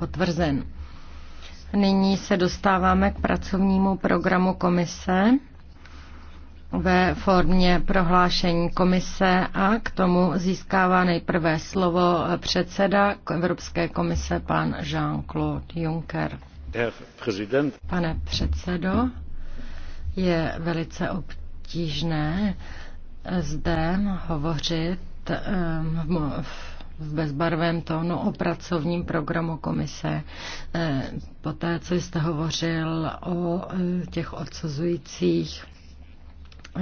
potvrzen. Nyní se dostáváme k pracovnímu programu komise ve formě prohlášení komise a k tomu získává nejprve slovo předseda Evropské komise pan Jean-Claude Juncker. Pane předsedo, je velice obtížné zde hovořit ehm, v v bezbarvém tónu o pracovním programu komise. E, poté, co jste hovořil o e, těch odsuzujících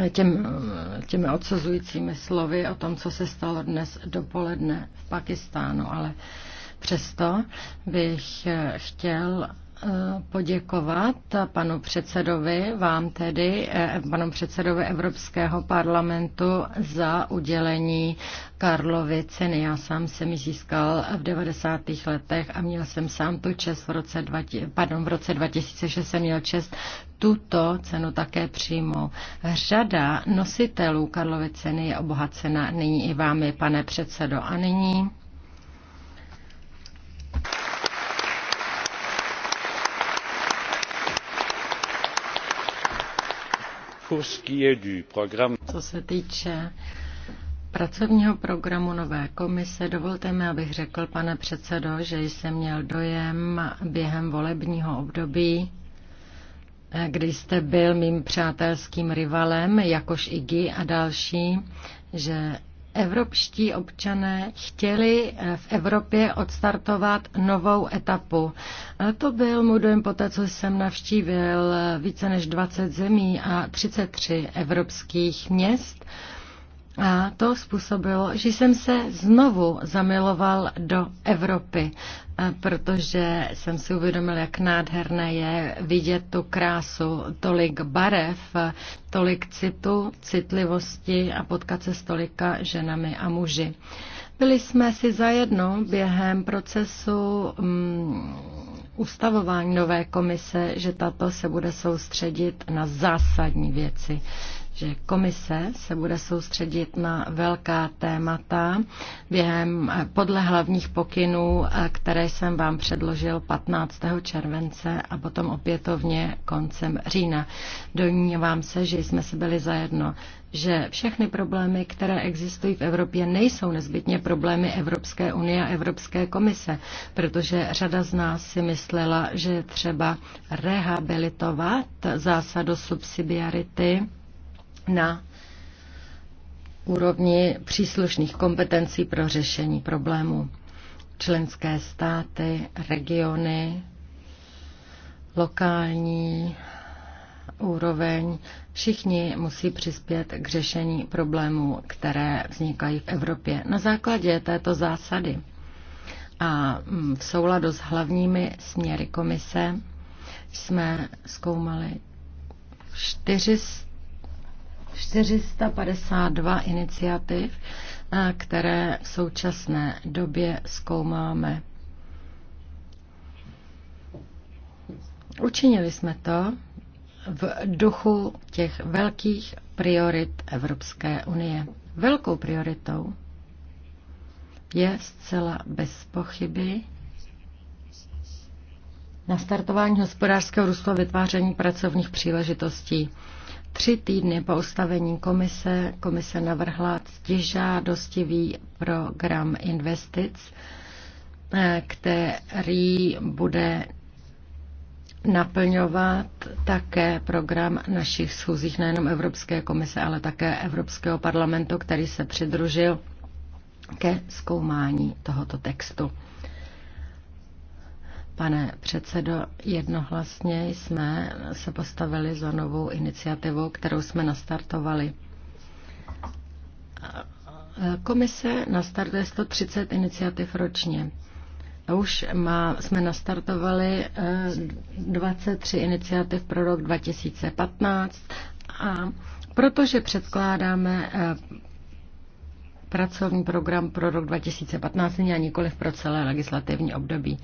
e, těm, těmi odsuzujícími slovy o tom, co se stalo dnes dopoledne v Pakistánu, ale přesto bych chtěl poděkovat panu předsedovi, vám tedy, eh, panu předsedovi Evropského parlamentu za udělení Karlovy ceny. Já sám jsem ji získal v 90. letech a měl jsem sám tu čest v roce, 20, pardon, v roce 2006 jsem měl čest tuto cenu také přijmou. Řada nositelů Karlovy ceny je obohacena nyní i vámi, pane předsedo. A nyní Co se týče pracovního programu nové komise, dovolte mi, abych řekl, pane předsedo, že jsem měl dojem během volebního období, kdy jste byl mým přátelským rivalem, jakož i Gy a další, že Evropští občané chtěli eh, v Evropě odstartovat novou etapu. To byl můj dojem poté, co jsem navštívil eh, více než 20 zemí a 33 evropských měst. A to způsobilo, že jsem se znovu zamiloval do Evropy protože jsem si uvědomil, jak nádherné je vidět tu krásu, tolik barev, tolik citu, citlivosti a potkat se s tolika ženami a muži. Byli jsme si zajedno během procesu um, ustavování nové komise, že tato se bude soustředit na zásadní věci že komise se bude soustředit na velká témata během, eh, podle hlavních pokynů, eh, které jsem vám předložil 15. července a potom opětovně koncem října. Domnívám se, že jsme se byli zajedno že všechny problémy, které existují v Evropě, nejsou nezbytně problémy Evropské unie a Evropské komise, protože řada z nás si myslela, že třeba rehabilitovat zásadu subsidiarity na úrovni příslušných kompetencí pro řešení problému. Členské státy, regiony, lokální úroveň, všichni musí přispět k řešení problémů, které vznikají v Evropě. Na základě této zásady a mm, v souladu s hlavními směry komise jsme zkoumali 400 452 iniciativ, eh, které v současné době zkoumáme. Učinili jsme to v duchu těch velkých priorit Evropské unie. Velkou prioritou je zcela bez pochyby nastartování hospodářského růstu a vytváření pracovních příležitostí. Tři týdny po ustavení komise, komise navrhla stěžádostivý program investic, eh, který bude naplňovat také program našich schůzích nejenom Evropské komise, ale také Evropského parlamentu, který se přidružil ke zkoumání tohoto textu. Pane předsedo, jednohlasně jsme se postavili za novou iniciativu, kterou jsme nastartovali. Komise nastartuje 130 iniciativ ročně. Už má, jsme nastartovali 23 eh, iniciativ pro rok 2015 a protože předkládáme eh, pracovní program pro rok 2015 a nikoliv pro celé legislativní období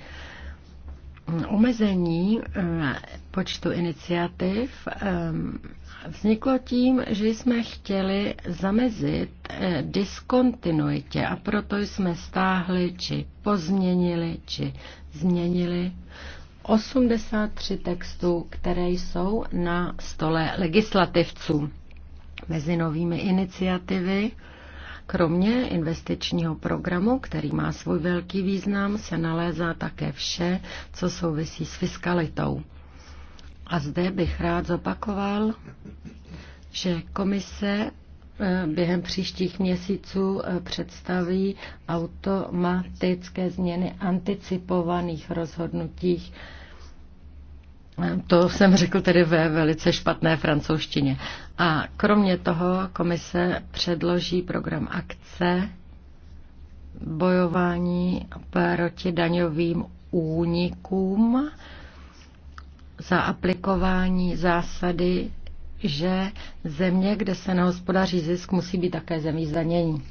omezení eh, počtu iniciativ eh, vzniklo tím, že jsme chtěli zamezit eh, diskontinuitě a proto jsme stáhli, či pozměnili, či změnili 83 textů, které jsou na stole legislativců. Mezi novými iniciativy Kromě investičního programu, který má svůj velký význam, se nalézá také vše, co souvisí s fiskalitou. A zde bych rád zopakoval, že komise eh, během příštích měsíců eh, představí automatické změny anticipovaných rozhodnutích to jsem řekl tedy ve velice špatné francouzštině. A kromě toho komise předloží program akce bojování proti daňovým únikům za aplikování zásady, že země, kde se nehospodaří zisk, musí být také zemí zdanění.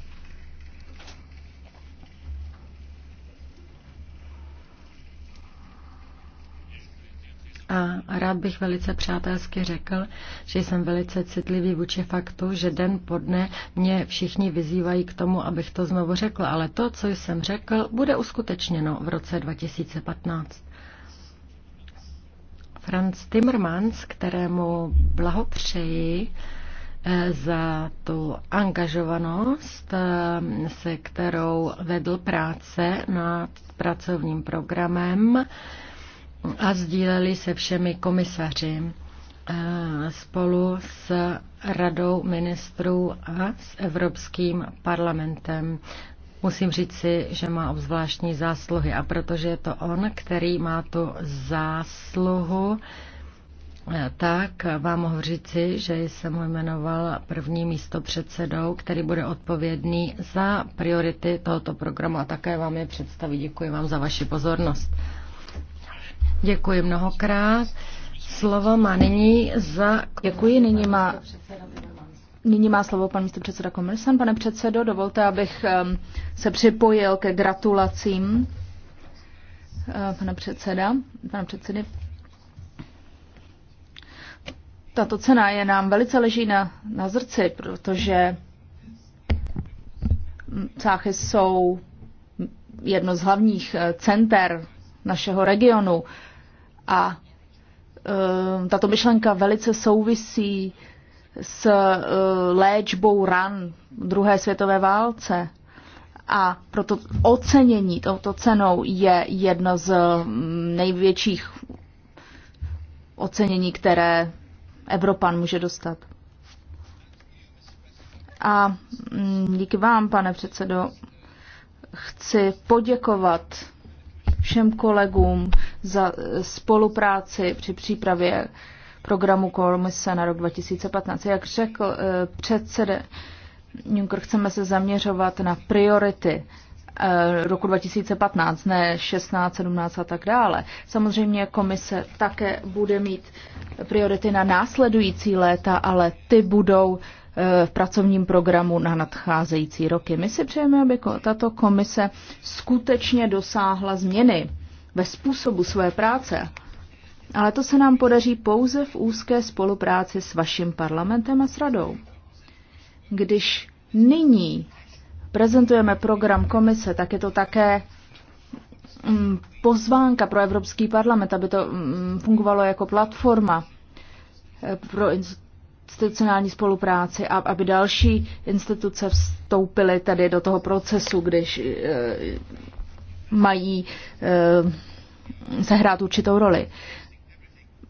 A rád bych velice přátelsky řekl, že jsem velice citlivý vůči faktu, že den po dne mě všichni vyzývají k tomu, abych to znovu řekl, ale to, co jsem řekl, bude uskutečněno v roce 2015. Franz Timmermans, kterému blahopřeji eh, za tu angažovanost, eh, se kterou vedl práce nad pracovním programem, a sdíleli se všemi komisaři eh, spolu s Radou ministrů a s Evropským parlamentem. Musím říci, že má obzvláštní zásluhy a protože je to on, který má tu zásluhu, eh, tak vám mohu říci, že jsem ho jmenoval první místo předsedou, který bude odpovědný za priority tohoto programu a také vám je představí. Děkuji vám za vaši pozornost. Děkuji mnohokrát. Slovo má nyní za... Děkuji, nyní má... Nyní má slovo pan předseda Komersan. Pane předsedo, dovolte, abych um, se připojil ke gratulacím uh, pana předseda, pana předsedy. Tato cena je nám velice leží na, na zrci, protože Cáchy jsou jedno z hlavních eh, center našeho regionu. A eh, tato myšlenka velice souvisí s eh, léčbou ran druhé světové válce. A proto ocenění touto cenou je jedno z mm, největších ocenění, které Evropan může dostat. A mm, díky vám, pane předsedo, chci poděkovat všem kolegům, za spolupráci při přípravě programu komise na rok 2015. Jak řekl eh, předseda Juncker, chceme se zaměřovat na priority eh, roku 2015, ne 16, 17 a tak dále. Samozřejmě komise také bude mít priority na následující léta, ale ty budou eh, v pracovním programu na nadcházející roky. My si přejeme, aby tato komise skutečně dosáhla změny ve způsobu své práce. Ale to se nám podaří pouze v úzké spolupráci s vaším parlamentem a s radou. Když nyní prezentujeme program komise, tak je to také mm, pozvánka pro Evropský parlament, aby to mm, fungovalo jako platforma eh, pro institucionální spolupráci a aby další instituce vstoupily tady do toho procesu, když eh, mají eh, sehrát určitou roli.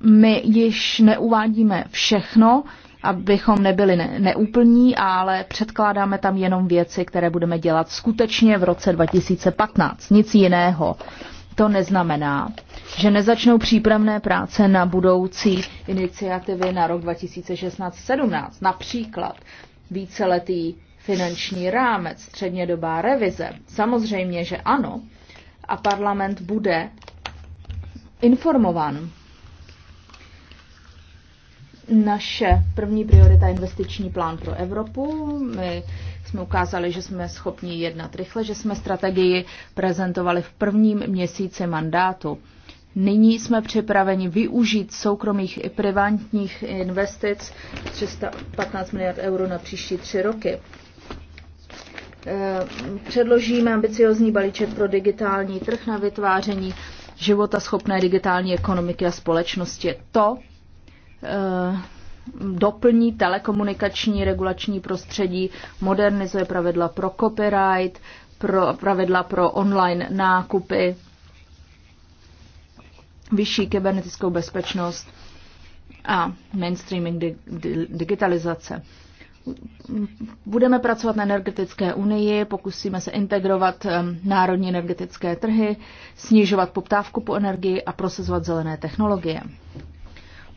My již neuvádíme všechno, abychom nebyli ne- neúplní, ale předkládáme tam jenom věci, které budeme dělat skutečně v roce 2015. Nic jiného. To neznamená, že nezačnou přípravné práce na budoucí iniciativy na rok 2016-17. Například víceletý finanční rámec, střednědobá revize. Samozřejmě, že ano, a parlament bude informován. Naše první priorita je investiční plán pro Evropu. My jsme ukázali, že jsme schopni jednat rychle, že jsme strategii prezentovali v prvním měsíci mandátu. Nyní jsme připraveni využít soukromých i privátních investic 315 miliard euro na příští tři roky. Eh, předložíme ambiciozní balíček pro digitální trh na vytváření života schopné digitální ekonomiky a společnosti. To eh, doplní telekomunikační regulační prostředí, modernizuje pravidla pro copyright, pro, pravidla pro online nákupy, vyšší kybernetickou bezpečnost a mainstreaming digitalizace. Budeme pracovat na energetické unii, pokusíme se integrovat národní energetické trhy, snižovat poptávku po energii a prosazovat zelené technologie.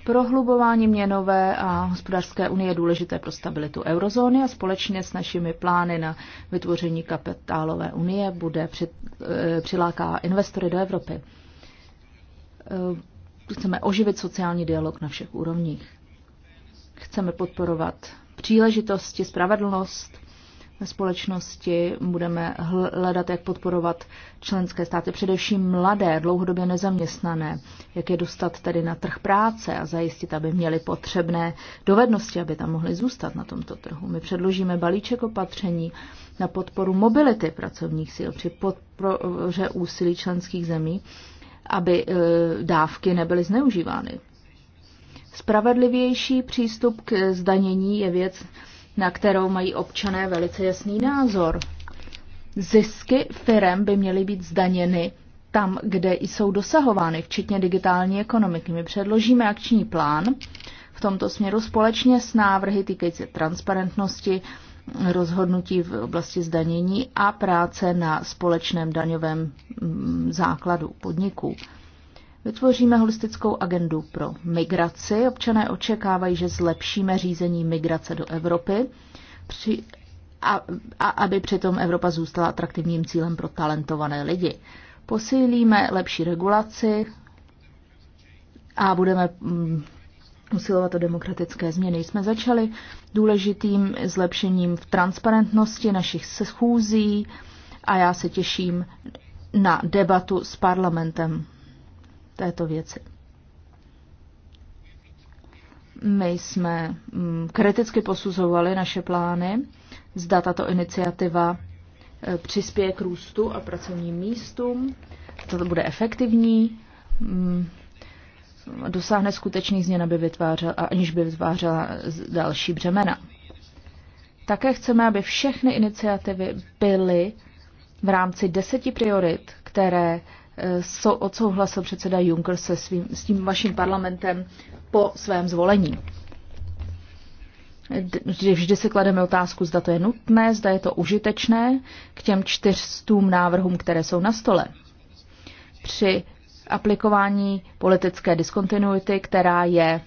Prohlubování měnové a hospodářské unie je důležité pro stabilitu eurozóny a společně s našimi plány na vytvoření kapitálové unie bude při, eh, přiláká investory do Evropy. Eh, chceme oživit sociální dialog na všech úrovních. Chceme podporovat příležitosti, spravedlnost ve společnosti. Budeme hledat, jak podporovat členské státy, především mladé, dlouhodobě nezaměstnané, jak je dostat tedy na trh práce a zajistit, aby měli potřebné dovednosti, aby tam mohli zůstat na tomto trhu. My předložíme balíček opatření na podporu mobility pracovních sil při podpoře úsilí členských zemí, aby e, dávky nebyly zneužívány Spravedlivější přístup k zdanění je věc, na kterou mají občané velice jasný názor. Zisky firem by měly být zdaněny tam, kde jsou dosahovány, včetně digitální ekonomiky. My předložíme akční plán v tomto směru společně s návrhy týkající transparentnosti, rozhodnutí v oblasti zdanění a práce na společném daňovém mm, základu podniků. Vytvoříme holistickou agendu pro migraci. Občané očekávají, že zlepšíme řízení migrace do Evropy, při, a, a aby přitom Evropa zůstala atraktivním cílem pro talentované lidi. Posílíme lepší regulaci a budeme mm, usilovat o demokratické změny. Jsme začali důležitým zlepšením v transparentnosti našich schůzí a já se těším na debatu s parlamentem této věci. My jsme mm, kriticky posuzovali naše plány, zda tato iniciativa e, přispěje k růstu a pracovním místům, to bude efektivní, mm, dosáhne skutečných změn, aby vytvářela, aniž by vytvářela další břemena. Také chceme, aby všechny iniciativy byly v rámci deseti priorit, které co odsouhlasil předseda Juncker se svým, s tím vaším parlamentem po svém zvolení. Vždy, se klademe otázku, zda to je nutné, zda je to užitečné k těm čtyřstům návrhům, které jsou na stole. Při aplikování politické diskontinuity, která je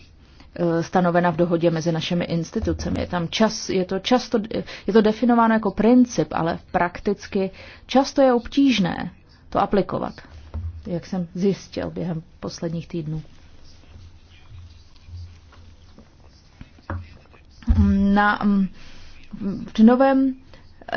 e, stanovena v dohodě mezi našimi institucemi. Je, tam čas, je, to často, je to definováno jako princip, ale prakticky často je obtížné to aplikovat jak jsem zjistil během posledních týdnů. Na, mm, v novém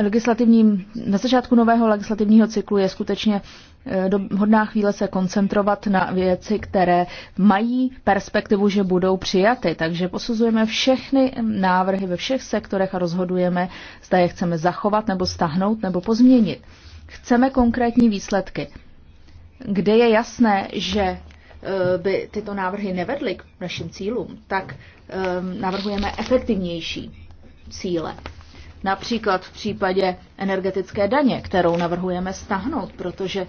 legislativním, na začátku nového legislativního cyklu je skutečně e, do, hodná chvíle se koncentrovat na věci, které mají perspektivu, že budou přijaty. Takže posuzujeme všechny návrhy ve všech sektorech a rozhodujeme, zda je chceme zachovat nebo stahnout nebo pozměnit. Chceme konkrétní výsledky kde je jasné, že eh, by tyto návrhy nevedly k našim cílům, tak ehm, navrhujeme efektivnější cíle. Například v případě energetické daně, kterou navrhujeme stáhnout, protože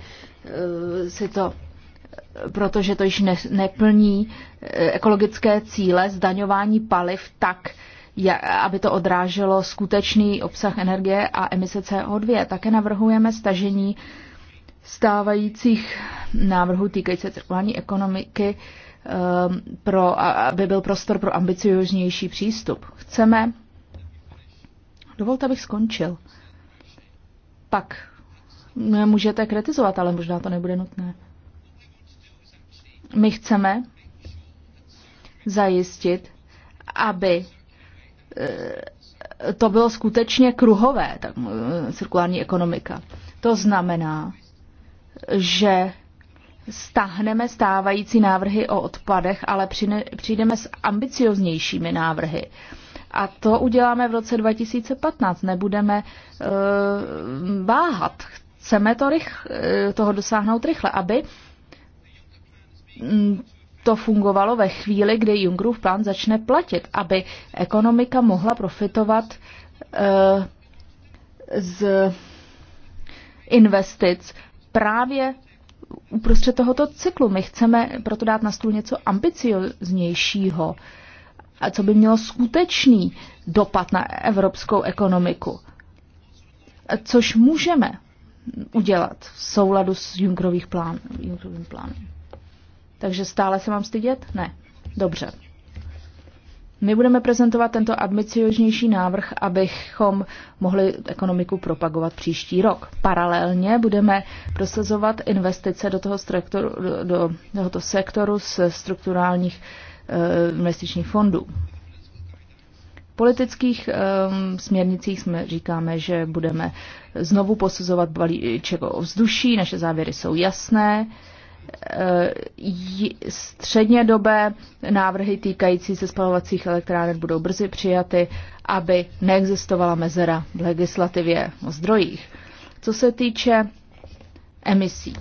eh, si to protože to již ne, neplní eh, ekologické cíle zdaňování paliv tak, aby to odráželo skutečný obsah energie a emise CO2. Také navrhujeme stažení stávajících návrhů týkající se cirkulární ekonomiky ehm, pro, aby byl prostor pro ambicioznější přístup. Chceme. Dovolte, abych skončil. Pak můžete kritizovat, ale možná to nebude nutné. My chceme zajistit, aby eh, to bylo skutečně kruhové, tak, eh, cirkulární ekonomika. To znamená, že stáhneme stávající návrhy o odpadech, ale přijdeme s ambicioznějšími návrhy. A to uděláme v roce 2015. Nebudeme uh, váhat. Chceme to rych, eh, toho dosáhnout rychle, aby mm, to fungovalo ve chvíli, kdy Jungrův plán začne platit, aby ekonomika mohla profitovat uh, z investic právě uprostřed tohoto cyklu. My chceme proto dát na stůl něco ambicioznějšího, a co by mělo skutečný dopad na evropskou ekonomiku. Což můžeme udělat v souladu s Junckerovým plán, plánem. Takže stále se mám stydět? Ne. Dobře. My budeme prezentovat tento ambicioznější návrh, abychom mohli ekonomiku propagovat příští rok. Paralelně budeme prosazovat investice do, toho struktur, do, do tohoto sektoru z strukturálních e, investičních fondů. V politických um, směrnicích jsme říkáme, že budeme znovu posuzovat balíček o vzduší, naše závěry jsou jasné. Uh, Eh, střednědobé návrhy týkající se spalovacích elektráren budou brzy přijaty, aby neexistovala mezera v legislativě o zdrojích. Co se týče emisí,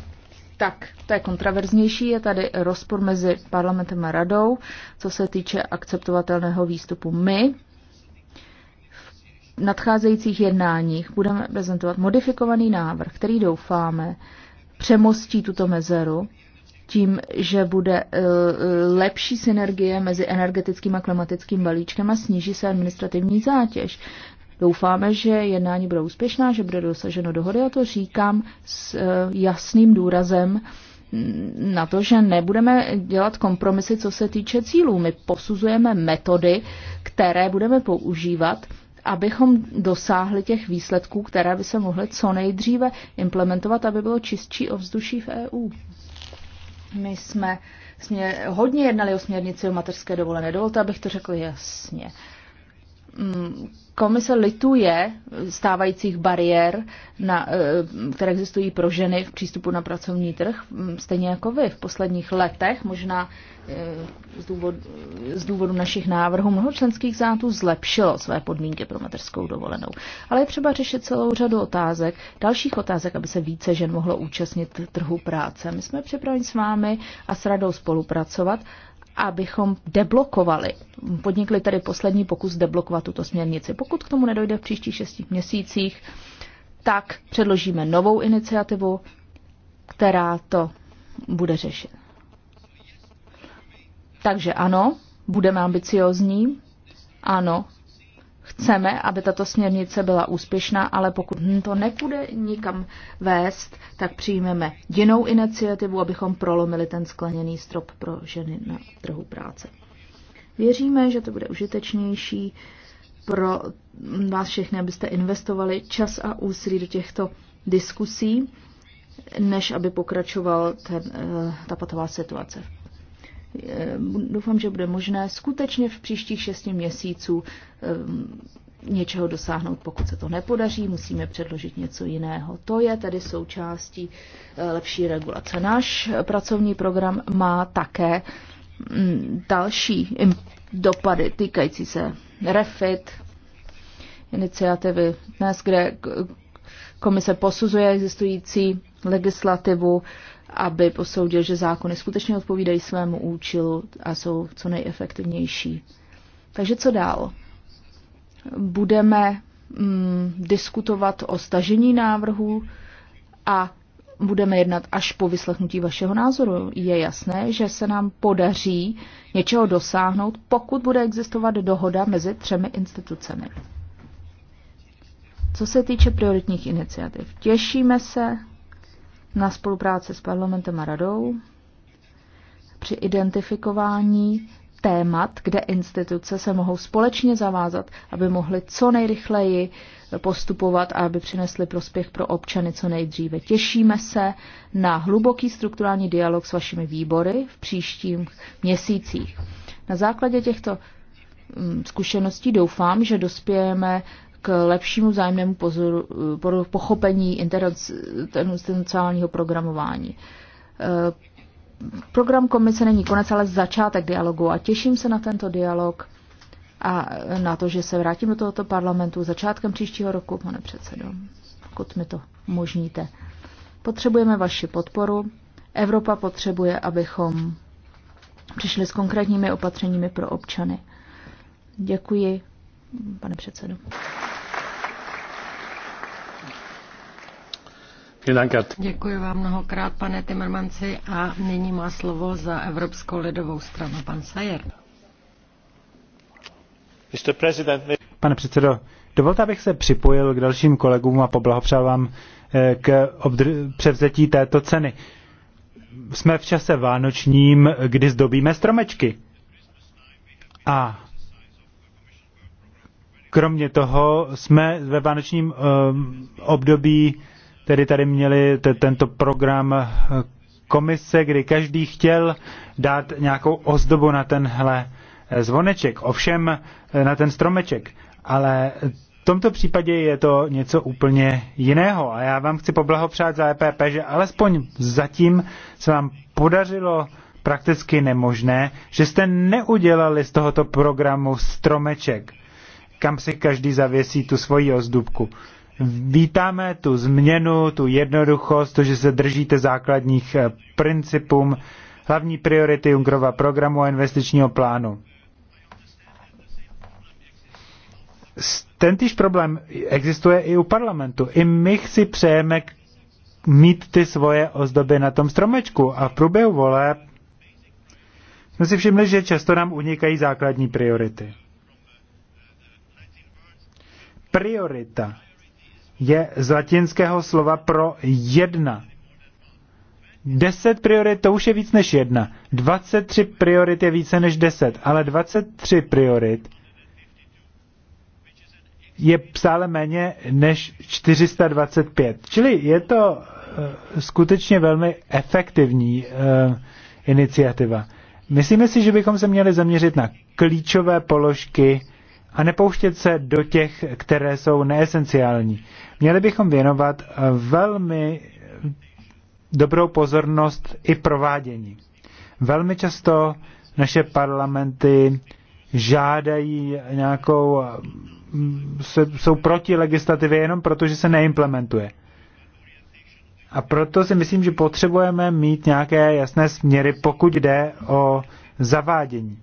tak to je kontraverznější, je tady rozpor mezi parlamentem a radou, co se týče akceptovatelného výstupu my. V nadcházejících jednáních budeme prezentovat modifikovaný návrh, který doufáme, přemostí tuto mezeru tím, že bude eh, eh, lepší synergie mezi energetickým a klimatickým balíčkem a sníží se administrativní zátěž. Doufáme, že jednání bude úspěšná, že bude dosaženo dohody a to říkám s eh, jasným důrazem na to, že nebudeme dělat kompromisy, co se týče cílů. My posuzujeme metody, které budeme používat abychom dosáhli těch výsledků, které by se mohly co nejdříve implementovat, aby bylo čistší ovzduší v EU. My jsme směr, hodně jednali o směrnici o mateřské dovolené. Dovolte, abych to řekl jasně. Mm, komise lituje stávajících bariér, na, eh, které existují pro ženy v přístupu na pracovní trh, mm, stejně jako vy v posledních letech, možná eh, z důvodu, z důvodu našich návrhů. Mnoho členských zátů zlepšilo své podmínky pro mateřskou dovolenou. Ale je třeba řešit celou řadu otázek, dalších otázek, aby se více žen mohlo účastnit trhu práce. My jsme připraveni s vámi a s radou spolupracovat abychom deblokovali, podnikli tedy poslední pokus deblokovat tuto směrnici. Pokud k tomu nedojde v příštích šesti měsících, tak předložíme novou iniciativu, která to bude řešit. Takže ano, budeme ambiciozní, ano, Chceme, aby tato směrnice byla úspěšná, ale pokud to nepůjde nikam vést, tak přijmeme jinou iniciativu, abychom prolomili ten skleněný strop pro ženy na trhu práce. Věříme, že to bude užitečnější pro vás všechny, abyste investovali čas a úsilí do těchto diskusí, než aby pokračoval ten, eh, ta patová situace. Eh, doufám, že bude možné skutečně v příštích šesti měsíců eh, něčeho dosáhnout. Pokud se to nepodaří, musíme předložit něco jiného. To je tedy součástí eh, lepší regulace. Náš pracovní program má také mm, další dopady týkající se refit, iniciativy dnes, kde komise posuzuje existující legislativu aby posoudil, že zákony skutečně odpovídají svému účelu a jsou co nejefektivnější. Takže co dál? Budeme mm, diskutovat o stažení návrhu a budeme jednat až po vyslechnutí vašeho názoru. Je jasné, že se nám podaří něčeho dosáhnout, pokud bude existovat dohoda mezi třemi institucemi. Co se týče prioritních iniciativ, těšíme se na spolupráci s parlamentem a radou při identifikování témat, kde instituce se mohou společně zavázat, aby mohly co nejrychleji postupovat a aby přinesly prospěch pro občany co nejdříve. Těšíme se na hluboký strukturální dialog s vašimi výbory v příštím měsících. Na základě těchto mm, zkušeností doufám, že dospějeme k lepšímu vzájemnému pozoru, pochopení internacionálního programování. Eh, program komise není konec, ale začátek dialogu a těším se na tento dialog a na to, že se vrátím do tohoto parlamentu začátkem příštího roku, pane předsedo, pokud mi to možníte. Potřebujeme vaši podporu. Evropa potřebuje, abychom přišli s konkrétními opatřeními pro občany. Děkuji, pane předsedo. Děkuji vám mnohokrát, pane Timmermansi, a nyní má slovo za Evropskou lidovou stranu pan Sajer. Pane předsedo, dovolte, abych se připojil k dalším kolegům a poblahopřál vám eh, k převzetí této ceny. Jsme v čase vánočním, kdy zdobíme stromečky. A kromě toho jsme ve vánočním eh, období tedy tady měli tento program eh, komise, kdy každý chtěl dát nějakou ozdobu na tenhle eh, zvoneček, ovšem eh, na ten stromeček. Ale v tomto případě je to něco úplně jiného a já vám chci poblahopřát za EPP, že alespoň zatím se vám podařilo prakticky nemožné, že jste neudělali z tohoto programu stromeček, kam si každý zavěsí tu svoji ozdobku. Vítáme tu změnu, tu jednoduchost, to, že se držíte základních eh, principům, hlavní priority Junkrova programu a investičního plánu. Tentýž problém existuje i u parlamentu. I my si přejeme mít ty svoje ozdoby na tom stromečku a v průběhu vole jsme si všimli, že často nám unikají základní priority. Priorita je z latinského slova pro jedna. Deset priorit to už je víc než jedna. 23 priorit je více než 10, ale 23 priorit je stále méně než 425. Čili je to uh, skutečně velmi efektivní uh, iniciativa. Myslíme si, že bychom se měli zaměřit na klíčové položky a nepouštět se do těch, které jsou neesenciální. Měli bychom věnovat eh, velmi eh, dobrou pozornost i provádění. Velmi často naše parlamenty žádají nějakou, eh, jsou proti legislativě jenom proto, že se neimplementuje. A proto si myslím, že potřebujeme mít nějaké jasné směry, pokud jde o zavádění.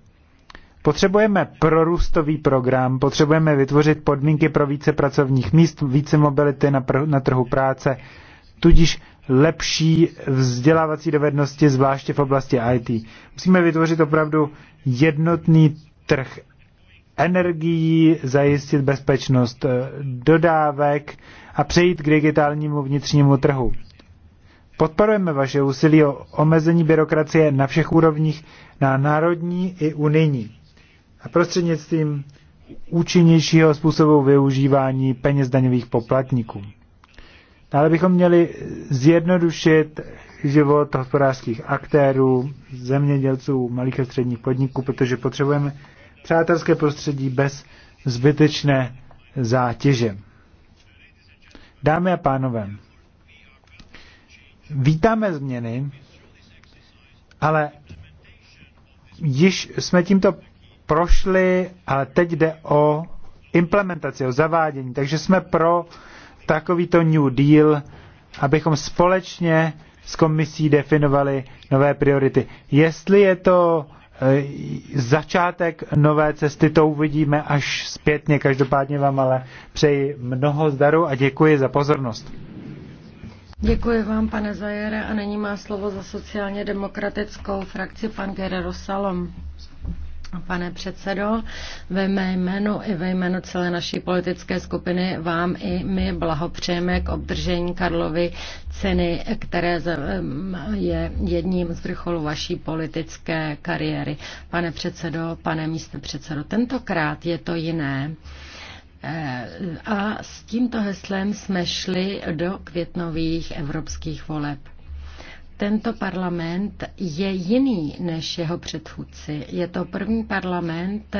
Potřebujeme prorůstový program, potřebujeme vytvořit podmínky pro více pracovních míst, více mobility na, pr- na trhu práce, tudíž lepší vzdělávací dovednosti, zvláště v oblasti IT. Musíme vytvořit opravdu jednotný trh energií, zajistit bezpečnost eh, dodávek a přejít k digitálnímu vnitřnímu trhu. Podporujeme vaše úsilí o omezení byrokracie na všech úrovních, na národní i unijní a prostřednictvím účinnějšího způsobu využívání peněz daňových poplatníků. Ale bychom měli zjednodušit život hospodářských aktérů, zemědělců, malých a středních podniků, protože potřebujeme přátelské prostředí bez zbytečné zátěže. Dámy a pánové, vítáme změny, ale již jsme tímto prošly, ale teď jde o implementaci, o zavádění. Takže jsme pro takovýto New Deal, abychom společně s komisí definovali nové priority. Jestli je to eh, začátek nové cesty, to uvidíme až zpětně. Každopádně vám ale přeji mnoho zdaru a děkuji za pozornost. Děkuji vám, pane Zajere, a nyní má slovo za sociálně demokratickou frakci pan Guerrero Salom. Pane předsedo, ve mé jménu i ve jménu celé naší politické skupiny vám i my blahopřejeme k obdržení Karlovy ceny, které je jedním z vrcholů vaší politické kariéry. Pane předsedo, pane místo předsedo, tentokrát je to jiné. Eh, a s tímto heslem jsme šli do květnových evropských voleb tento parlament je jiný než jeho předchůdci. Je to první parlament,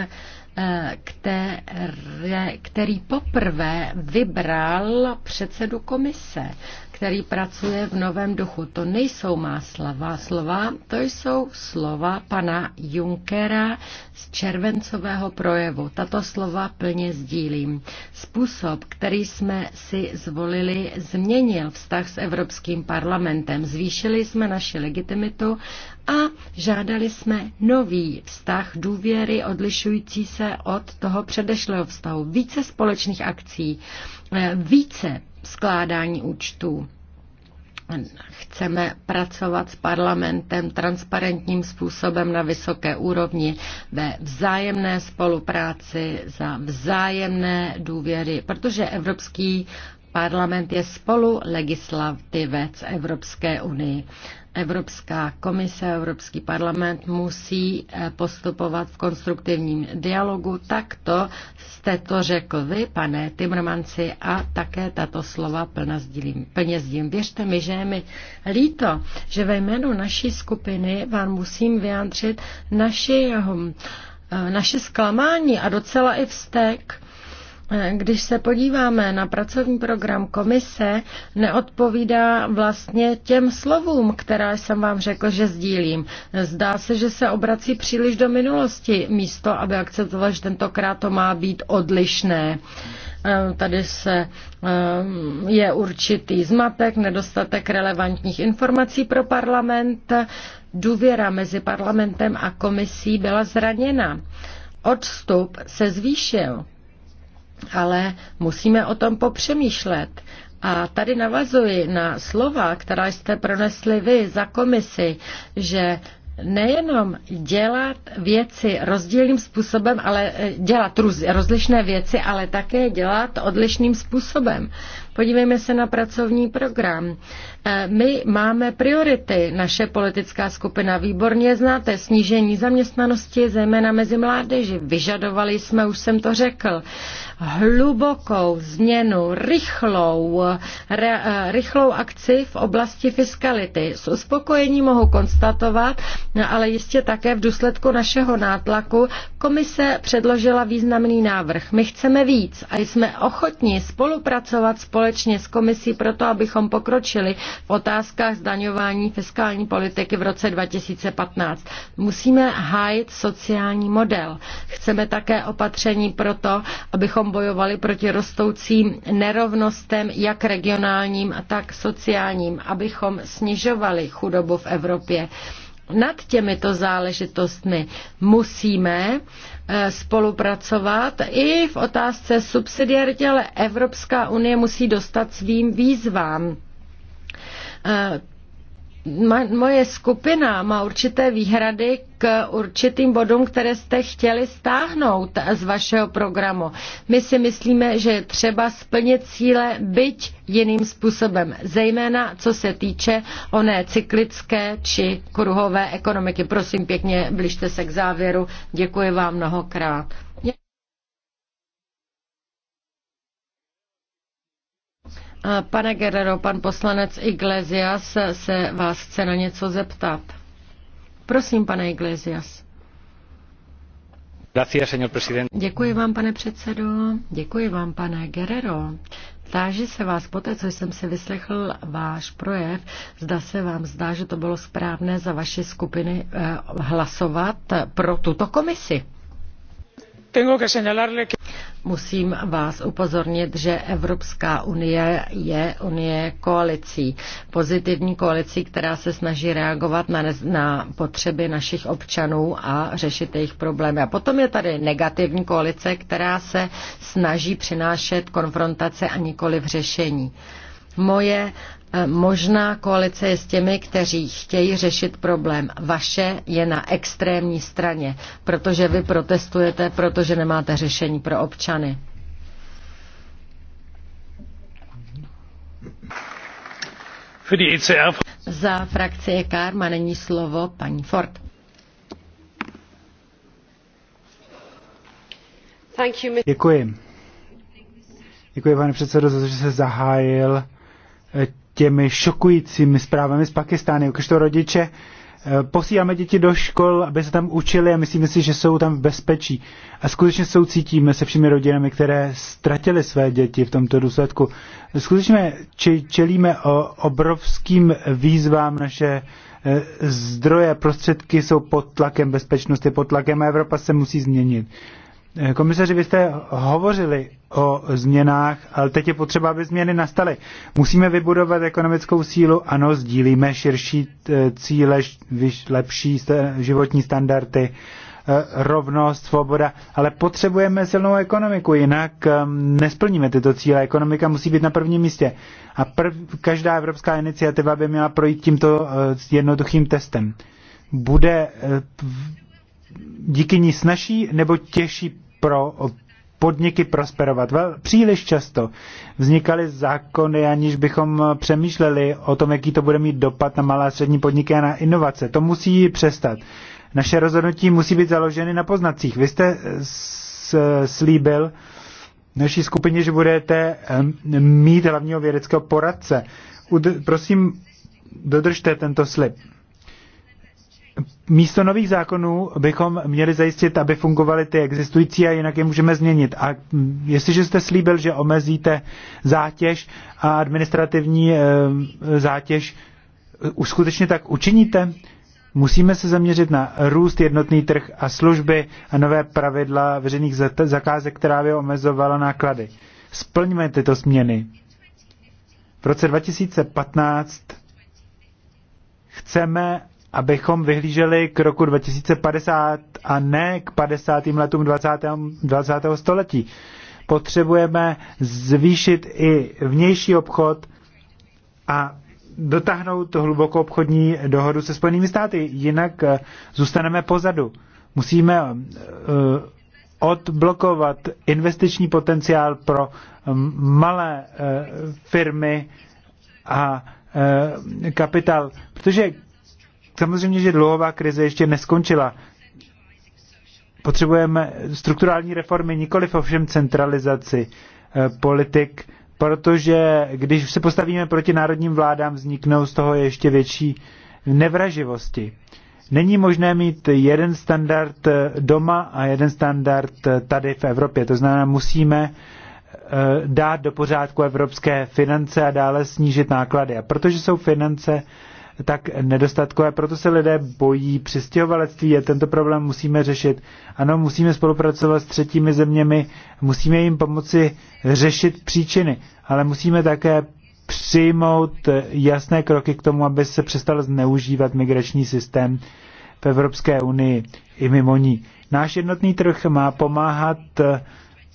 Eh, které, který poprvé vybral předsedu komise, který pracuje v novém duchu. To nejsou má slova, slova, to jsou slova pana Junkera z červencového projevu. Tato slova plně sdílím. Způsob, který jsme si zvolili, změnil vztah s Evropským parlamentem. Zvýšili jsme naši legitimitu a žádali jsme nový vztah důvěry odlišující se od toho předešlého vztahu. Více společných akcí, eh, více skládání účtů. Chceme pracovat s parlamentem transparentním způsobem na vysoké úrovni ve vzájemné spolupráci za vzájemné důvěry, protože Evropský parlament je spolu legislativec Evropské unii Evropská komise, Evropský parlament musí eh, postupovat v konstruktivním dialogu. Takto jste to řekl vy, pane Timmermansi, a také tato slova plně sdílím. Plně sdílím. Věřte mi, že je mi líto, že ve jménu naší skupiny vám musím vyjádřit eh, naše zklamání a docela i vztek, když se podíváme na pracovní program komise, neodpovídá vlastně těm slovům, která jsem vám řekl, že sdílím. Zdá se, že se obrací příliš do minulosti, místo aby akceptovala, že tentokrát to má být odlišné. Eh, tady se eh, je určitý zmatek, nedostatek relevantních informací pro parlament, důvěra mezi parlamentem a komisí byla zraněna. Odstup se zvýšil ale musíme o tom popřemýšlet. A tady navazuji na slova, která jste pronesli vy za komisi, že nejenom dělat věci rozdílným způsobem, ale eh, dělat rozlišné věci, ale také dělat odlišným způsobem. Podívejme se na pracovní program. Eh, my máme priority. Naše politická skupina výborně znáte snížení zaměstnanosti, zejména mezi mládeži. Vyžadovali jsme, už jsem to řekl hlubokou změnu, rychlou, re, eh, rychlou akci v oblasti fiskality. S uspokojení mohu konstatovat, ale jistě také v důsledku našeho nátlaku komise předložila významný návrh. My chceme víc a jsme ochotni spolupracovat společně s komisí proto, abychom pokročili v otázkách zdaňování fiskální politiky v roce 2015. Musíme hájit sociální model. Chceme také opatření proto, abychom bojovali proti rostoucím nerovnostem, jak regionálním, tak sociálním, abychom snižovali chudobu v Evropě. Nad těmito záležitostmi musíme eh, spolupracovat i v otázce subsidiarity, ale Evropská unie musí dostat svým výzvám eh, moje skupina má určité výhrady k určitým bodům, které jste chtěli stáhnout z vašeho programu. My si myslíme, že je třeba splnit cíle byť jiným způsobem, zejména co se týče oné cyklické či kruhové ekonomiky. Prosím pěkně, bližte se k závěru. Děkuji vám mnohokrát. Pane Guerrero, pan poslanec Iglesias se vás chce na něco zeptat. Prosím, pane Iglesias. Děkuji vám, pane předsedo. Děkuji vám, pane Guerrero. Táži se vás poté, co jsem si vyslechl váš projev, zda se vám zdá, že to bylo správné za vaše skupiny eh, hlasovat pro tuto komisi. Tengo que señalarle que... Musím vás upozornit, že Evropská unie je unie koalicí. Pozitivní koalicí, která se snaží reagovat na, na potřeby našich občanů a řešit jejich problémy. A potom je tady negativní koalice, která se snaží přinášet konfrontace a nikoli v řešení. Moje možná koalice je s těmi, kteří chtějí řešit problém. Vaše je na extrémní straně, protože vy protestujete, protože nemáte řešení pro občany. E za frakci EKR má není slovo paní Ford. Děkuji. Děkuji, pane předsedo, za to, že se zahájil eh, těmi šokujícími zprávami z Pakistánu. to rodiče eh, posíláme děti do škol, aby se tam učili a myslíme si, že jsou tam v bezpečí. A skutečně soucítíme se všemi rodinami, které ztratily své děti v tomto důsledku. Skutečně čelíme o obrovským výzvám naše eh, zdroje, prostředky jsou pod tlakem, bezpečnosti, pod tlakem a Evropa se musí změnit. Eh, komisaři, vy jste hovořili o změnách, ale teď je potřeba, aby změny nastaly. Musíme vybudovat ekonomickou sílu, ano, sdílíme širší eh, cíle, lepší životní standardy, eh, rovnost, svoboda, ale potřebujeme silnou ekonomiku, jinak ehm, nesplníme tyto cíle. Ekonomika musí být na prvním místě. A prv, každá evropská iniciativa by měla projít tímto jednoduchým testem. Bude díky ní snaží nebo těžší pro podniky prosperovat. Vel, příliš často vznikaly zákony, aniž bychom přemýšleli o tom, jaký to bude mít dopad na malé a střední podniky a na inovace. To musí přestat. Naše rozhodnutí musí být založeny na poznacích. Vy jste eh, eh, slíbil naší skupině, že budete eh, mít hlavního vědeckého poradce. Ud- prosím, dodržte tento slib místo nových zákonů bychom měli zajistit, aby fungovaly ty existující a jinak je můžeme změnit. A jestliže jste slíbil, že omezíte zátěž a administrativní eh, zátěž, eh, už skutečně tak učiníte? Musíme se zaměřit na růst jednotný trh a služby a nové pravidla veřejných zakázek, která by omezovala náklady. Splňme tyto změny. V roce 2015 chceme abychom vyhlíželi k roku 2050 a ne k 50. letům 20. 20. století. Potřebujeme zvýšit i vnější obchod a dotáhnout hlubokou obchodní dohodu se Spojenými státy, jinak eh, zůstaneme pozadu. Musíme eh, odblokovat investiční potenciál pro eh, malé firmy a kapitál, protože Samozřejmě, že dlouhová krize ještě neskončila. Potřebujeme strukturální reformy, nikoliv ovšem centralizaci eh, politik, protože když se postavíme proti národním vládám, vzniknou z toho ještě větší nevraživosti. Není možné mít jeden standard eh, doma a jeden standard eh, tady v Evropě. To znamená, musíme dát do pořádku evropské finance a dále snížit náklady. A protože jsou finance tak nedostatkové. Proto se lidé bojí přistěhovalectví a tento problém musíme řešit. Ano, musíme spolupracovat s třetími zeměmi, musíme jim pomoci řešit příčiny, ale musíme také přijmout jasné kroky k tomu, aby se přestal zneužívat migrační systém v Evropské unii i mimo ní. Náš jednotný trh má pomáhat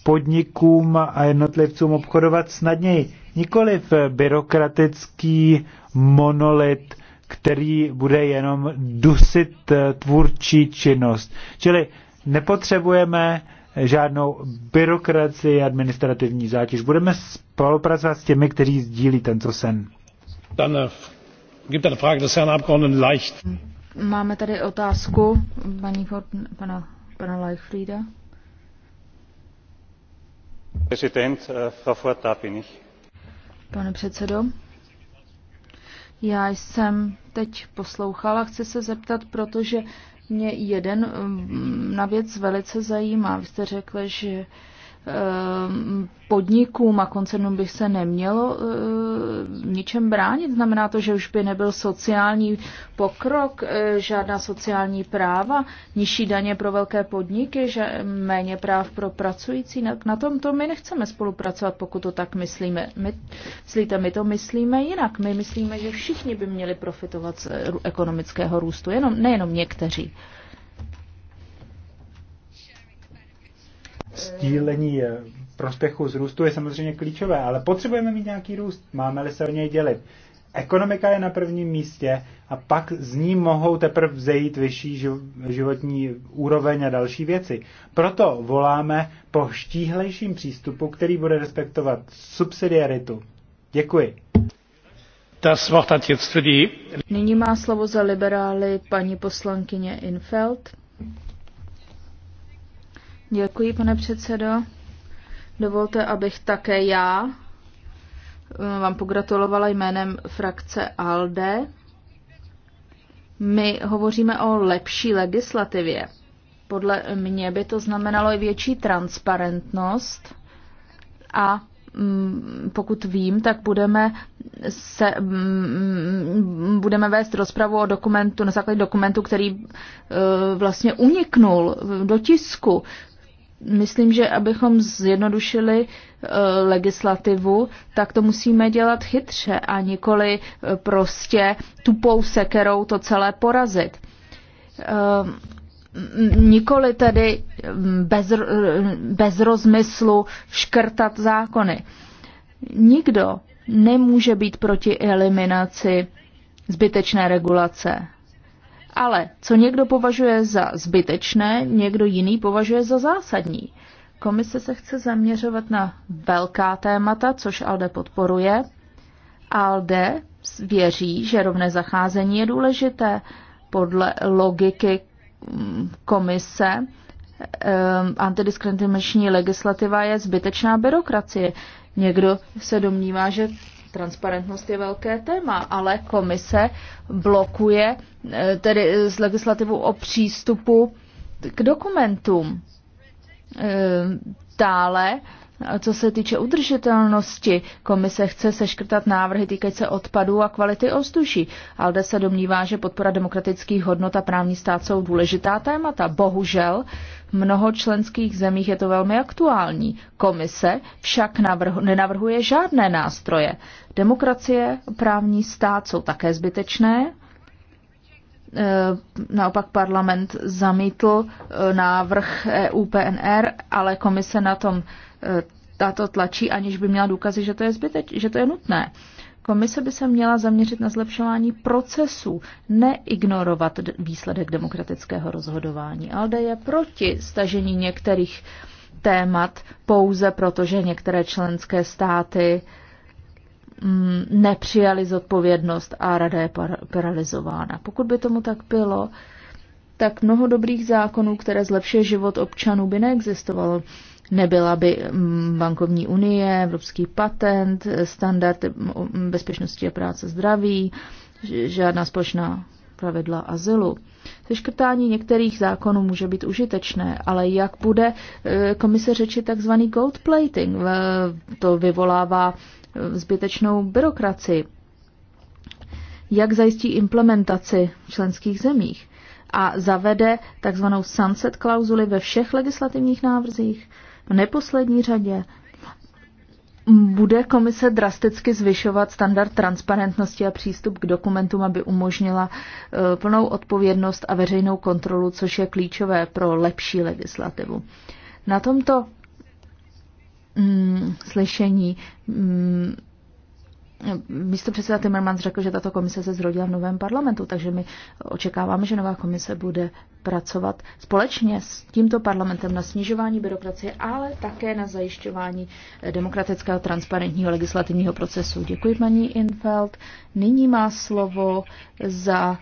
podnikům a jednotlivcům obchodovat snadněji. Nikoliv byrokratický monolit, který bude jenom dusit eh, tvůrčí činnost. Čili nepotřebujeme žádnou byrokracii, administrativní zátěž. Budeme spolupracovat s těmi, kteří sdílí tento sen. Eh, Máme tady otázku paní, pana, pana Leichfrieda. Eh, Pane předsedo, já jsem teď poslouchala, chci se zeptat, protože mě jeden mm, na věc velice zajímá. Vy jste řekli, že Eh, podnikům a koncernům by se nemělo eh, ničem bránit. Znamená to, že už by nebyl sociální pokrok, eh, žádná sociální práva, nižší daně pro velké podniky, že méně práv pro pracující. Na, na tom to my nechceme spolupracovat, pokud to tak myslíme. My, myslíte, my to myslíme jinak. My myslíme, že všichni by měli profitovat z ekonomického růstu, jenom, nejenom někteří. stílení eh, prospěchu z růstu je samozřejmě klíčové, ale potřebujeme mít nějaký růst, máme-li se o něj dělit. Ekonomika je na prvním místě a pak z ní mohou teprve vzejít vyšší životní úroveň a další věci. Proto voláme po štíhlejším přístupu, který bude respektovat subsidiaritu. Děkuji. Nyní má slovo za liberály paní poslankyně Infeld. Děkuji, pane předsedo. Dovolte, abych také já eh, vám pogratulovala jménem frakce ALDE. My hovoříme o lepší legislativě. Podle mě by to znamenalo i větší transparentnost a mm, pokud vím, tak budeme, se, mm, budeme vést rozpravu o dokumentu, na základě dokumentu, který eh, vlastně uniknul do tisku myslím, že abychom zjednodušili eh, legislativu, tak to musíme dělat chytře a nikoli eh, prostě tupou sekerou to celé porazit. Eh, nikoli tedy mm, bez, bez rozmyslu škrtat zákony. Nikdo nemůže být proti eliminaci zbytečné regulace. Ale co někdo považuje za zbytečné, někdo jiný považuje za zásadní. Komise se chce zaměřovat na velká témata, což ALDE podporuje. ALDE věří, že rovné zacházení je důležité podle logiky mm, komise. Ehm, antidiskriminační legislativa je zbytečná byrokracie. Někdo se domnívá, že Transparentnost je velké téma, ale komise blokuje eh, tedy z legislativu o přístupu k dokumentům. Eh, Dále co se týče udržitelnosti, komise chce seškrtat návrhy týkající se odpadů a kvality ovzduší. Alde se domnívá, že podpora demokratických hodnot a právní stát jsou důležitá témata. Bohužel v mnoho členských zemích je to velmi aktuální. Komise však navrhu, nenavrhuje žádné nástroje. Demokracie a právní stát jsou také zbytečné. Eh, naopak parlament zamítl eh, návrh EU PNR, ale komise na tom Eh, tato tlačí, aniž by měla důkazy, že to je, zbyteč, že to je nutné. Komise by se měla zaměřit na zlepšování procesů, neignorovat výsledek demokratického rozhodování. Alde je proti stažení některých témat pouze proto, že některé členské státy mm, nepřijali zodpovědnost a rada je paralizována. Pokud by tomu tak bylo, tak mnoho dobrých zákonů, které zlepšuje život občanů, by neexistovalo. Nebyla by mm, bankovní unie, evropský patent, standard mm, bezpečnosti a práce zdraví, žádná společná pravidla azylu. Seškrtání některých zákonů může být užitečné, ale jak bude e, komise řečit tzv. gold plating? To vyvolává e, zbytečnou byrokraci. Jak zajistí implementaci v členských zemích? A zavede takzvanou sunset klauzuli ve všech legislativních návrzích? V neposlední řadě bude komise drasticky zvyšovat standard transparentnosti a přístup k dokumentům, aby umožnila e, plnou odpovědnost a veřejnou kontrolu, což je klíčové pro lepší legislativu. Na tomto mm, slyšení mm, Místo předseda Timmermans řekl, že tato komise se zrodila v novém parlamentu, takže my očekáváme, že nová komise bude pracovat společně s tímto parlamentem na snižování byrokracie, ale také na zajišťování demokratického transparentního legislativního procesu. Děkuji paní Infeld. Nyní má slovo za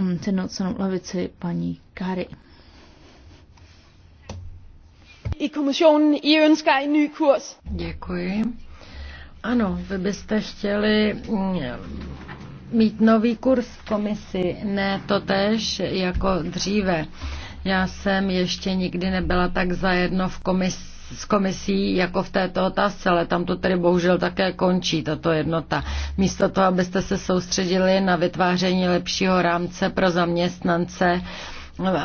mm, cenocenou levici paní Kari. I kommissionen, I ønsker en ny kurs. Děkuji. Ano, vy byste chtěli mm, mít nový kurz v komisi, ne to tež jako dříve. Já jsem ještě nikdy nebyla tak zajedno v komisi s komisí jako v této otázce, ale tam to tedy bohužel také končí, tato jednota. Místo toho, abyste se soustředili na vytváření lepšího rámce pro zaměstnance,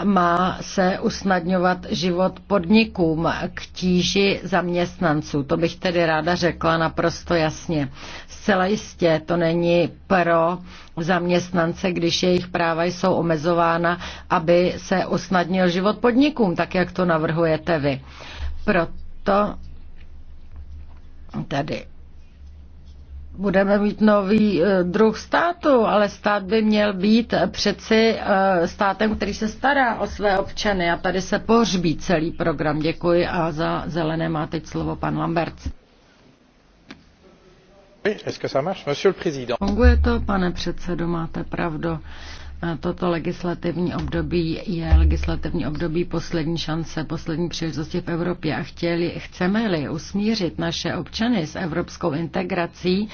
má se usnadňovat život podnikům k tíži zaměstnanců. To bych tedy ráda řekla naprosto jasně. Zcela jistě to není pro zaměstnance, když jejich práva jsou omezována, aby se usnadnil život podnikům, tak jak to navrhujete vy. Proto tady budeme mít nový eh, druh státu, ale stát by měl být přeci eh, státem, který se stará o své občany a tady se pohřbí celý program. Děkuji a za zelené má teď slovo pan Lambert. Funguje to, pane předsedo, máte pravdu. Toto legislativní období je legislativní období poslední šance, poslední příležitosti v Evropě a chtěli, chceme-li usmířit naše občany s evropskou integrací,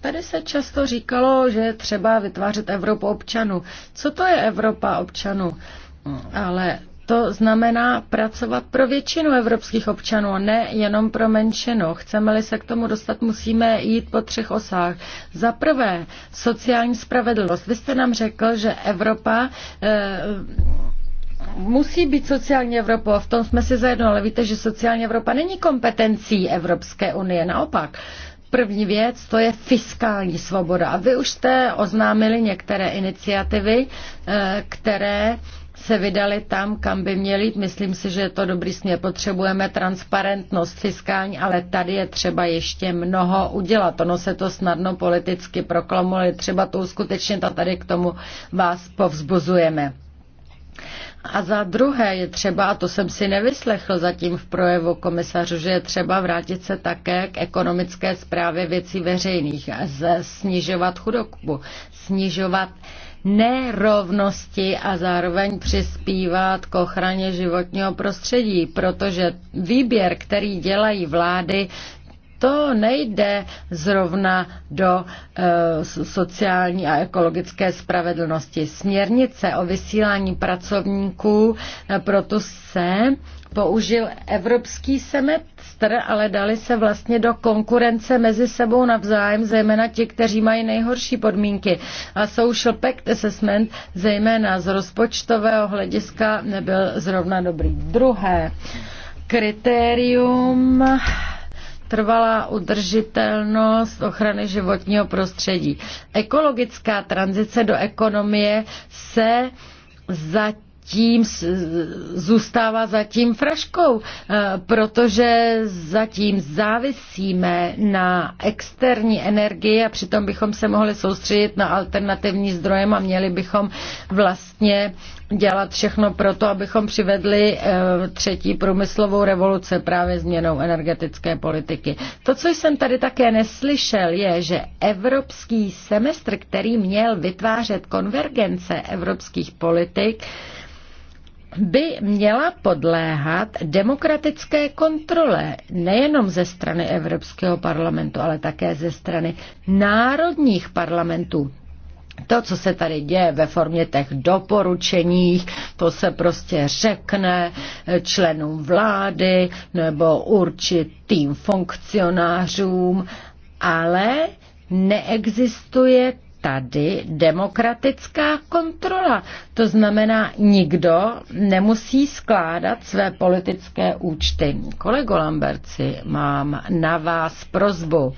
Tady se často říkalo, že je třeba vytvářet Evropu občanů. Co to je Evropa občanů? Ale to znamená pracovat pro většinu evropských občanů, ne jenom pro menšinu. Chceme-li se k tomu dostat, musíme jít po třech osách. Za prvé, sociální spravedlnost. Vy jste nám řekl, že Evropa. e, musí být sociální Evropa, v tom jsme si zajedno, ale víte, že sociální Evropa není kompetencí Evropské unie, naopak. První věc, to je fiskální svoboda. A vy už jste oznámili některé iniciativy, eh, které se vydali tam, kam by měli jít. Myslím si, že je to dobrý směr. Potřebujeme transparentnost fiskální, ale tady je třeba ještě mnoho udělat. Ono se to snadno politicky proklamuje, třeba to skutečně ta tady k tomu vás povzbuzujeme. A za druhé je třeba, a to jsem si nevyslechl zatím v projevu komisařů, že je třeba vrátit se také k ekonomické zprávě věcí veřejných, snižovat chudobu, snižovat uh, nerovnosti a zároveň přispívat k ochraně životního prostředí, protože výběr, který dělají vlády, to nejde zrovna do e, sociální a ekologické spravedlnosti. Směrnice o vysílání pracovníků, eh, proto se použil evropský klastr, ale dali se vlastně do konkurence mezi sebou navzájem, zejména ti, kteří mají nejhorší podmínky. A social pact assessment, zejména z rozpočtového hlediska, nebyl zrovna dobrý. Druhé kritérium trvalá udržitelnost ochrany životního prostředí. Ekologická tranzice do ekonomie se zatím tím zůstává zatím fraškou, eh, protože zatím závisíme na externí energii a přitom bychom se mohli soustředit na alternativní zdroje a měli bychom vlastně dělat všechno pro to, abychom přivedli eh, třetí průmyslovou revoluce právě změnou energetické politiky. To, co jsem tady také neslyšel, je, že evropský semestr, který měl vytvářet konvergence evropských politik, by měla podléhat demokratické kontrole nejenom ze strany Evropského parlamentu, ale také ze strany národních parlamentů. To, co se tady děje ve formě těch doporučeních, to se prostě řekne členům vlády nebo určitým funkcionářům, ale neexistuje tady demokratická kontrola. To znamená, nikdo nemusí skládat své politické účty. Kolego Lamberci, mám na vás prozbu.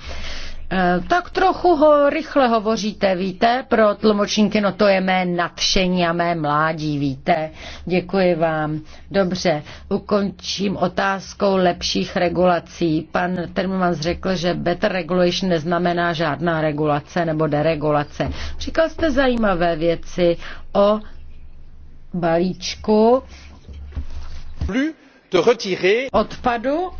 Eh, tak trochu ho rychle hovoříte, víte, pro tlumočníky, no to je mé nadšení a mé mládí, víte. Děkuji vám. Dobře, ukončím otázkou lepších regulací. Pan Termans řekl, že better regulation neznamená žádná regulace nebo deregulace. Říkal jste zajímavé věci o balíčku odpadu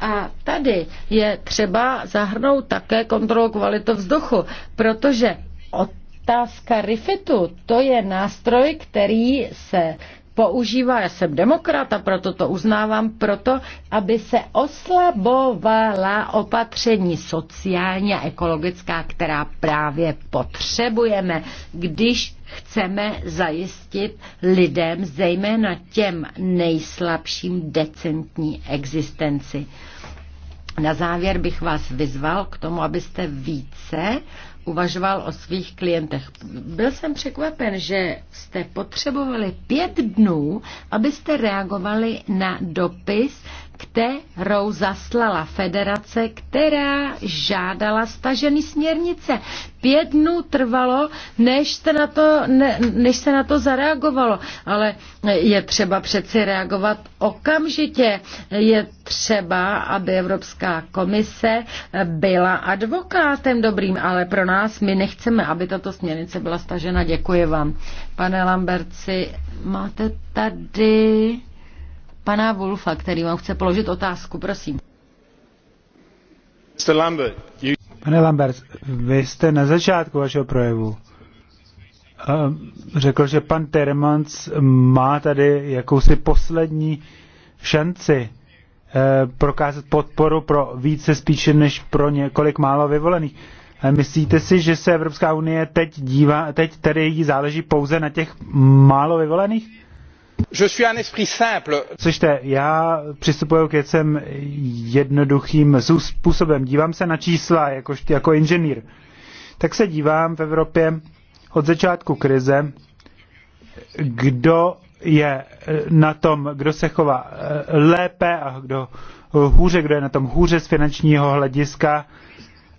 a tady je třeba zahrnout také kontrolu kvalitu vzduchu, protože otázka RIFITu, to je nástroj, který se používá, já jsem demokrat a proto to uznávám, proto, aby se oslabovala opatření sociální a ekologická, která právě potřebujeme, když chceme zajistit lidem, zejména těm nejslabším, decentní existenci. Na závěr bych vás vyzval k tomu, abyste více uvažoval o svých klientech. Byl jsem překvapen, že jste potřebovali pět dnů, abyste reagovali na dopis kterou zaslala federace, která žádala stažený směrnice. Pět dnů trvalo, než se, na to, ne, než se na to zareagovalo. Ale je třeba přeci reagovat okamžitě. Je třeba, aby Evropská komise byla advokátem dobrým, ale pro nás my nechceme, aby tato směrnice byla stažena. Děkuji vám. Pane Lamberci, máte tady pana Wolfa, který vám chce položit otázku. Prosím. Pane Lambert, vy jste na začátku vašeho projevu eh, řekl, že pan Termans má tady jakousi poslední šanci eh, prokázat podporu pro více spíše než pro několik málo vyvolených. Eh, myslíte si, že se Evropská unie teď dívá, teď tedy jí záleží pouze na těch málo vyvolených? Je Slyšte, já přistupuji k věcem jednoduchým způsobem. Dívám se na čísla jako, jako inženýr. Tak se dívám v Evropě od začátku krize, kdo je eh, na tom, kdo se chová eh, lépe a kdo eh, hůře, kdo je na tom hůře z finančního hlediska.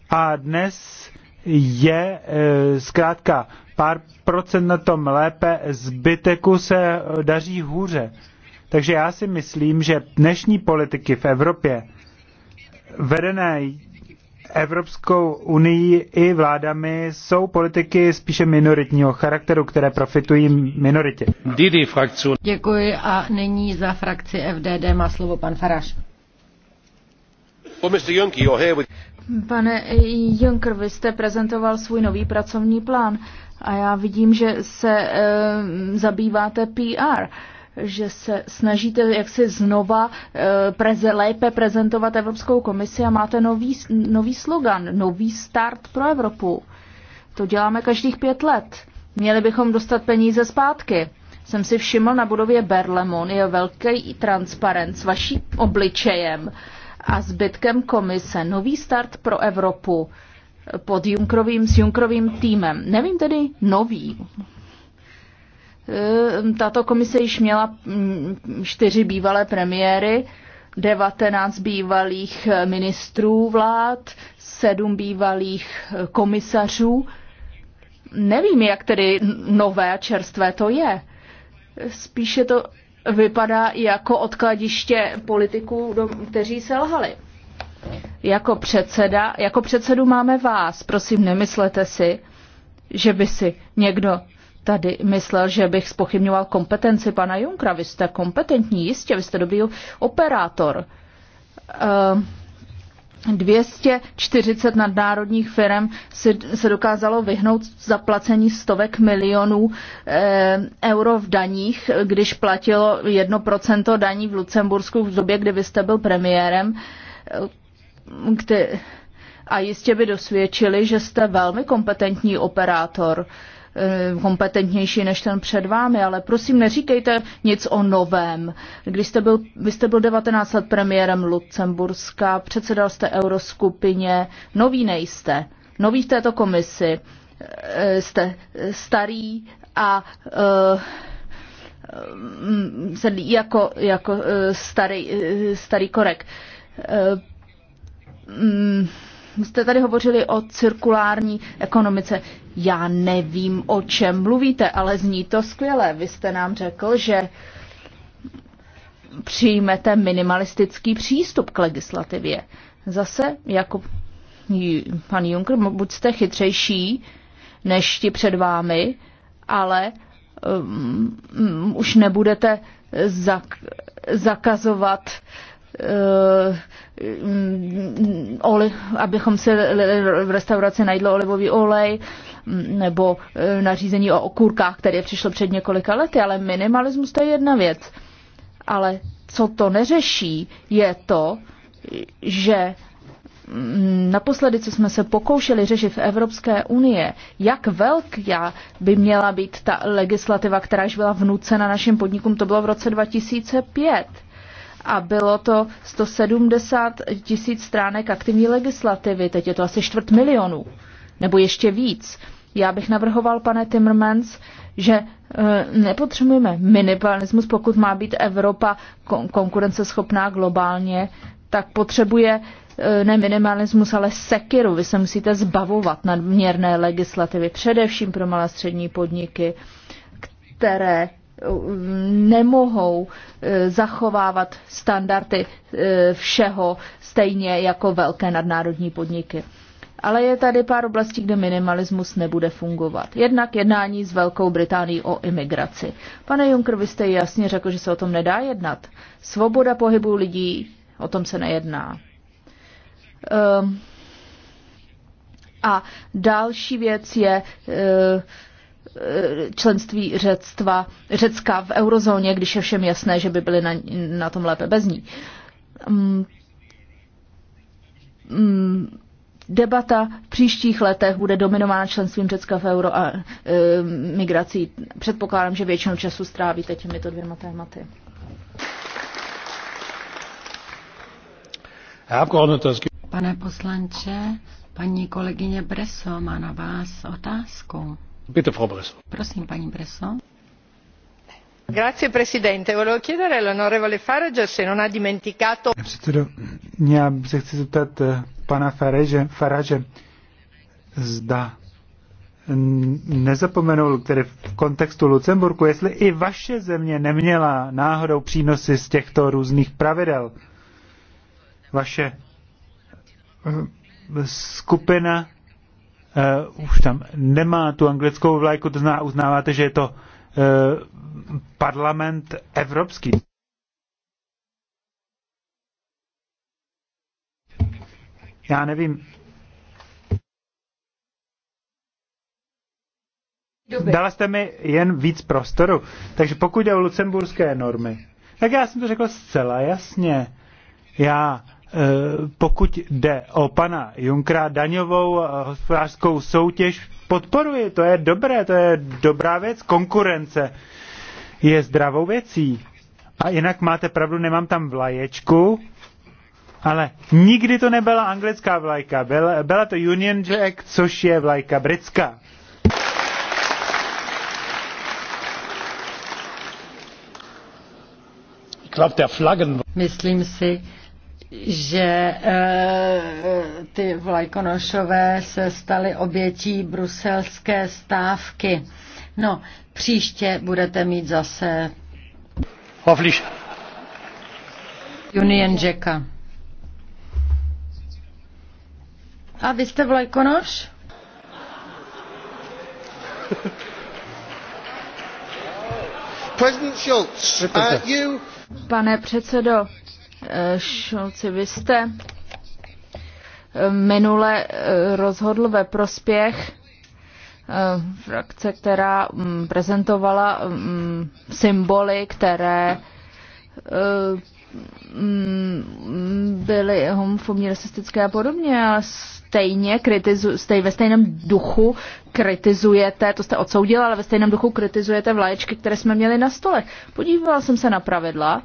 A dnes je zkrátka pár 10% na tom lépe, zbyteku se daří hůře. Takže já si myslím, že dnešní politiky v Evropě, vedené Evropskou unii i vládami, jsou politiky spíše minoritního charakteru, které profitují minoritě. Děkuji a nyní za frakci FDD má slovo pan Faraš. Oh, Pane Juncker, vy jste prezentoval svůj nový pracovní plán. A já vidím, že se e, zabýváte PR, že se snažíte jaksi znova e, preze, lépe prezentovat Evropskou komisi a máte nový, nový slogan, nový start pro Evropu. To děláme každých pět let. Měli bychom dostat peníze zpátky. Jsem si všiml na budově Berlemon, je velký transparent s vaším obličejem a zbytkem komise. Nový start pro Evropu pod Junkrovým, s Junkrovým týmem. Nevím tedy nový. E, tato komise již měla mm, čtyři bývalé premiéry, 19 bývalých ministrů vlád, sedm bývalých komisařů. Nevím, jak tedy nové a čerstvé to je. Spíše to vypadá jako odkladiště politiků, kteří selhali. Jako, předseda, jako předsedu máme vás. Prosím, nemyslete si, že by si někdo tady myslel, že bych spochybňoval kompetenci pana Junkra. Vy jste kompetentní, jistě, vy jste dobrý operátor. Uh, eh, 240 nadnárodních firm se, se dokázalo vyhnout zaplacení stovek milionů e, euro v daních, když platilo 1% daní v Lucembursku v době, kdy vy jste byl premiérem kte, a jistě by dosvědčili, že jste velmi kompetentní operátor, eh, kompetentnější než ten před vámi, ale prosím neříkejte nic o novém. Když jste byl, vy jste byl 19 let premiérem Lucemburska, předsedal jste euroskupině, nový nejste, nový v této komisi, eh, jste starý a eh, mm, jako, jako starý, starý korek. Mm, jste tady hovořili o cirkulární ekonomice. Já nevím, o čem mluvíte, ale zní to skvěle. Vy jste nám řekl, že přijmete minimalistický přístup k legislativě. Zase, jako pan Juncker, buď jste chytřejší než ti před vámi, ale um, um, už nebudete zak- zakazovat uh, Eh, eh, oli, abychom si v restauraci najdlo olivový olej mm, nebo eh, nařízení o okurkách, které přišlo před několika lety, ale minimalismus to je jedna věc. Ale co to neřeší, je to, že mm, naposledy, co jsme se pokoušeli řešit v Evropské unie, jak velká by měla být ta legislativa, která byla vnucena našim podnikům, to bylo v roce 2005 a bylo to 170 tisíc stránek aktivní legislativy, teď je to asi čtvrt milionů, nebo ještě víc. Já bych navrhoval, pane Timmermans, že e, nepotřebujeme minimalismus, pokud má být Evropa konkurenceschopná globálně, tak potřebuje e, ne minimalismus, ale sekiru. Vy se musíte zbavovat nadměrné legislativy, především pro malé střední podniky, které nemohou eh, zachovávat standardy eh, všeho stejně jako velké nadnárodní podniky. Ale je tady pár oblastí, kde minimalismus nebude fungovat. Jednak jednání s Velkou Británií o imigraci. Pane Juncker, vy jste jasně řekl, že se o tom nedá jednat. Svoboda pohybu lidí, o tom se nejedná. Um, a další věc je uh, členství Řectva, Řecka v eurozóně, když je všem jasné, že by byli na, na tom lépe bez ní. Mm, mm, debata v příštích letech bude dominována členstvím Řecka v euro a um, migrací. Předpokládám, že většinu času strávíte těmito dvěma tématy. Pane poslanče, paní kolegyně Breso má na vás otázku. Prosím, paní Bresso. Pane předsedo, já se chci zeptat eh, pana Farage, Farage zda nezapomenul, tedy v kontextu Lucemburku, jestli i vaše země neměla náhodou přínosy z těchto různých pravidel. Vaše eh, skupina uh, už tam nemá tu anglickou vlajku, to zná, uznáváte, že je to uh, parlament evropský. Já nevím. Dobrý. Dala jste mi jen víc prostoru. Takže pokud jde o lucemburské normy, tak já jsem to řekl zcela jasně. Já Eh, pokud jde o pana Junkra daňovou eh, hospodářskou soutěž, podporuji, to je dobré, to je dobrá věc, konkurence je zdravou věcí. A jinak máte pravdu, nemám tam vlaječku, ale nikdy to nebyla anglická vlajka, byla, byla to Union Jack, což je vlajka britská. Myslím si, že eh, ty vlajkonošové se staly obětí bruselské stávky. No, příště budete mít zase Hoffentlich. Union Jacka. A vy jste vlajkonoš? President Schultz, are you... Pane předsedo, Eh, Šolci, vy jste eh, minule eh, rozhodl ve prospěch frakce, která mm, prezentovala mm, symboly, které mm, byly homofobní, rasistické a podobně, ale stejně kritizu, stej, ve stejném duchu kritizujete, to jste odsoudil, ale ve stejném duchu kritizujete vlaječky, které jsme měli na stole. Podívala jsem se na pravidla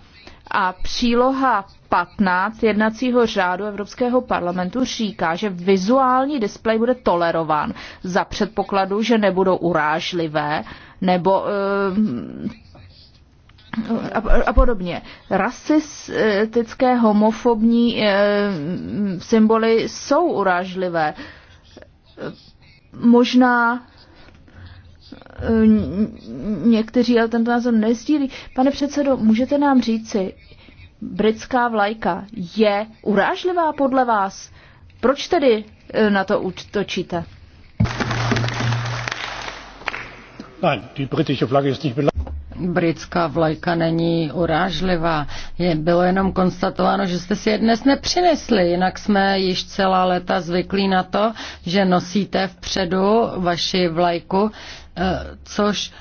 a příloha 15 jednacího řádu Evropského parlamentu říká, že vizuální displej bude tolerován za předpokladu, že nebudou urážlivé nebo eh, a, a podobně. Rasistické, homofobní eh, symboly jsou urážlivé. Možná Eh, někteří ale tento názor nezdílí. Pane předsedo, můžete nám říci, britská vlajka je urážlivá podle vás? Proč tedy eh, na to útočíte? Britská vlajka není urážlivá. Je, bylo jenom konstatováno, že jste si je dnes nepřinesli, jinak jsme již celá léta zvyklí na to, že nosíte vpředu vaši vlajku Eh, což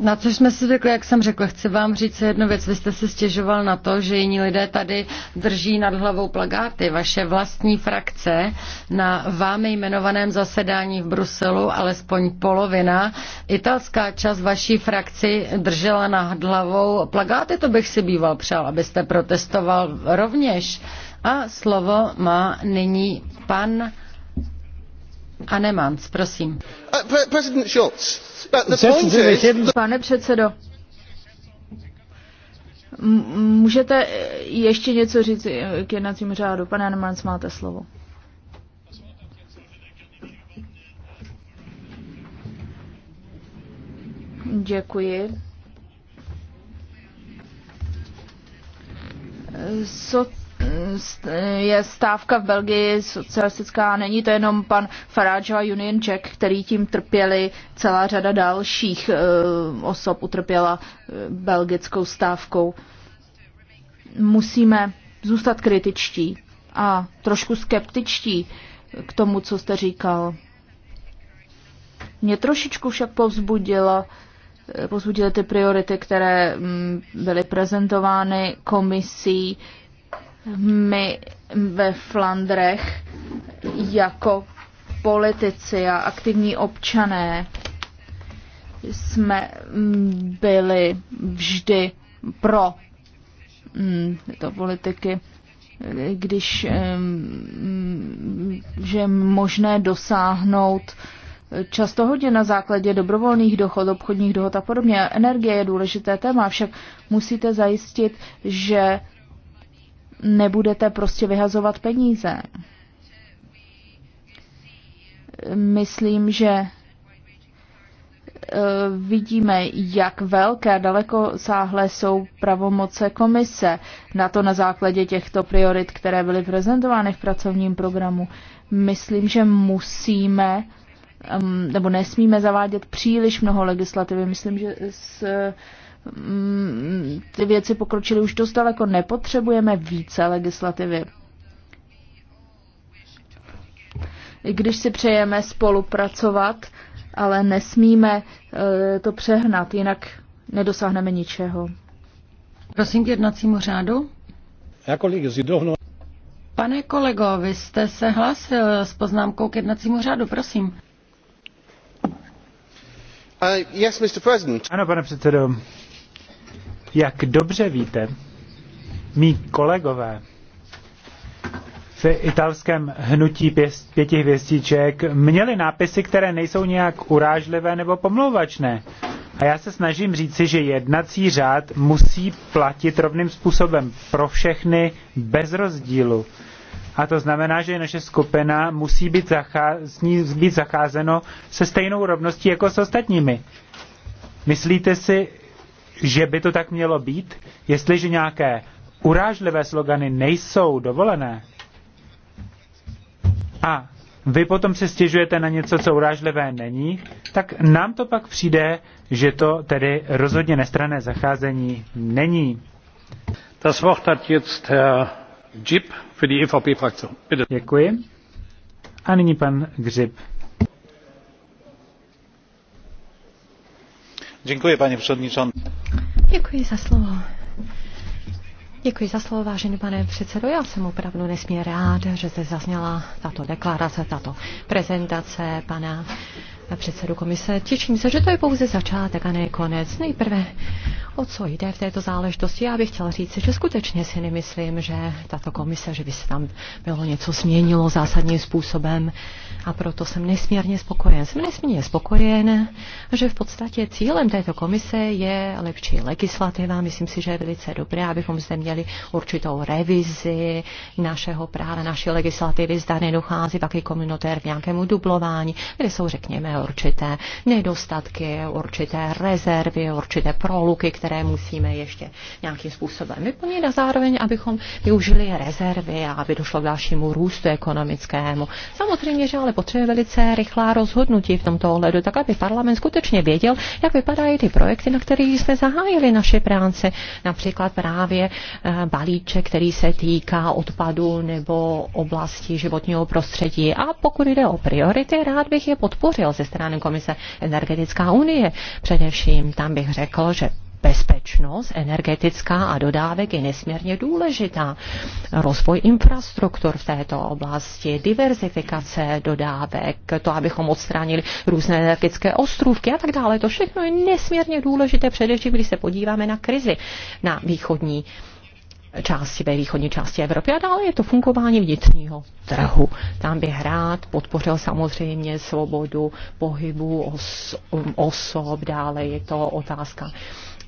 na což jsme si řekli, jak jsem řekla, chci vám říct jednu věc. Vy jste si stěžoval na to, že jiní lidé tady drží nad hlavou plagáty. Vaše vlastní frakce na vámi jmenovaném zasedání v Bruselu, alespoň polovina, italská část vaší frakci držela nad hlavou plagáty. To bych si býval přál, abyste protestoval rovněž. A slovo má nyní pan a Nemans, prosím. Uh, Pane předsedo, můžete eh, ještě něco říct eh, k jednacímu řádu? Pane Nemans, máte slovo. Děkuji. Co eh, je stávka v Belgii socialistická, není to jenom pan Farage a Union Jack, který tím trpěli, celá řada dalších eh, osob utrpěla eh, belgickou stávkou. Musíme zůstat kritičtí a trošku skeptičtí k tomu, co jste říkal. Mě trošičku však povzbudila eh, pozbudily ty priority, které mm, byly prezentovány komisí my ve Flandrech jako politici a aktivní občané jsme mm, byli vždy pro mm, tyto politiky, když mm, že je možné dosáhnout často hodně na základě dobrovolných dohod, obchodních dohod a podobně. Energie je důležité téma, však musíte zajistit, že nebudete prostě vyhazovat peníze. Myslím, že e, vidíme, jak velké a daleko sáhlé jsou pravomoce komise. Na to na základě těchto priorit, které byly prezentovány v pracovním programu, myslím, že musíme nebo nesmíme zavádět příliš mnoho legislativy. Myslím, že s Mm, ty věci pokročily už dost daleko. Nepotřebujeme více legislativy. I když si přejeme spolupracovat, ale nesmíme eh, to přehnat, jinak nedosáhneme ničeho. Prosím k jednacímu řádu. Pane kolego, vy jste se hlásil s poznámkou k jednacímu řádu, prosím. Uh, yes, Mr. President. Ano, pane předsedo. Jak dobře víte, mý kolegové v italském hnutí pěti hvězdiček měli nápisy, které nejsou nějak urážlivé nebo pomlouvačné. A já se snažím říci, že jednací řád musí platit rovným způsobem pro všechny bez rozdílu. A to znamená, že naše skupina musí být, zachá- s ní být zacházeno se stejnou rovností jako s ostatními. Myslíte si, že by to tak mělo být? Jestliže nějaké urážlivé slogany nejsou dovolené a vy potom se stěžujete na něco, co urážlivé není, tak nám to pak přijde, že to tedy rozhodně nestrané zacházení není. Das Wort hat jetzt Herr Jip für die EVP-Fraktion. Bitte. Děkuji. A nyní pan Gřib. Děkuji, pane předsedající Děkuji za slovo. Děkuji za slovo, vážený pane předsedo. Já jsem opravdu nesmír rád, že se zazněla tato deklarace, tato prezentace pana předsedu komise. Těším se, že to je pouze začátek a ne konec. Nejprve o co jde v této záležitosti. Já bych chtěla říct, že skutečně si nemyslím, že tato komise, že by se tam bylo něco změnilo zásadním způsobem a proto jsem nesmírně spokojen. Jsem nesmírně spokojen, že v podstatě cílem této komise je lepší legislativa. Myslím si, že je velice dobré, abychom zde měli určitou revizi našeho práva, naší legislativy. Zda nedochází pak i komunitér k nějakému dublování, kde jsou, řekněme, určité nedostatky, určité rezervy, určité proluky, které které musíme ještě nějakým způsobem vyplnit a zároveň, abychom využili rezervy a aby došlo k dalšímu růstu ekonomickému. Samozřejmě, že ale potřebuje velice rychlá rozhodnutí v tomto ohledu, tak aby parlament skutečně věděl, jak vypadají ty projekty, na kterých jsme zahájili naše práce, například právě eh, balíček, který se týká odpadu nebo oblasti životního prostředí. A pokud jde o priority, rád bych je podpořil ze strany Komise Energetická unie. Především tam bych řekl, že bezpečnost energetická a dodávek je nesmírně důležitá. Rozvoj infrastruktur v této oblasti, diverzifikace dodávek, to, abychom odstranili různé energetické ostrůvky a tak dále. To všechno je nesmírně důležité, především když se podíváme na krizi na východní části, ve východní části Evropy a dále je to fungování vnitřního trhu. Tam by rád podpořil samozřejmě svobodu pohybu os, osob, dále je to otázka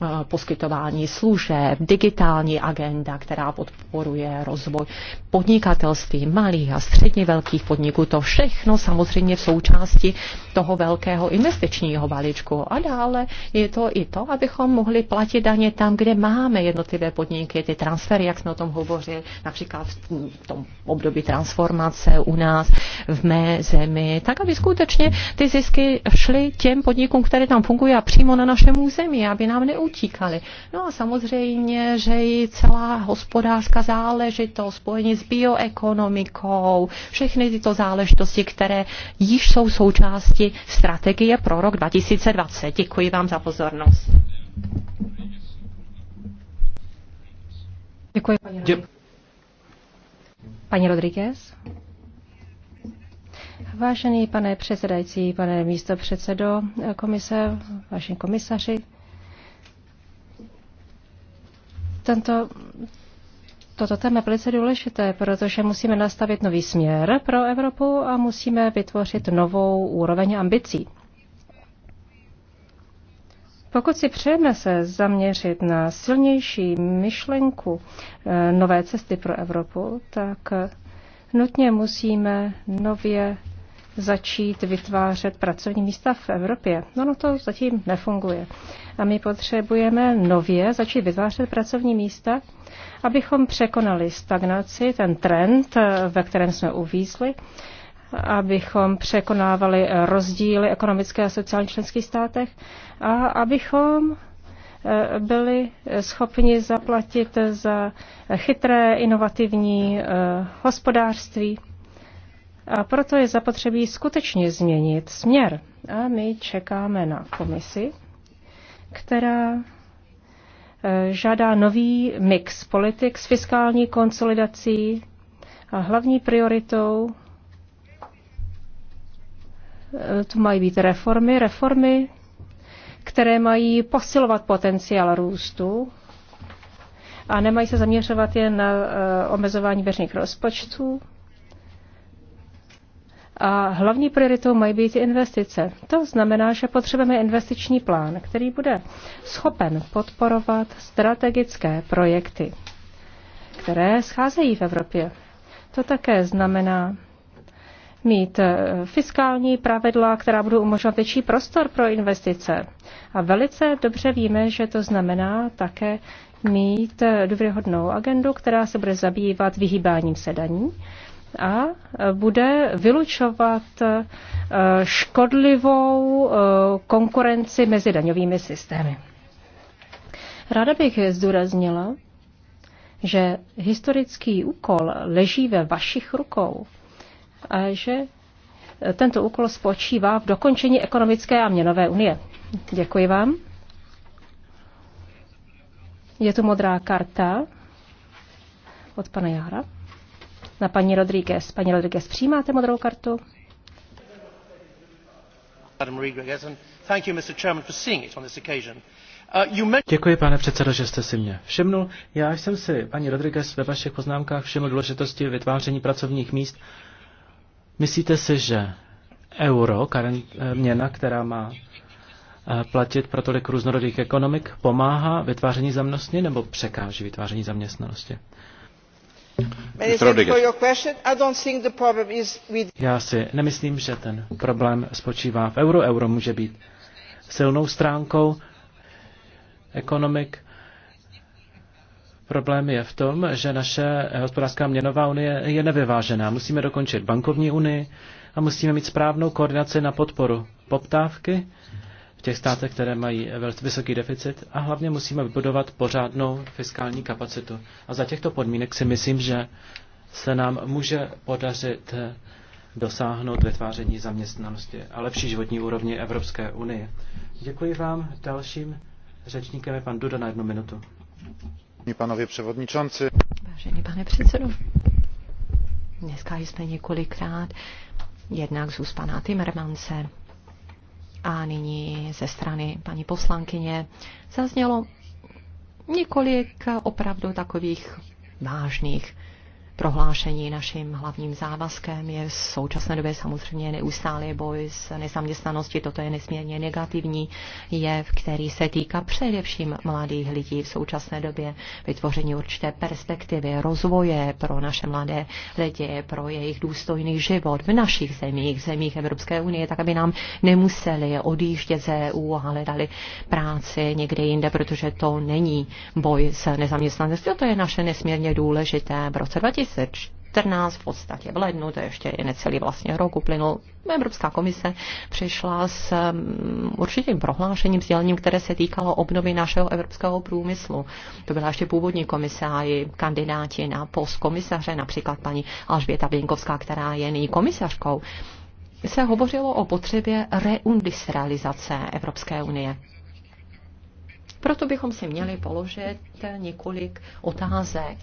Eh, poskytování služeb, digitální agenda, která podporuje rozvoj podnikatelství malých a středně velkých podniků. To všechno samozřejmě v součásti toho velkého investičního balíčku. A dále je to i to, abychom mohli platit daně tam, kde máme jednotlivé podniky, ty transfery, jak jsme o tom hovořili, například v tom období transformace u nás, v mé zemi, tak aby skutečně ty zisky šly těm podnikům, které tam fungují a přímo na našem území, aby nám neužili neutíkali. No a samozřejmě, že i celá hospodářská záležitost, spojení s bioekonomikou, všechny tyto záležitosti, které již jsou součástí strategie pro rok 2020. Děkuji vám za pozornost. Děkuji, paní Rodríguez. Pani Rodríguez. Vážený pane předsedající, pane místo předsedo komise, vaši komisaři, Tento, toto téma je velice důležité, protože musíme nastavit nový směr pro Evropu a musíme vytvořit novou úroveň ambicí. Pokud si přejeme se zaměřit na silnější myšlenku eh, nové cesty pro Evropu, tak nutně musíme nově začít vytvářet pracovní místa v Evropě. No, no to zatím nefunguje. A my potřebujeme nově začít vytvářet pracovní místa, abychom překonali stagnaci, ten trend, ve kterém jsme uvízli, abychom překonávali rozdíly ekonomické a sociální členských státech a abychom eh, byli schopni zaplatit za chytré, inovativní eh, hospodářství a proto je zapotřebí skutečně změnit směr. A my čekáme na komisi, která e, žádá nový mix politik s fiskální konsolidací a hlavní prioritou e, tu mají být reformy, reformy, které mají posilovat potenciál růstu a nemají se zaměřovat jen na e, omezování veřejných rozpočtů, a hlavní prioritou mají být investice. To znamená, že potřebujeme investiční plán, který bude schopen podporovat strategické projekty, které scházejí v Evropě. To také znamená mít eh, fiskální pravidla, která budou umožňovat větší prostor pro investice. A velice dobře víme, že to znamená také mít eh, důvěryhodnou agendu, která se bude zabývat vyhýbáním se daní, a bude vylučovat eh, škodlivou eh, konkurenci mezi daňovými systémy. Ráda bych zdůraznila, že historický úkol leží ve vašich rukou a že tento úkol spočívá v dokončení ekonomické a měnové unie. Děkuji vám. Je tu modrá karta od pana Jara na paní Rodríguez. Paní Rodríguez, přijímáte modrou kartu? Uh, Děkuji, pane předsedo, že jste si mě všimnul. Já jsem si, paní Rodriguez, ve vašich poznámkách všiml důležitosti vytváření pracovních míst. Myslíte si, že euro, eh, měna, která má eh, platit pro tolik různorodých ekonomik, pomáhá vytváření zaměstnosti nebo překáží vytváření zaměstnanosti? Já si nemyslím, že ten problém spočívá v euro. Euro může být silnou stránkou ekonomik. Problém je v tom, že naše hospodářská měnová unie je nevyvážená. Musíme dokončit bankovní unii a musíme mít správnou koordinaci na podporu poptávky v těch státech, které mají velmi vysoký deficit a hlavně musíme vybudovat pořádnou fiskální kapacitu. A za těchto podmínek si myslím, že se nám může podařit eh, dosáhnout vytváření zaměstnanosti a lepší životní úrovni Evropské unie. Děkuji vám. Dalším řečníkem je pan Duda na jednu minutu. Panově převodničanci. Vážený pane předsedo, dneska jsme několikrát jednak z úst pana Timmermanse, a nyní ze strany paní poslankyně zaznělo několik opravdu takových vážných prohlášení naším hlavním závazkem je v současné době samozřejmě neustálý boj s nezaměstnaností. Toto je nesmírně negativní jev, který se týká především mladých lidí v současné době. Vytvoření určité perspektivy rozvoje pro naše mladé lidi, pro jejich důstojný život v našich zemích, v zemích Evropské unie, tak aby nám nemuseli odjíždět z EU a hledali práci někde jinde, protože to není boj s nezaměstnaností. To je naše nesmírně důležité. V roce 2000 2014 v podstatě v lednu, to je ještě i necelý vlastně rok uplynul, Evropská komise přišla s mm, určitým prohlášením, sdělením, které se týkalo obnovy našeho evropského průmyslu. To byla ještě původní komise a i kandidáti na post komisaře, například paní Alžběta Věnkovská, která je nyní komisařkou se hovořilo o potřebě reindustrializace Evropské unie. Proto bychom si měli položit několik otázek,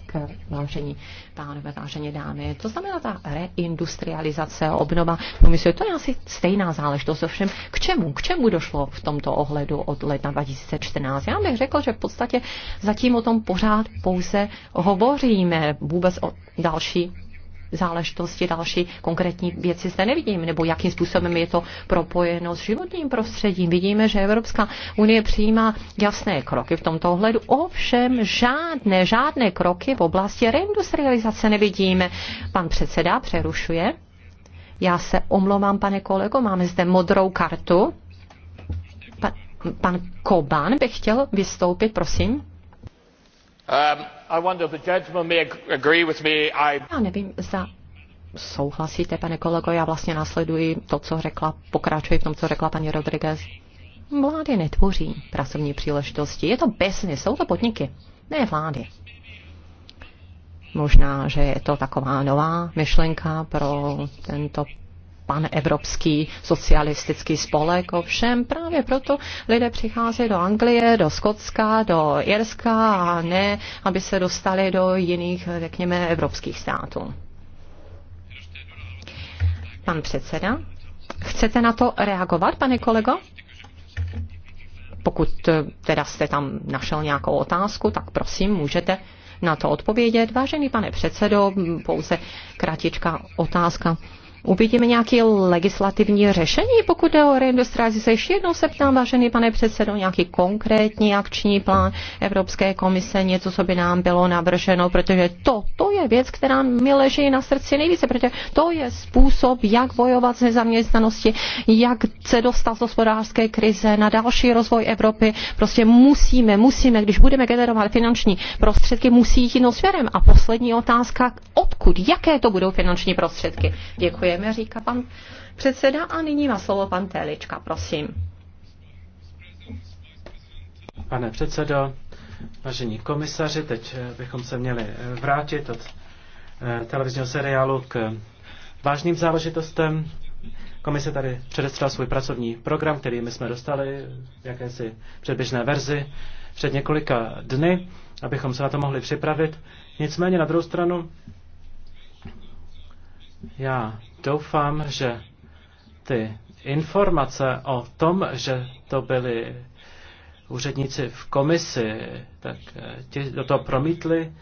vážení pánové, vážení dámy. To znamená ta reindustrializace, obnova průmyslu, to je asi stejná záležitost. Ovšem, k čemu? K čemu došlo v tomto ohledu od ledna 2014? Já bych řekl, že v podstatě zatím o tom pořád pouze hovoříme. Vůbec o další záležitosti, další konkrétní věci zde nevidím, nebo jakým způsobem je to propojeno s životním prostředím. Vidíme, že Evropská unie přijímá jasné kroky v tomto ohledu, ovšem žádné, žádné kroky v oblasti reindustrializace nevidíme. Pan předseda přerušuje. Já se omlouvám, pane kolego, máme zde modrou kartu. Pan, pan Koban by chtěl vystoupit, prosím. Um. Já nevím, zda souhlasíte, pane kolego, já vlastně následuji to, co řekla, pokračuji v tom, co řekla paní Rodriguez. Vlády netvoří pracovní příležitosti. Je to business, jsou to podniky, ne vlády. Možná, že je to taková nová myšlenka pro tento pan evropský socialistický spolek. Ovšem právě proto lidé přicházejí do Anglie, do Skotska, do Irska a ne, aby se dostali do jiných, řekněme, evropských států. Pan předseda, chcete na to reagovat, pane kolego? Pokud eh, teda jste tam našel nějakou otázku, tak prosím, můžete na to odpovědět. Vážený pane předsedo, pouze kratička otázka uvidíme nějaké legislativní řešení, pokud jde o reindustrializaci. Ještě jednou se ptám, vážený pane předsedo, nějaký konkrétní akční plán Evropské komise, něco, co by nám bylo navrženo, protože to, to je věc, která mi leží na srdci nejvíce, protože to je způsob, jak bojovat s nezaměstnaností, jak se dostat z hospodářské krize na další rozvoj Evropy. Prostě musíme, musíme, když budeme generovat finanční prostředky, musí jít jinou směrem. A poslední otázka, odkud, jaké to budou finanční prostředky? Děkuji. Děkujeme, říká pan předseda. A nyní má slovo pan Telička, prosím. Pane předsedo, vážení komisaři, teď bychom se měli vrátit od eh, televizního seriálu k vážným záležitostem. Komise tady předestřela svůj pracovní program, který my jsme dostali v jakési předběžné verzi před několika dny, abychom se na to mohli připravit. Nicméně na druhou stranu já doufám, že ty informace o tom, že to byli úředníci v komisi, tak eh, ti do toho promítli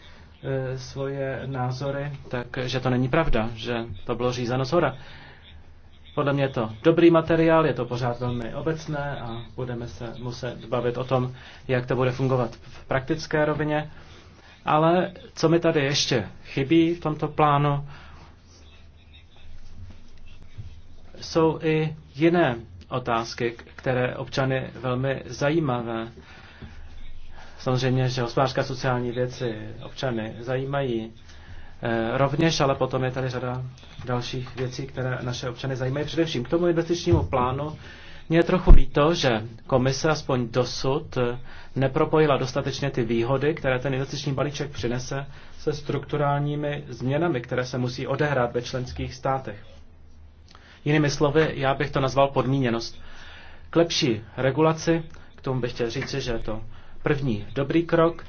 eh, svoje názory, takže to není pravda, že to bylo řízeno zhora. Podle mě je to dobrý materiál, je to pořád velmi obecné a budeme se muset bavit o tom, jak to bude fungovat v praktické rovině. Ale co mi tady ještě chybí v tomto plánu, jsou i jiné otázky, které občany velmi zajímavé. Samozřejmě, že hospodářské sociální věci občany zajímají eh, rovněž, ale potom je tady řada dalších věcí, které naše občany zajímají. Především k tomu investičnímu plánu mě je trochu líto, že komise aspoň dosud eh, nepropojila dostatečně ty výhody, které ten investiční balíček přinese se strukturálními změnami, které se musí odehrát ve členských státech. Jinými slovy, já bych to nazval podmíněnost. K lepší regulaci, k tomu bych chtěl říct, že je to první dobrý krok,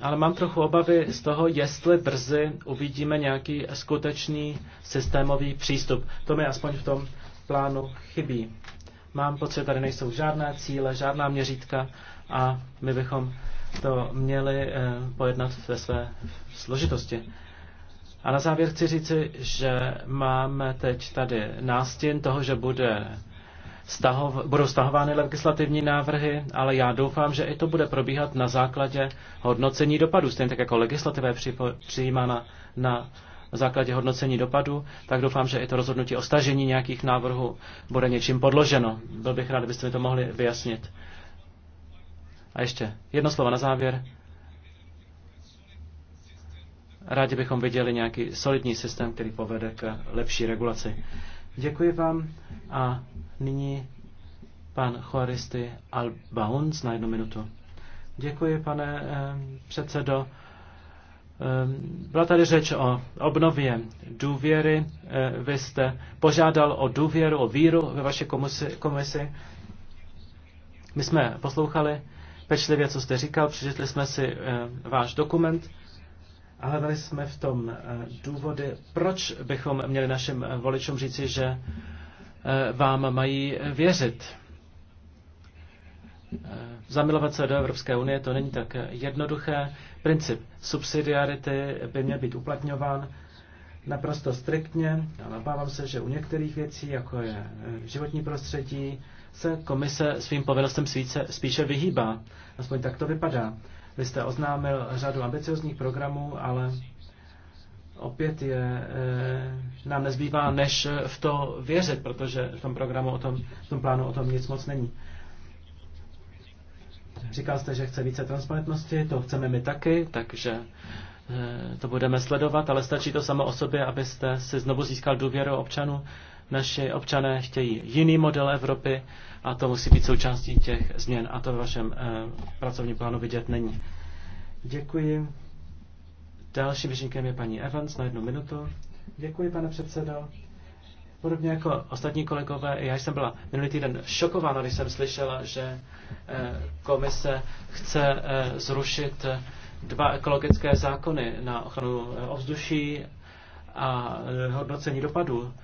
ale mám trochu obavy z toho, jestli brzy uvidíme nějaký skutečný systémový přístup. To mi aspoň v tom plánu chybí. Mám pocit, že tady nejsou žádné cíle, žádná měřítka a my bychom to měli eh, pojednat ve své složitosti. A na závěr chci říci, že máme teď tady nástin toho, že bude stahov, budou stahovány legislativní návrhy, ale já doufám, že i to bude probíhat na základě hodnocení dopadu, stejně tak jako legislativa je přijímána na základě hodnocení dopadu, tak doufám, že i to rozhodnutí o stažení nějakých návrhů bude něčím podloženo. Byl bych rád, abyste mi to mohli vyjasnit. A ještě jedno slovo na závěr. Rádi bychom viděli nějaký solidní systém, který povede k lepší regulaci. Děkuji vám a nyní pan Juaristy Albaunz na jednu minutu. Děkuji, pane eh, předsedo. Eh, byla tady řeč o obnově důvěry. Eh, vy jste požádal o důvěru, o víru ve vaší komisi. komisi. My jsme poslouchali pečlivě, co jste říkal, přečetli jsme si váš dokument. A hledali jsme v tom eh, důvody, proč bychom měli našim eh, voličům říci, že eh, vám mají věřit. Zamilovat se do Evropské unie to není tak jednoduché. Princip subsidiarity by měl být uplatňován naprosto striktně, ale obávám se, že u některých věcí, jako je životní prostředí, se komise svým povinnostem spíše vyhýbá. Aspoň tak to vypadá. Vy jste oznámil řadu ambiciozních programů, ale opět je, eh, nám nezbývá, než eh, v to věřit, protože v tom programu, o tom, v tom plánu o tom nic moc není. Říkal jste, že chce více transparentnosti, to chceme my taky, takže eh, to budeme sledovat, ale stačí to samo o sobě, abyste si znovu získal důvěru občanů. Naši občané chtějí jiný model Evropy a to musí být součástí těch změn a to v vašem eh, pracovním plánu vidět není. Děkuji. Dalším řečníkem je paní Evans na jednu minutu. Děkuji, pane předsedo. Podobně jako ostatní kolegové, já jsem byla minulý týden šokována, když jsem slyšela, že eh, komise chce eh, zrušit dva ekologické zákony na ochranu ovzduší a hodnocení dopadů.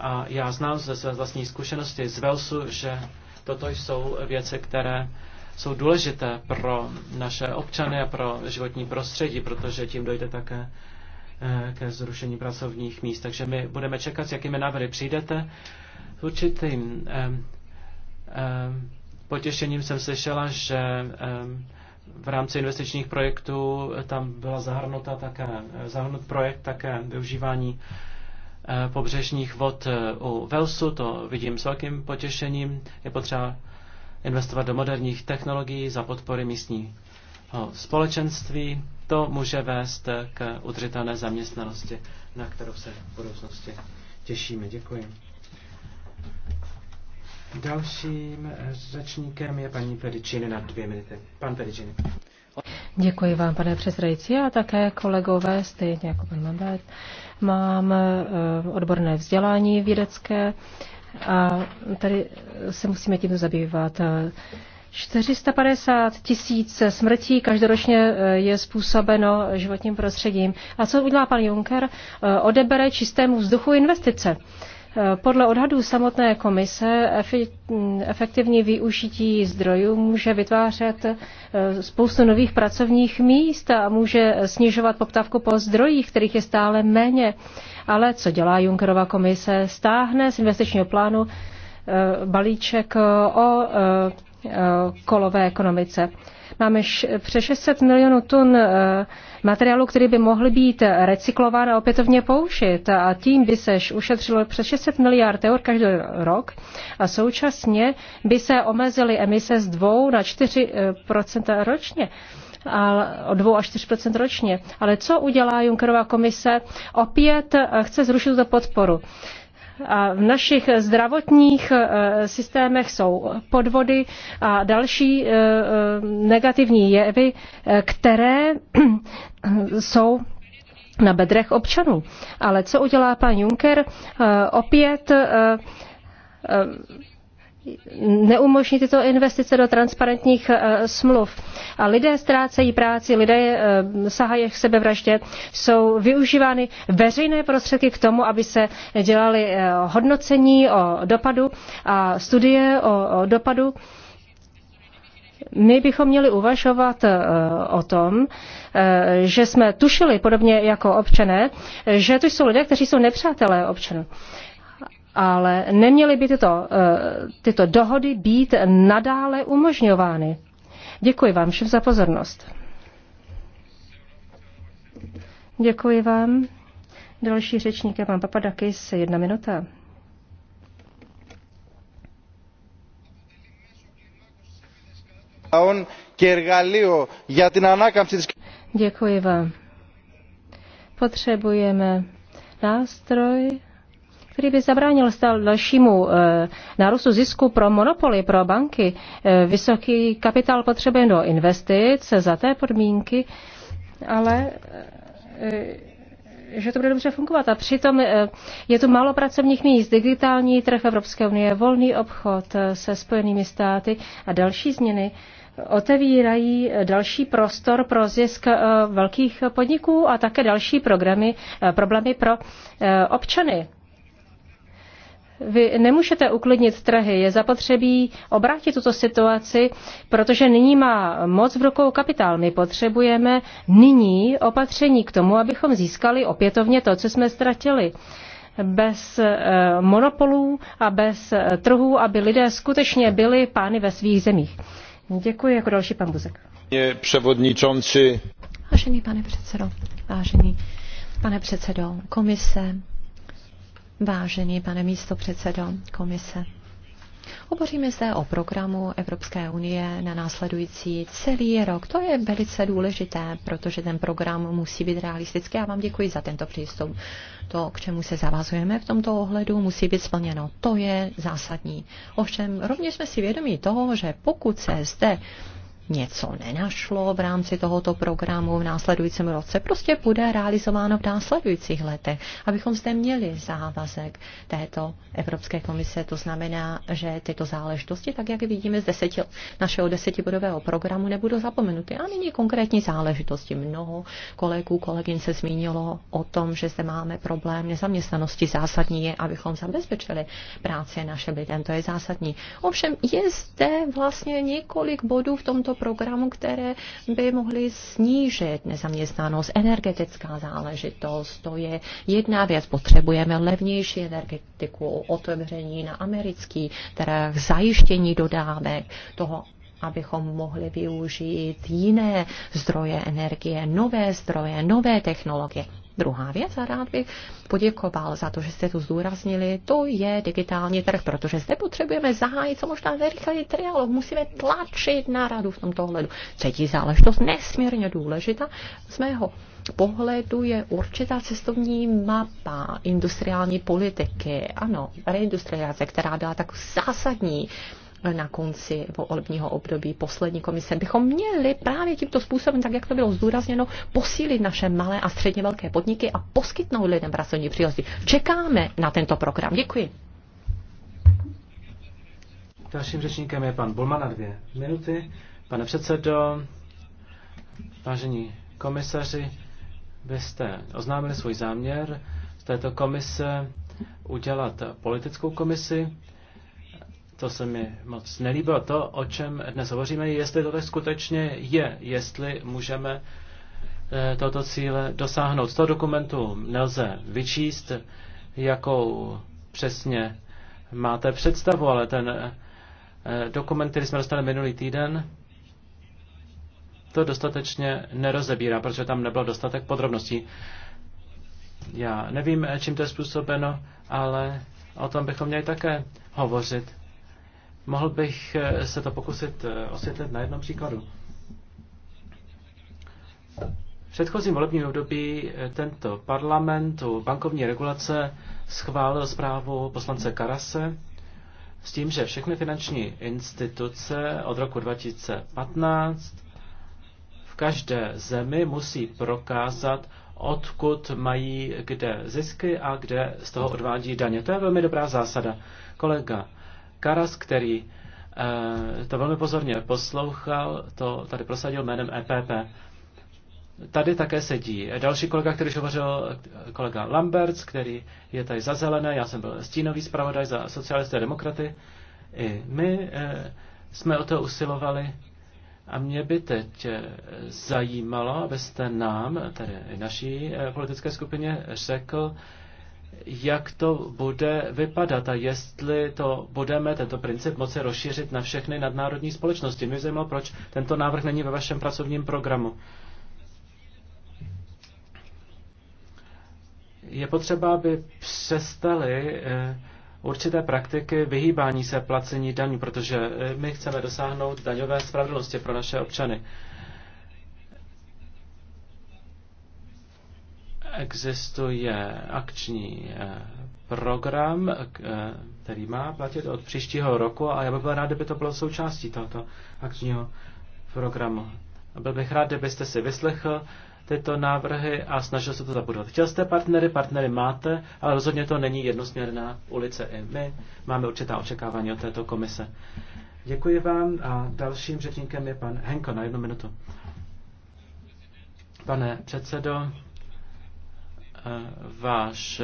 A já znám ze své vlastní zkušenosti z Velsu, že toto jsou věci, které jsou důležité pro naše občany a pro životní prostředí, protože tím dojde také eh, ke zrušení pracovních míst. Takže my budeme čekat, s jakými návrhy přijdete. S určitým eh, eh, potěšením jsem slyšela, že eh, v rámci investičních projektů tam byla zahrnuta také, zahrnut projekt také využívání eh, Eh, pobřežních vod eh, u Velsu, to vidím s velkým potěšením. Je potřeba investovat do moderních technologií za podpory místního společenství. To může vést k udržitelné zaměstnanosti, na kterou se v budoucnosti těšíme. Děkuji. Dalším eh, řečníkem je paní Pedicini na dvě minuty. Pan Pedicini. Děkuji vám, pane předsedající, a také kolegové, stejně jako pan Mandát mám eh, odborné vzdělání vědecké a tady se musíme tím zabývat. 450 tisíc smrtí každoročně eh, je způsobeno životním prostředím. A co udělá pan Juncker? Eh, odebere čistému vzduchu investice. Podle odhadů samotné komise efektivní využití zdrojů může vytvářet eh, spoustu nových pracovních míst a může snižovat poptávku po zdrojích, kterých je stále méně. Ale co dělá Junckerova komise? Stáhne z investičního plánu eh, balíček o eh, kolové ekonomice. Máme přes 600 milionů tun Materiálu, který by mohl být recyklován a opětovně použit. A tím by se ušetřilo přes 600 miliard eur každý rok a současně by se omezily emise z 2 na 4 eh, ročně a o 2 až 4 ročně. Ale co udělá Junckerova komise? Opět eh, chce zrušit tuto podporu. A v našich zdravotních e, systémech jsou podvody a další e, e, negativní jevy, které jsou na bedrech občanů. Ale co udělá pan Juncker? Opět neumožní tyto investice do transparentních eh, smluv. A lidé ztrácejí práci, lidé eh, sahají k sebevraždě, jsou využívány veřejné prostředky k tomu, aby se dělali eh, hodnocení o dopadu a studie o dopadu. My bychom měli uvažovat o tom, že jsme tušili, podobně jako občané, že to jsou lidé, kteří jsou nepřátelé občanů ale neměly by tyto, eh, tyto dohody být nadále umožňovány. Děkuji vám všem za pozornost. Děkuji vám. Další řečník je pan Papadakis, jedna minuta. Děkuji vám. Potřebujeme nástroj, který by zabránil stále dalšímu eh, nárůstu zisku pro monopoly, pro banky. Eh, vysoký kapitál potřebuje do investic za té podmínky, ale eh, že to bude dobře fungovat. A přitom je tu málo pracovních míst. Digitální trh Evropské unie, volný obchod se Spojenými státy a další změny otevírají další prostor pro zisk velkých podniků a také další programy, problémy pro občany. Vy nemůžete uklidnit trhy, je zapotřebí obrátit tuto situaci, protože nyní má moc v rukou kapitál. My potřebujeme nyní opatření k tomu, abychom získali opětovně to, co jsme ztratili bez eh, monopolů a bez eh, trhů, aby lidé skutečně byli pány ve svých zemích. Děkuji jako další pan Buzek. Převodničonci. Vážený pane předsedo, vážený pane předsedo komise, Vážený pane místo předsedo komise, Hovoříme zde o programu Evropské unie na následující celý rok. To je velice důležité, protože ten program musí být realistický. Já vám děkuji za tento přístup. To, k čemu se zavazujeme v tomto ohledu, musí být splněno. To je zásadní. Ovšem, rovněž jsme si vědomí toho, že pokud se zde něco nenašlo v rámci tohoto programu v následujícím roce, prostě bude realizováno v následujících letech, abychom zde měli závazek této Evropské komise. To znamená, že tyto záležitosti, tak jak vidíme z deseti, našeho desetibodového programu, nebudou zapomenuty. A nyní konkrétní záležitosti. Mnoho kolegů, kolegyn se zmínilo o tom, že zde máme problém nezaměstnanosti. Zásadní je, abychom zabezpečili práci našim lidem. To je zásadní. Ovšem je zde vlastně několik bodů v tomto programů, které by mohly snížit nezaměstnanost, energetická záležitost. To je jedna věc. Potřebujeme levnější energetiku, otevření na americký trh, zajištění dodávek toho abychom mohli využít jiné zdroje energie, nové zdroje, nové technologie. Druhá věc, a rád bych poděkoval za to, že jste tu zdůraznili, to je digitální trh, protože zde potřebujeme zahájit co možná nejrychleji trialog, musíme tlačit na radu v tomto ohledu. Třetí záležitost, nesmírně důležitá, z mého pohledu je určitá cestovní mapa industriální politiky, ano, reindustrializace, která byla tak zásadní na konci volebního období poslední komise, bychom měli právě tímto způsobem, tak jak to bylo zdůrazněno, posílit naše malé a středně velké podniky a poskytnout lidem pracovní příležitosti. Čekáme na tento program. Děkuji. Dalším řečníkem je pan Bulman na dvě minuty. Pane předsedo, vážení komisaři, vy jste oznámili svůj záměr z této komise udělat politickou komisi. To se mi moc nelíbilo. To, o čem dnes hovoříme, jestli to tak skutečně je, jestli můžeme eh, toto cíle dosáhnout. Z toho dokumentu nelze vyčíst, jakou přesně máte představu, ale ten eh, dokument, který jsme dostali minulý týden, to dostatečně nerozebírá, protože tam nebyl dostatek podrobností. Já nevím, eh, čím to je způsobeno, ale o tom bychom měli také hovořit. Mohl bych eh, se to pokusit eh, osvětlit na jednom příkladu. V předchozím volebním období eh, tento parlament u bankovní regulace schválil zprávu poslance Karase s tím, že všechny finanční instituce od roku 2015 v každé zemi musí prokázat, odkud mají kde zisky a kde z toho odvádí daně. To je velmi dobrá zásada. Kolega Karas, který eh, to velmi pozorně poslouchal, to tady prosadil jménem EPP. Tady také sedí další kolega, který už hovořil, kolega Lamberts, který je tady za zelené, já jsem byl stínový zpravodaj za socialisté a demokraty. I my eh, jsme o to usilovali a mě by teď eh, zajímalo, abyste nám, tedy naší politické skupině, řekl, jak to bude vypadat a jestli to budeme tento princip moci rozšířit na všechny nadnárodní společnosti. Mě zajímalo, proč tento návrh není ve vašem pracovním programu. Je potřeba, aby přestali eh, určité praktiky vyhýbání se placení daní, protože eh, my chceme dosáhnout daňové spravedlnosti pro naše občany. Existuje akční eh, program, eh, který má platit od příštího roku a já bych byl rád, kdyby to bylo součástí tohoto akčního programu. Byl bych rád, kdybyste si vyslechl tyto návrhy a snažil se to zabudovat. Chtěl jste partnery, partnery máte, ale rozhodně to není jednosměrná ulice i my. Máme určitá očekávání od této komise. Děkuji vám a dalším řečníkem je pan Henko na jednu minutu. Pane předsedo, váš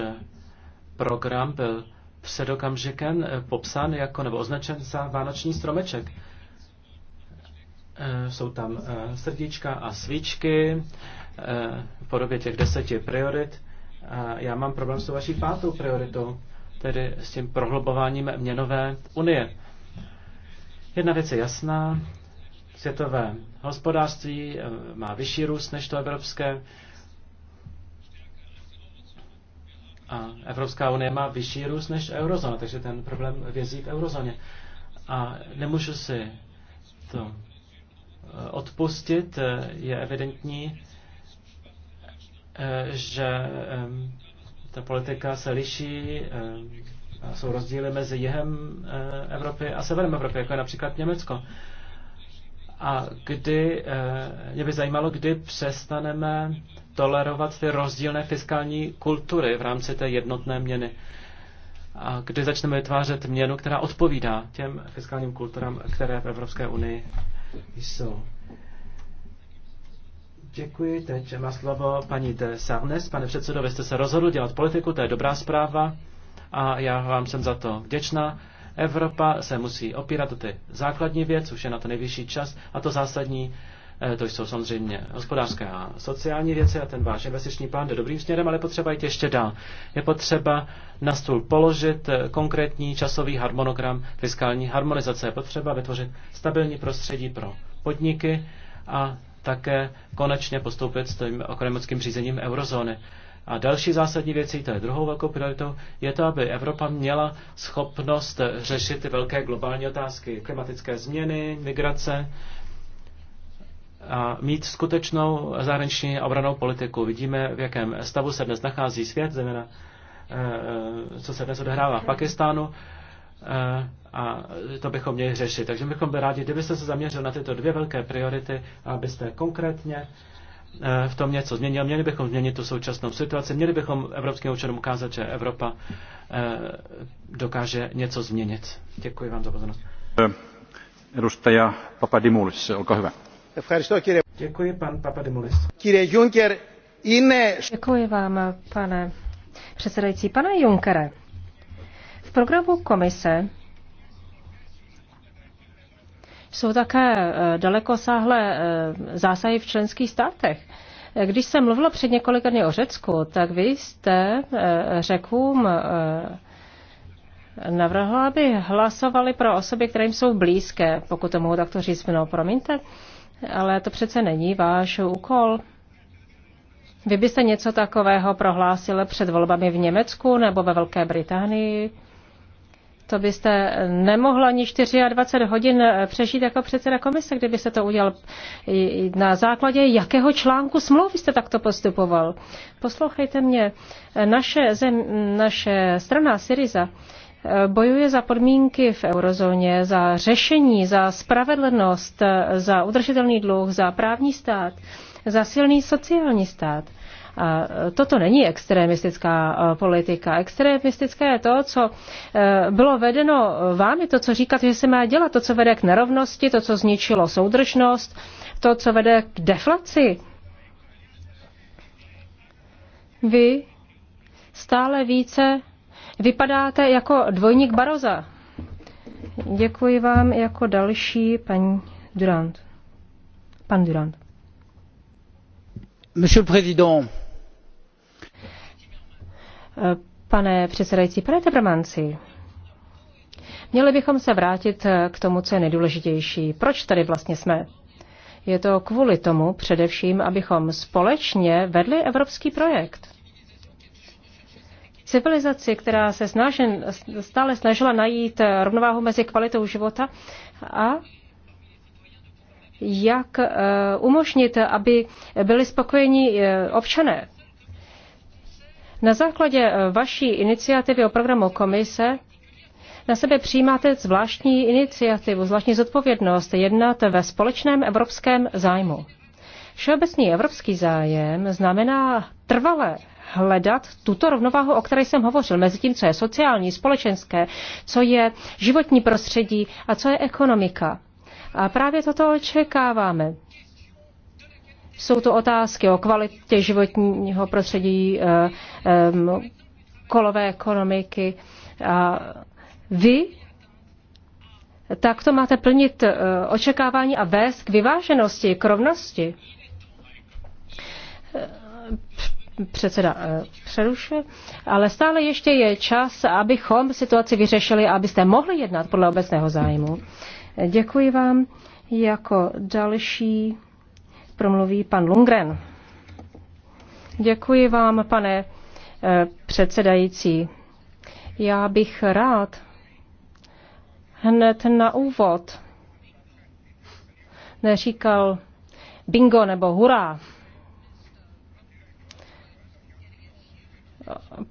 program byl před okamžikem popsán jako, nebo označen za vánoční stromeček. Eh, jsou tam eh, srdíčka a svíčky eh, v podobě těch deseti priorit. já mám problém s tou vaší pátou prioritou, tedy s tím prohlubováním měnové unie. Jedna věc je jasná, světové hospodářství má vyšší růst než to evropské, A Evropská unie má vyšší růst než eurozóna, takže ten problém vězí v eurozóně. A nemůžu si to eh, odpustit. Je evidentní, eh, že eh, ta politika se liší, jsou rozdíly mezi jihem Evropy a severem Evropy, jako je například Německo a kdy, eh, mě by zajímalo, kdy přestaneme tolerovat ty rozdílné fiskální kultury v rámci té jednotné měny. A kdy začneme vytvářet měnu, která odpovídá těm fiskálním kulturám, které v Evropské unii jsou. Děkuji. Teď má slovo paní de Sarnes. Pane předsedo, vy jste se rozhodl dělat politiku, to je dobrá zpráva a já vám jsem za to vděčná. Evropa se musí opírat o ty základní věc, už je na to nejvyšší čas, a to zásadní, eh, to jsou samozřejmě hospodářské a sociální věci a ten váš investiční plán jde dobrým směrem, ale potřeba jít ještě dál. Je potřeba na stůl položit eh, konkrétní časový harmonogram fiskální harmonizace. Je potřeba vytvořit stabilní prostředí pro podniky a také konečně postoupit s tím ekonomickým řízením eurozóny. A další zásadní věcí, to je druhou velkou prioritou, je to, aby Evropa měla schopnost řešit ty velké globální otázky, klimatické změny, migrace, a mít skutečnou zahraniční obranou politiku. Vidíme, v jakém stavu se dnes nachází svět, zejména eh, co se dnes odehrává v Pakistánu eh, a to bychom měli řešit. Takže bychom byli rádi, kdybyste se zaměřil na tyto dvě velké priority, abyste konkrétně Eh, v tom něco změnil. Měli bychom změnit tu současnou situaci, měli bychom evropským občanům ukázat, že Evropa eh, dokáže něco změnit. Děkuji vám za pozornost. Edustaja eh, Papadimulis, olkaa hyvä. Děkuji, pan Papadimulis. Děkuji vám, pane předsedající. Pane Junkere, v programu komise jsou také eh, dalekosáhlé eh, zásahy v členských státech. Eh, když jsem mluvila před několika dny o Řecku, tak vy jste Řekům navrhla, aby hlasovali pro osoby, které jim jsou blízké, pokud to mohu takto říct, no promiňte, ale to přece není váš úkol. Vy byste něco takového prohlásili před volbami v Německu nebo ve Velké Británii? To byste nemohla ani 24 hodin přežít jako předseda komise, kdyby se to udělal na základě jakého článku smlouvy jste takto postupoval. Poslouchejte mě, naše, zem, naše strana Syriza eh, bojuje za podmínky v eurozóně, za řešení, za spravedlnost, eh, za udržitelný dluh, za právní stát, za silný sociální stát. E, toto není extremistická e, politika. Extremistické je to, co e, bylo vedeno vámi, to, co říkáte, že se má dělat, to, co vede k nerovnosti, to, co zničilo soudržnost, to, co vede k deflaci. Vy stále více vypadáte jako dvojník Baroza. Děkuji vám jako další paní Durand. Pan Durand. Monsieur le Président, Pane předsedající, pane Tebramanci, měli bychom se vrátit k tomu, co je nejdůležitější. Proč tady vlastně jsme? Je to kvůli tomu především, abychom společně vedli evropský projekt. Civilizaci, která se snažen, stále snažila najít rovnováhu mezi kvalitou života a jak eh, umožnit, aby byli spokojeni eh, občané. Na základě eh, vaší iniciativy o programu komise na sebe přijímáte zvláštní iniciativu, zvláštní zodpovědnost jednat ve společném evropském zájmu. Všeobecný evropský zájem znamená trvalé hledat tuto rovnováhu, o které jsem hovořil, mezi tím, co je sociální, společenské, co je životní prostředí a co je ekonomika. A právě toto očekáváme. Jsou to otázky o kvalitě životního prostředí, eh, eh, kolové ekonomiky. A vy takto máte plnit eh, očekávání a vést k vyváženosti, k rovnosti. Předseda přerušuje, ale stále ještě je čas, abychom situaci vyřešili, abyste mohli jednat podle obecného zájmu. Děkuji vám. Jako další promluví pan Lungren. Děkuji vám, pane eh, předsedající. Já bych rád hned na úvod neříkal bingo nebo hurá.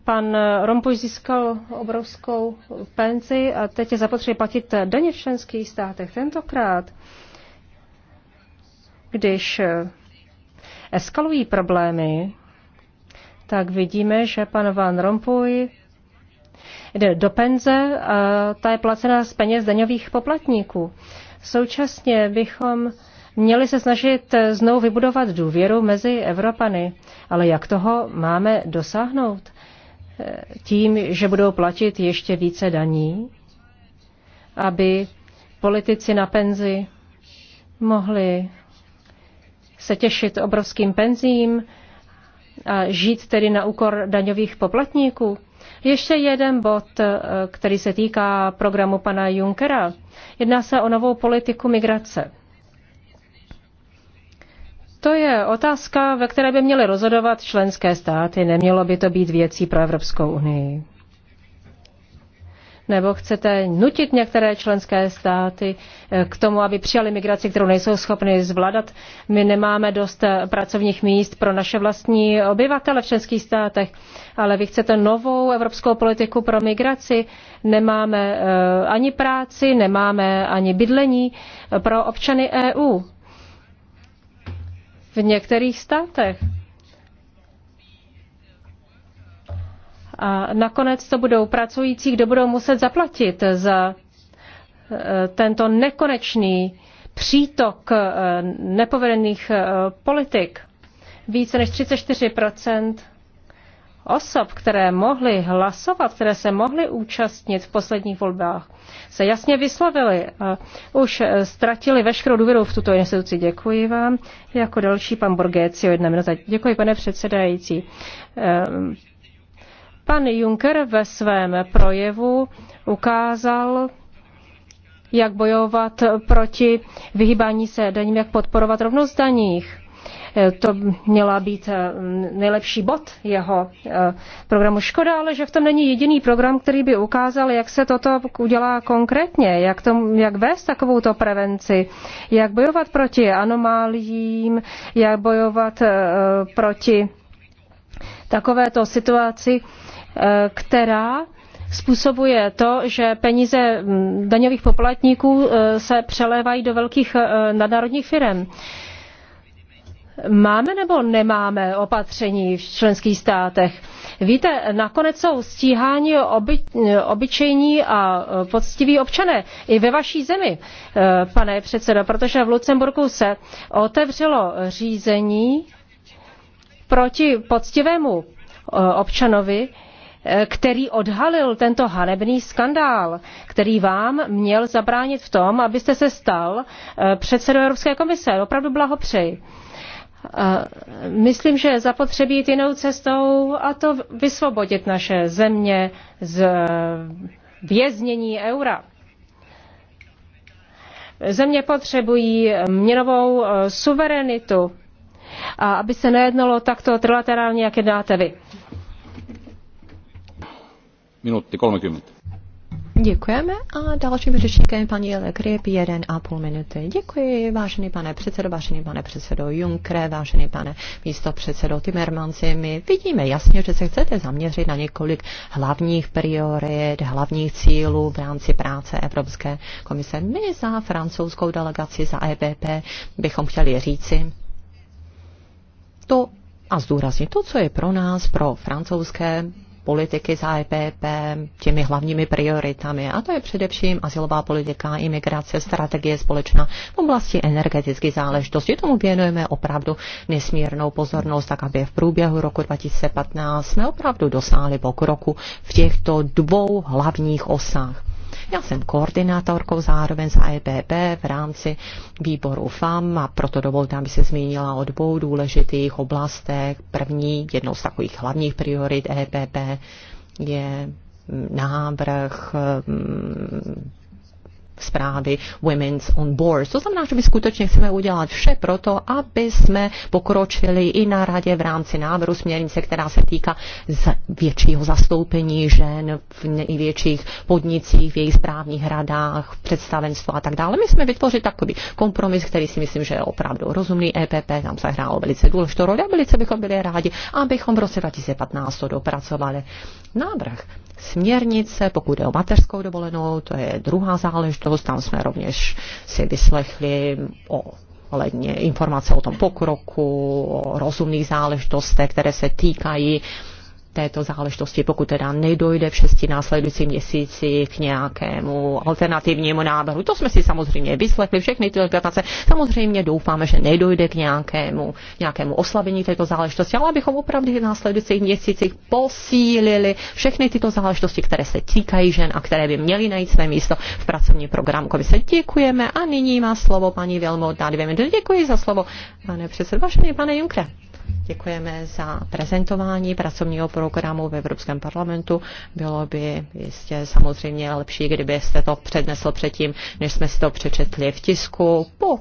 Pan Rompuš získal obrovskou penzi a teď je zapotřebí platit daně v členských státech. Tentokrát když eh, eskalují problémy, tak vidíme, že pan Van Rompuy jde do penze a ta je placena z peněz daňových poplatníků. Současně bychom měli se snažit eh, znovu vybudovat důvěru mezi Evropany. Ale jak toho máme dosáhnout? Eh, tím, že budou platit ještě více daní, aby politici na penzi mohli se těšit obrovským penzím a žít tedy na úkor daňových poplatníků. Ještě jeden bod, eh, který se týká programu pana Junckera. Jedná se o novou politiku migrace. To je otázka, ve které by měly rozhodovat členské státy. Nemělo by to být věcí pro Evropskou unii nebo chcete nutit některé členské státy eh, k tomu, aby přijali migraci, kterou nejsou schopny zvládat. My nemáme dost eh, pracovních míst pro naše vlastní obyvatele v členských státech, ale vy chcete novou evropskou politiku pro migraci. Nemáme eh, ani práci, nemáme ani bydlení pro občany EU v některých státech. A nakonec to budou pracující, kdo budou muset zaplatit za e, tento nekonečný přítok e, nepovedených e, politik. Více než 34 osob, které mohly hlasovat, které se mohly účastnit v posledních volbách, se jasně vyslovili a už ztratili veškerou důvěru v tuto instituci. Děkuji vám. Jako další pan Borgécio, jedna minuta. Děkuji, pane předsedající. Ehm, Pan Juncker ve svém projevu ukázal, jak bojovat proti vyhýbání se daním, jak podporovat rovnost daních. To měla být mm, nejlepší bod jeho eh, programu. Škoda, ale že v tom není jediný program, který by ukázal, jak se toto udělá konkrétně, jak, to, jak vést takovouto prevenci, jak bojovat proti anomáliím, jak bojovat eh, proti takovéto situaci, Eh, která způsobuje to, že peníze mm, daňových poplatníků eh, se přelévají do velkých eh, nadnárodních firm. Máme nebo nemáme opatření v členských státech? Víte, nakonec jsou stíháni oby, obyčejní a poctiví občané i ve vaší zemi, pane předsedo, protože v Lucemburku se otevřelo řízení proti poctivému občanovi, Eh, který odhalil tento hanebný skandál, který vám měl zabránit v tom, abyste se stal eh, předsedou Evropské komise. Opravdu blahopřeji. Eh, myslím, že zapotřebí jít jinou cestou a to vysvobodit naše země z věznění eura. Země potřebují měnovou suverenitu, a aby se nejednalo takto trilaterálně, jak jednáte vy minuty 30. Děkujeme a dalším řečníkem je paní Legrip, jeden a půl minuty. Děkuji, vážený pane předsedo, vážený pane předsedo Junkre, vážený pane místo předsedo Timmermansi. My vidíme jasně, že se chcete zaměřit na několik hlavních priorit, hlavních cílů v rámci práce Evropské komise. My za francouzskou delegaci, za EPP bychom chtěli říci, to a zdůraznit to, co je pro nás, pro francouzské politiky za EPP těmi hlavními prioritami. A to je především asilová politika, imigrace, strategie společná v oblasti energetické záležitosti. Tomu věnujeme opravdu nesmírnou pozornost, tak aby v průběhu roku 2015 jsme opravdu dosáhli pokroku v těchto dvou hlavních osách. Já jsem koordinátorkou zároveň za EBB v rámci výboru FAM a proto dovolte, aby se zmínila o dvou důležitých oblastech. První, jednou z takových hlavních priorit EPP je mm, návrh mm, zprávy Women's on Board. To znamená, že my skutečně chceme udělat vše proto, aby jsme pokročili i na radě v rámci návrhu směrnice, která se týká z většího zastoupení žen v největších podnicích, v jejich správních radách, v představenstvu a tak dále. My jsme vytvořili takový kompromis, který si myslím, že je opravdu rozumný. EPP tam se hrálo velice důležitou roli a velice bychom byli rádi, abychom v roce 2015 to dopracovali. Návrh směrnice, pokud jde o mateřskou dovolenou, to je druhá záležitost, tam jsme rovněž si vyslechli o informace o tom pokroku, o rozumných záležitostech, které se týkají uh, této záležitosti, pokud teda nedojde v šesti následující měsíci k nějakému alternativnímu návrhu. To jsme si samozřejmě vyslechli, všechny ty interpretace. Samozřejmě doufáme, že nedojde k nějakému, nějakému oslabení této záležitosti, ale abychom opravdu v následujících měsících posílili všechny tyto záležitosti, které se týkají žen a které by měly najít své místo v pracovní programu komise. Děkujeme a nyní má slovo paní Vilmo na dvě minuty. Děkuji za slovo, pane předsedo, vážený pane Junkre. Děkujeme za prezentování pracovního programu v Evropském parlamentu. Bylo by jistě samozřejmě lepší, kdybyste to přednesl předtím, než jsme si to přečetli v tisku po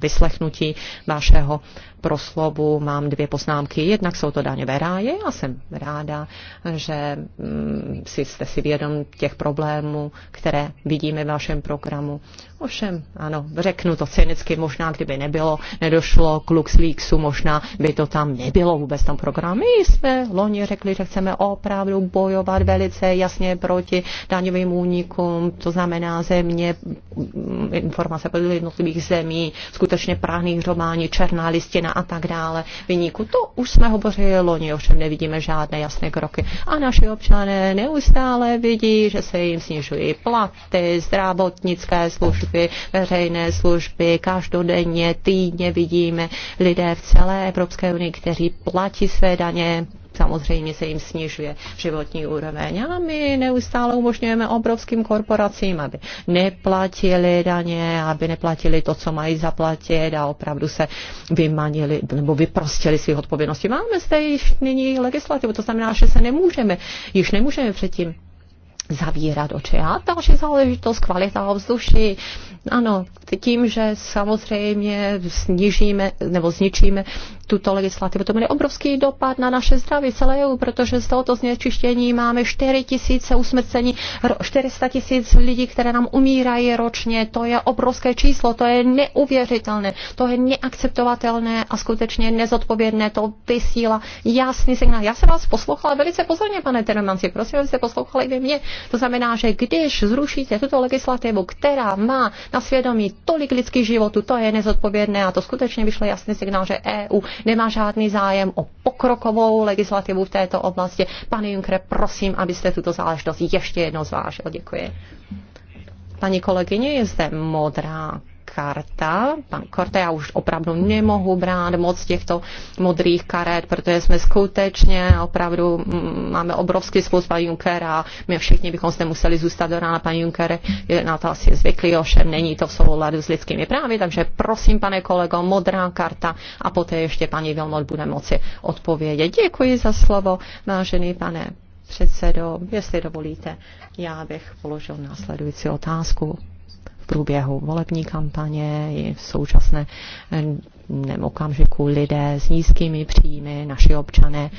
vyslechnutí vašeho proslovu mám dvě poznámky. Jednak jsou to daňové ráje a jsem ráda, že mm, si, jste si vědom těch problémů, které vidíme v vašem programu. Ovšem, ano, řeknu to cynicky, možná kdyby nebylo, nedošlo k LuxLeaksu, možná by to tam nebylo vůbec tam programu. My jsme loni řekli, že chceme opravdu bojovat velice jasně proti daňovým únikům, to znamená země, mm, informace podle jednotlivých zemí, skutečně práhných hromání, černá listina a tak dále vyníku. To už jsme hovořili loni, ovšem nevidíme žádné jasné kroky. A naši občané neustále vidí, že se jim snižují platy, zdravotnické služby, veřejné služby, každodenně, týdně vidíme lidé v celé Evropské unii, kteří platí své daně, samozřejmě se jim snižuje životní úroveň. A my neustále umožňujeme obrovským korporacím, aby neplatili daně, aby neplatili to, co mají zaplatit a opravdu se vymanili nebo vyprostili svých odpovědnosti. Máme zde již nyní legislativu, to znamená, že se nemůžeme, již nemůžeme předtím zavírat oči. A další záležitost, kvalita ovzduší. Ano, tím, že samozřejmě snižíme, nebo zničíme tuto legislativu. To bude obrovský dopad na naše zdraví celé EU, protože z tohoto znečištění máme 4 tisíce usmrcení, 400 tisíc lidí, které nám umírají ročně. To je obrovské číslo, to je neuvěřitelné, to je neakceptovatelné a skutečně nezodpovědné. To vysílá jasný signál. Já jsem vás poslouchala velice pozorně, pane Teremanci, prosím, abyste poslouchali i vy mě. To znamená, že když zrušíte tuto legislativu, která má na svědomí tolik lidských životů, to je nezodpovědné a to skutečně vyšlo jasný signál, že EU nemá žádný zájem o pokrokovou legislativu v této oblasti. Pane Junkere, prosím, abyste tuto záležitost ještě jednou zvážil. Děkuji. Paní kolegyně je zde modrá karta. Pan Korte, já už opravdu nemohu brát moc těchto modrých karet, protože jsme skutečně opravdu mm, máme obrovský spoustu paní Junckera. My všichni bychom se museli zůstat do rána. Pan Juncker je na to asi zvyklý, ovšem není to v souladu s lidskými právy, takže prosím, pane kolego, modrá karta a poté ještě paní Vilmot bude moci odpovědět. Děkuji za slovo, vážený pane předsedo, jestli dovolíte, já bych položil následující otázku průběhu volební kampaně i v současné eh, okamžiku lidé s nízkými příjmy, naši občané,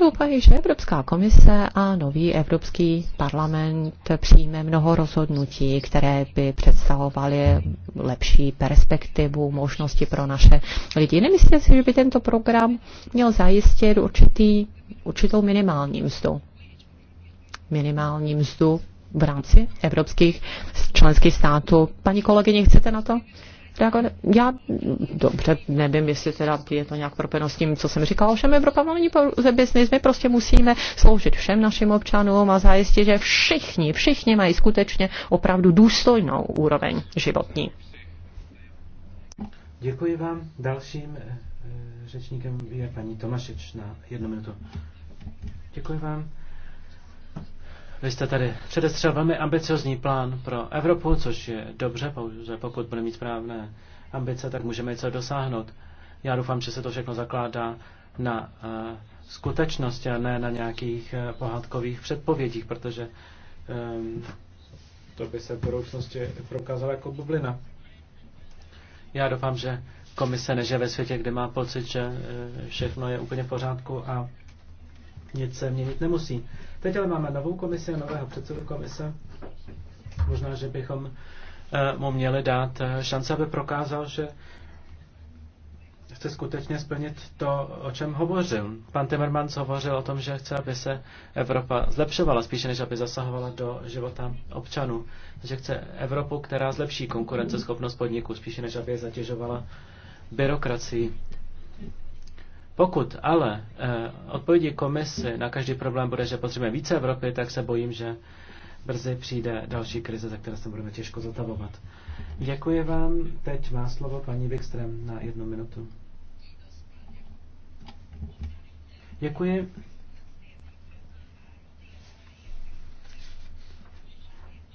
Doufají, že Evropská komise a nový Evropský parlament přijme mnoho rozhodnutí, které by představovaly lepší perspektivu, možnosti pro naše lidi. Nemyslím si, že by tento program měl zajistit určitý, určitou minimální mzdu? Minimální mzdu v rámci evropských členských států. Paní kolegyně, chcete na to? Já dobře nevím, jestli teda je to nějak propojeno s tím, co jsem říkal. ovšem Evropa není pouze biznis, my prostě musíme sloužit všem našim občanům a zajistit, že všichni, všichni mají skutečně opravdu důstojnou úroveň životní. Děkuji vám. Dalším eh, eh, řečníkem je paní Tomašič na jednu minutu. Děkuji vám. Vy jste tady předestřel velmi ambiciozní plán pro Evropu, což je dobře, pouze pokud budeme mít správné ambice, tak můžeme něco dosáhnout. Já doufám, že se to všechno zakládá na uh, skutečnosti a ne na nějakých uh, pohádkových předpovědích, protože um, to by se v budoucnosti prokázalo jako bublina. Já doufám, že komise neže ve světě, kde má pocit, že uh, všechno je úplně v pořádku a nic se měnit nemusí. Teď ale máme novou komisi a nového předsedu komise. Možná, že bychom eh, mu měli dát eh, šanci, aby prokázal, že chce skutečně splnit to, o čem hovořil. Pan Timmermans hovořil o tom, že chce, aby se Evropa zlepšovala spíše, než aby zasahovala do života občanů. Že chce Evropu, která zlepší konkurenceschopnost podniků, spíše, než aby je zatěžovala byrokracii. Pokud ale eh, odpovědi Komise na každý problém bude, že potřebujeme více Evropy, tak se bojím, že brzy přijde další krize, za které se budeme těžko zatavovat. Děkuji vám. Teď má slovo paní Wikström na jednu minutu. Děkuji.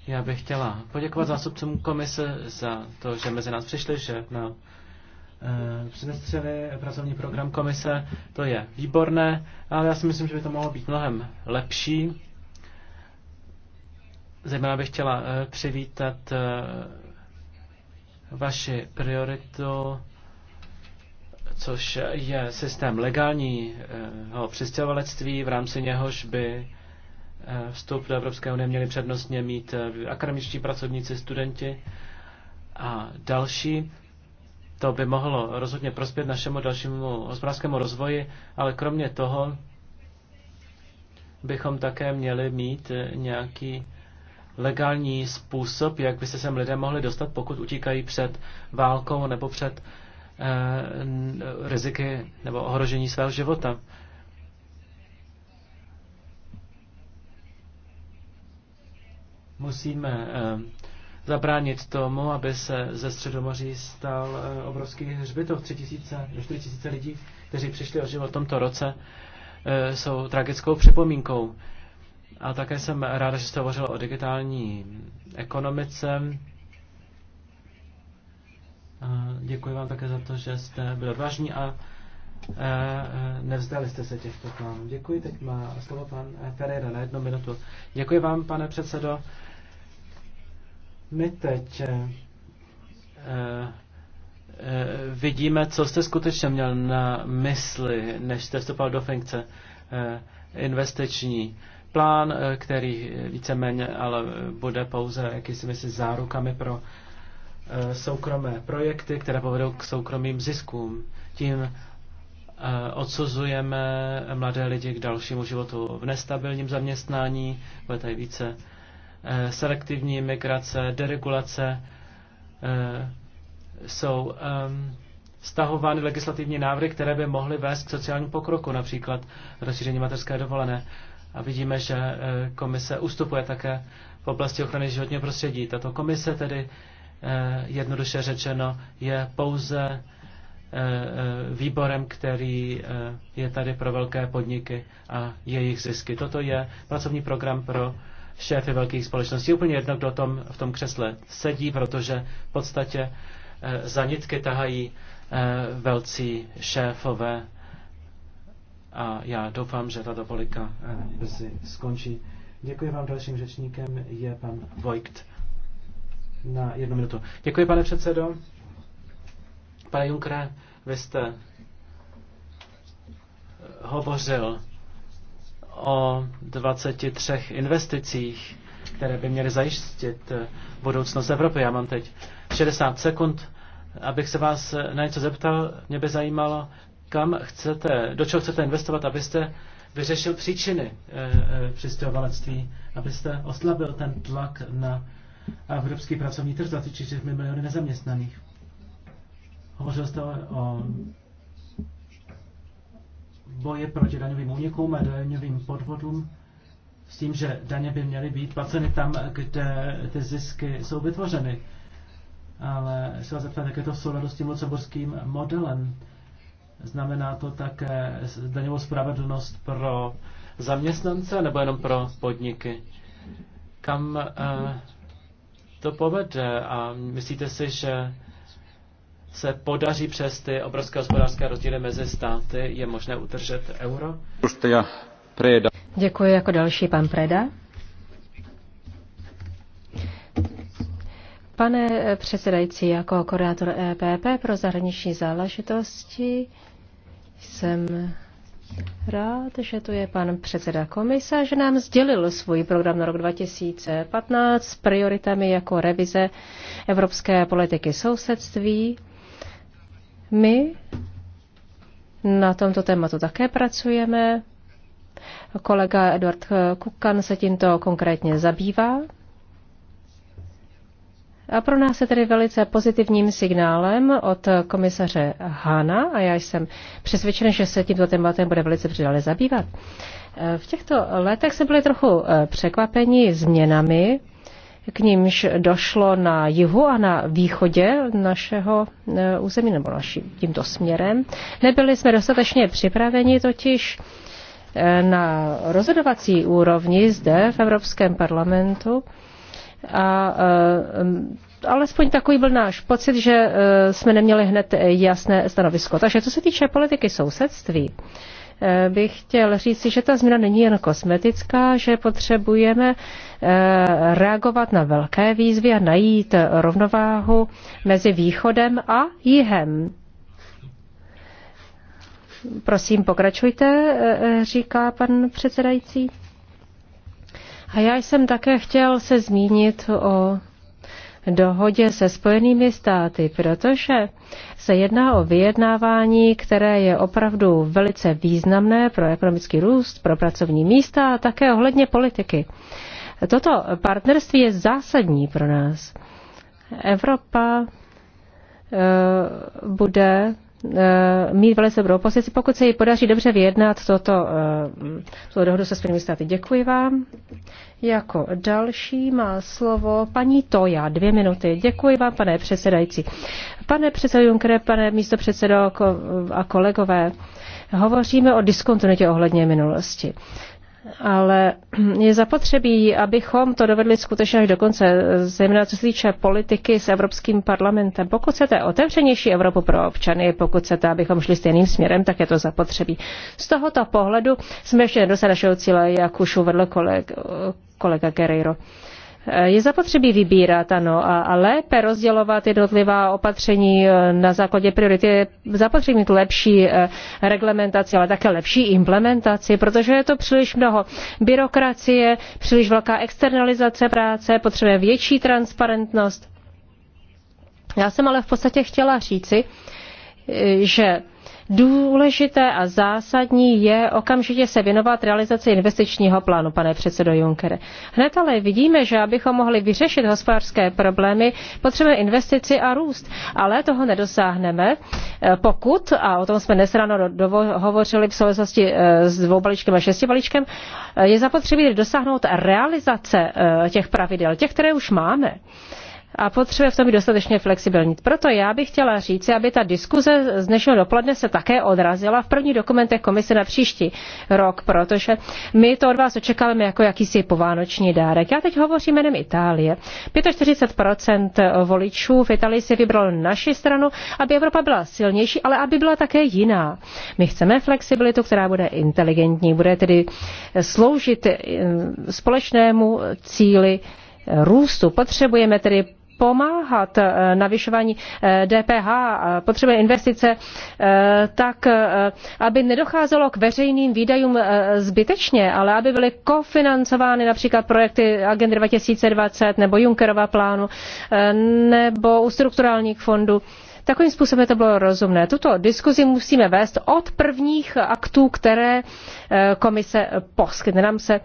Já bych chtěla poděkovat zástupcům komise za to, že mezi nás přišli, že na Eh, přinestřeli pracovní program komise, to je výborné, ale já si myslím, že by to mohlo být mnohem lepší. Zejména bych chtěla eh, přivítat eh, vaši prioritu, což je systém legálního přistěhovalectví, v rámci něhož by vstup do Evropské unie měli přednostně mít akademičtí pracovníci, studenti a další. To by mohlo rozhodně prospět našemu dalšímu hospodářskému rozvoji, ale kromě toho bychom také měli mít nějaký legální způsob, jak by se sem lidé mohli dostat, pokud utíkají před válkou nebo před eh, riziky nebo ohrožení svého života. Musíme eh, zabránit tomu, aby se ze Středomoří stal eh, obrovský hřbitov. 4 tisíce lidí, kteří přišli o život v tomto roce, eh, jsou tragickou připomínkou. A také jsem ráda, že jste hovořil o digitální ekonomice. Děkuji vám také za to, že jste byli odvážní a eh, nevzdali jste se těchto plánů. Děkuji, teď má slovo pan Ferreira na jednu minutu. Děkuji vám, pane předsedo. My teď eh, eh, vidíme, co jste skutečně měl na mysli, než jste vstupoval do funkce. Eh, investiční plán, který víceméně ale bude pouze jakýsi myslí zárukami pro soukromé projekty, které povedou k soukromým ziskům. Tím odsuzujeme mladé lidi k dalšímu životu v nestabilním zaměstnání, bude tady více Eh, selektivní migrace, deregulace eh, jsou stahovány ehm, legislativní návrhy, které by mohly vést k sociálnímu pokroku, například rozšíření materské dovolené. A vidíme, že eh, komise ustupuje také v oblasti ochrany životního prostředí. Tato komise tedy jednoduše řečeno je pouze výborem, který je tady pro velké podniky a jejich zisky. Toto je pracovní program pro šéfy velkých společností. Úplně jedno, kdo tom, v tom křesle sedí, protože v podstatě eh, za nitky tahají eh, velcí šéfové a já doufám, že tato polika brzy eh, skončí. Děkuji vám. Dalším řečníkem je pan Vojkt na jednu minutu. Děkuji, pane předsedo. Pane Junkre, vy jste hovořil o 23 investicích, které by měly zajistit eh, budoucnost Evropy. Já mám teď 60 sekund, abych se vás eh, na něco zeptal. Mě by zajímalo, kam chcete, do čeho chcete investovat, abyste vyřešil příčiny eh, přistěhovalectví, abyste oslabil ten tlak na evropský pracovní trh za 4 miliony nezaměstnaných. Hovořil jste o boje proti daňovým únikům a daňovým podvodům s tím, že daně by měly být placeny tam, kde ty zisky jsou vytvořeny. Ale se vás zeptat, jak je to v souladu s tím lucemburským modelem. Znamená to také daňovou spravedlnost pro zaměstnance nebo jenom pro podniky? Kam uh, to povede a myslíte si, že se podaří přes ty obrovské hospodářské rozdíly mezi státy, je možné utržet euro? Děkuji jako další pan Preda. Pane předsedající, jako koordinátor EPP pro zahraniční záležitosti jsem rád, že tu je pan předseda komise, že nám sdělil svůj program na rok 2015 s prioritami jako revize evropské politiky sousedství, my na tomto tématu také pracujeme. Kolega Edward Kukan se tímto konkrétně zabývá. A pro nás je tedy velice pozitivním signálem od komisaře Hána a já jsem přesvědčen, že se tímto tématem bude velice přidále zabývat. V těchto letech se byli trochu eh, překvapeni změnami k nímž došlo na jihu a na východě našeho e, území nebo naším tímto směrem. Nebyli jsme dostatečně připraveni totiž e, na rozhodovací úrovni zde v Evropském parlamentu a e, alespoň takový byl náš pocit, že jsme neměli hned jasné stanovisko. Takže co se týče politiky sousedství, bych chtěl říci, že ta změna není jen kosmetická, že potřebujeme Eh, reagovat na velké výzvy a najít rovnováhu mezi východem a jihem. Prosím, pokračujte, eh, říká pan předsedající. A já jsem také chtěl se zmínit o dohodě se Spojenými státy, protože se jedná o vyjednávání, které je opravdu velice významné pro ekonomický růst, pro pracovní místa a také ohledně politiky. Toto partnerství je zásadní pro nás. Evropa eh, bude eh, mít velice dobrou pozici, pokud se jí podaří dobře vyjednat toto, eh, tuto dohodu se Spojenými státy. Děkuji vám. Jako další má slovo paní Toja. Dvě minuty. Děkuji vám, pane předsedající. Pane předsedo Junckere, pane místopředsedo a kolegové, hovoříme o diskontinuitě ohledně minulosti ale je zapotřebí, abychom to dovedli skutečně až do konce, zejména co se týče politiky s Evropským parlamentem. Pokud chcete otevřenější Evropu pro občany, pokud chcete, abychom šli stejným směrem, tak je to zapotřebí. Z tohoto pohledu jsme ještě nedosáhli našeho cíle, jak už uvedl kolega, kolega Guerreiro. Eh, je zapotřebí vybírat, ano, a, a lépe rozdělovat jednotlivá opatření eh, na základě priorit. Je zapotřebí mít lepší eh, reglementaci, ale také lepší implementaci, protože je to příliš mnoho byrokracie, příliš velká externalizace práce, potřebuje větší transparentnost. Já jsem ale v podstatě chtěla říci, že Důležité a zásadní je okamžitě se věnovat realizaci investičního plánu, pane předsedo Junckere. Hned ale vidíme, že abychom mohli vyřešit hospodářské problémy, potřebujeme investici a růst, ale toho nedosáhneme, eh, pokud, a o tom jsme dnes ráno hovořili v souvislosti eh, s dvou balíčkem a šesti balíčkem, eh, je zapotřebí dosáhnout realizace těch pravidel, těch, které už máme a potřebuje v tom být dostatečně flexibilní. Proto já bych chtěla říct, aby ta diskuze z dnešního dopoledne se také odrazila v prvních dokumentech komise na příští rok, protože my to od vás očekáváme jako jakýsi povánoční dárek. Já teď hovořím jenom Itálie. 45% voličů v Itálii si vybralo naši stranu, aby Evropa byla silnější, ale aby byla také jiná. My chceme flexibilitu, která bude inteligentní, bude tedy sloužit eh, společnému cíli růstu. Potřebujeme tedy pomáhat eh, navyšování DPH eh, a eh, investice, tak aby nedocházelo k veřejným výdajům zbytečně, ale aby byly kofinancovány například projekty Agenda 2020 nebo Junckerova plánu nebo u strukturálních fondů Takovým způsobem to bylo rozumné. Tuto diskuzi musíme vést od prvních aktů, které eh, komise poskytne. Nám se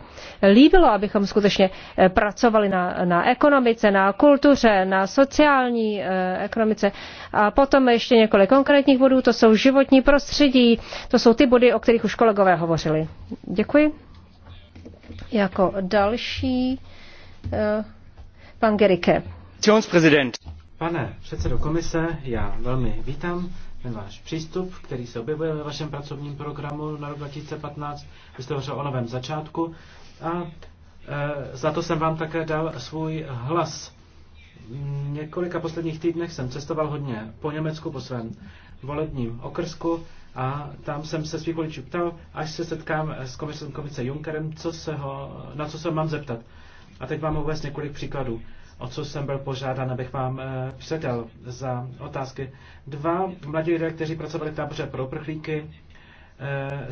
líbilo, abychom skutečně eh, pracovali na, na ekonomice, na kultuře, na sociální eh, ekonomice. A potom ještě několik konkrétních bodů, to jsou životní prostředí, to jsou ty body, o kterých už kolegové hovořili. Děkuji. Jako další pan Gerike. Pane předsedo komise, já velmi vítám ten váš přístup, který se objevuje ve vašem pracovním programu na rok 2015. Vy jste hovořil o novém začátku a e, za to jsem vám také dal svůj hlas. Několika posledních týdnech jsem cestoval hodně po Německu, po svém volebním okrsku a tam jsem se svých voličů ptal, až se setkám s komisem komise Junckerem, co se ho, na co se mám zeptat. A teď vám uvést několik příkladů o co jsem byl požádán, abych vám eh, předal za otázky. Dva mladí lidé, kteří pracovali v táboře pro uprchlíky, eh,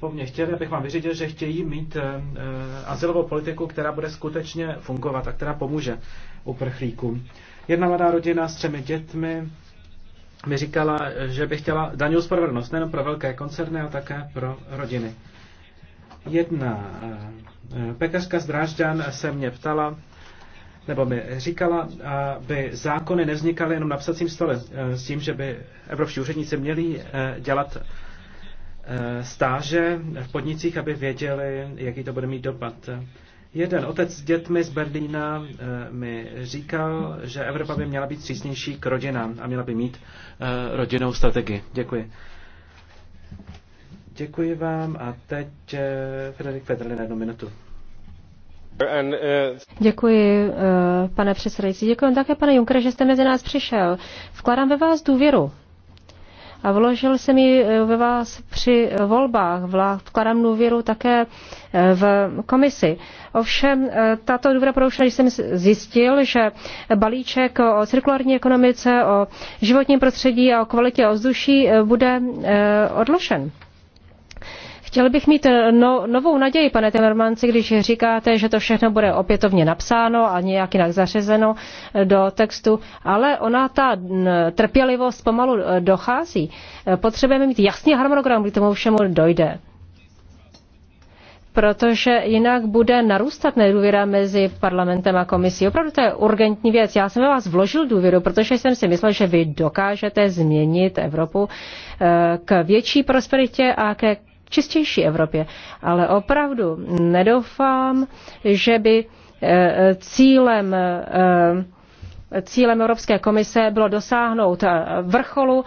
po mně chtěli, abych vám vyřídil, že chtějí mít eh, asilovou politiku, která bude skutečně fungovat a která pomůže uprchlíkům. Jedna mladá rodina s třemi dětmi mi říkala, že by chtěla daňovou spravedlnost nejen pro velké koncerny, ale také pro rodiny. Jedna pekařka z Drážďan se mě ptala, nebo mi říkala, aby zákony nevznikaly jenom na psacím stole eh, s tím, že by evropští úředníci měli eh, dělat eh, stáže v podnicích, aby věděli, jaký to bude mít dopad. Jeden otec s dětmi z Berlína mi říkal, že Evropa by měla být přísnější k rodinám a měla by mít rodinnou strategii. Děkuji. Děkuji vám a teď Frederik Federlin na jednu minutu. Uh, Děkuji, eh, pane předsedající. Děkuji také, pane Junkere, že jste mezi nás přišel. Vkládám ve vás důvěru. A vložil jsem ji eh, ve vás při volbách. Vkládám důvěru také eh, v komisi. Ovšem, tato důvěra porušila, když jsem zjistil, že balíček o cirkulární ekonomice, o životním prostředí a o kvalitě ovzduší bude odložen. Chtěl bych mít eh, no, novou naději, pane Timmermansi, když říkáte, že to všechno bude opětovně napsáno a nějak jinak zařezeno eh, do textu, ale ona ta trpělivost pomalu eh, dochází. Potřebujeme mít jasný harmonogram, kdy tomu všemu dojde protože jinak bude narůstat nedůvěra mezi parlamentem a komisí. Opravdu to je urgentní věc. Já jsem ve vás vložil důvěru, protože jsem si myslel, že vy dokážete změnit Evropu k větší prosperitě a ke čistější Evropě. Ale opravdu nedoufám, že by eh, cílem eh, cílem Evropské komise bylo dosáhnout eh, vrcholu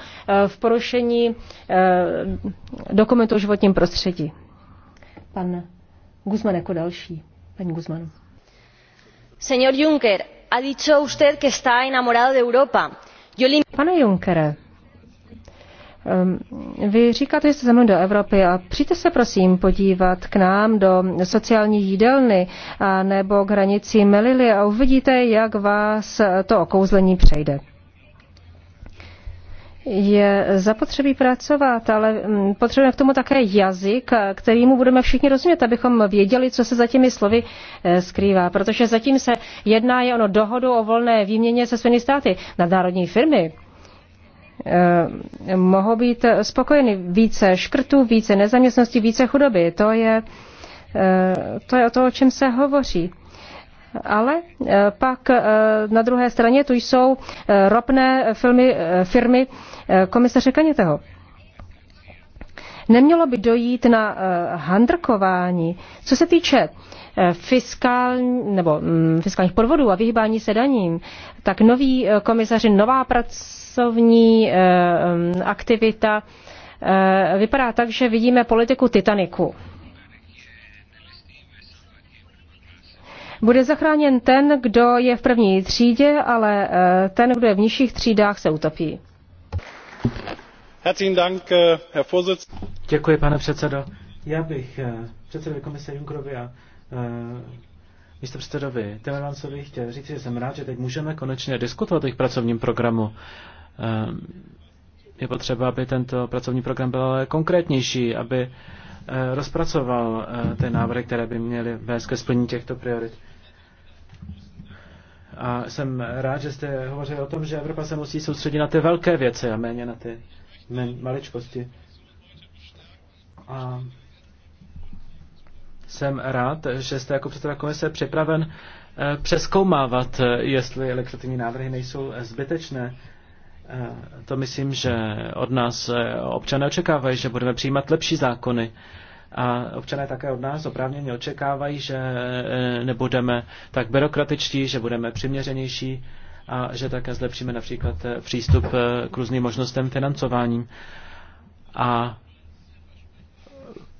v porušení dokumentu o životním prostředí. Pan Guzman jako další. Paní Guzman. Señor Juncker, ha dicho usted que está enamorado de Europa. Pane Junckere, Ehm, vy říkáte, že jste ze mnou do Evropy a přijďte se prosím podívat k nám do sociální jídelny a nebo k hranici Melily a uvidíte, jak vás to okouzlení přejde. Je zapotřebí pracovat, ale mm, potřebujeme k tomu také jazyk, kterýmu budeme všichni rozumět, abychom věděli, co se za těmi slovy eh, skrývá. Protože zatím se jedná je ono dohodu o volné výměně se svými státy. Nadnárodní firmy Eh, mohou být spokojeny. Více škrtů, více nezaměstnosti, více chudoby. To je, eh, to je o to, o čem se hovoří. Ale eh, pak na druhé straně tu jsou ropné firmy, firmy komisaře Kaněteho. Nemělo by dojít na handrkování. Co se týče fiskální, nebo mm, fiskálních podvodů a vyhybání se daním, tak noví komisaři, nová prac, pracovní eh, mm, aktivita eh, vypadá tak, že vidíme politiku Titaniku. Bude zachráněn ten, kdo je v první třídě, ale eh, ten, kdo je v nižších třídách, se utopí. Děkuji, pane předsedo. Já bych předsedovi komise Junkrovi a místo předsedovi Timmermansovi chtěl říct, že jsem rád, že teď můžeme konečně diskutovat o jejich pracovním programu Ehm, je potřeba, aby tento pracovní program byl ale konkrétnější, aby eh, rozpracoval eh, ty návrhy, které by měly vést ke splnění těchto priorit. A jsem rád, že jste hovořili o tom, že Evropa se musí soustředit na ty velké věci a méně na ty maličkosti. A jsem rád, že jste jako předseda komise připraven eh, přeskoumávat, jestli legislativní návrhy nejsou zbytečné to myslím, že od nás eh, občané očekávají, že budeme přijímat lepší zákony. A občané také od nás oprávněně očekávají, že eh, nebudeme tak byrokratičtí, že budeme přiměřenější a že také zlepšíme například eh, přístup k různým možnostem financování. A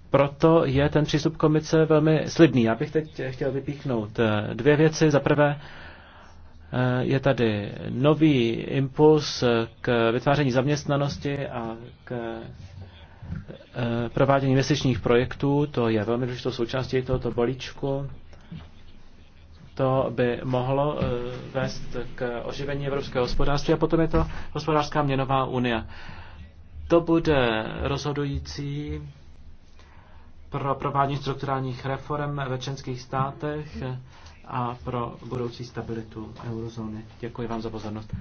proto je ten přístup komice velmi slibný. Já bych teď chtěl vypíchnout dvě věci. Za prvé, Eh, je tady nový impuls k vytváření zaměstnanosti a k eh, provádění měsíčních projektů. To je velmi důležitou součástí tohoto balíčku. To by mohlo eh, vést k oživení evropského hospodářství a potom je to hospodářská měnová unie. To bude rozhodující pro provádění strukturálních reform ve členských státech a pro budoucí stabilitu eurozóny. Děkuji vám za pozornost.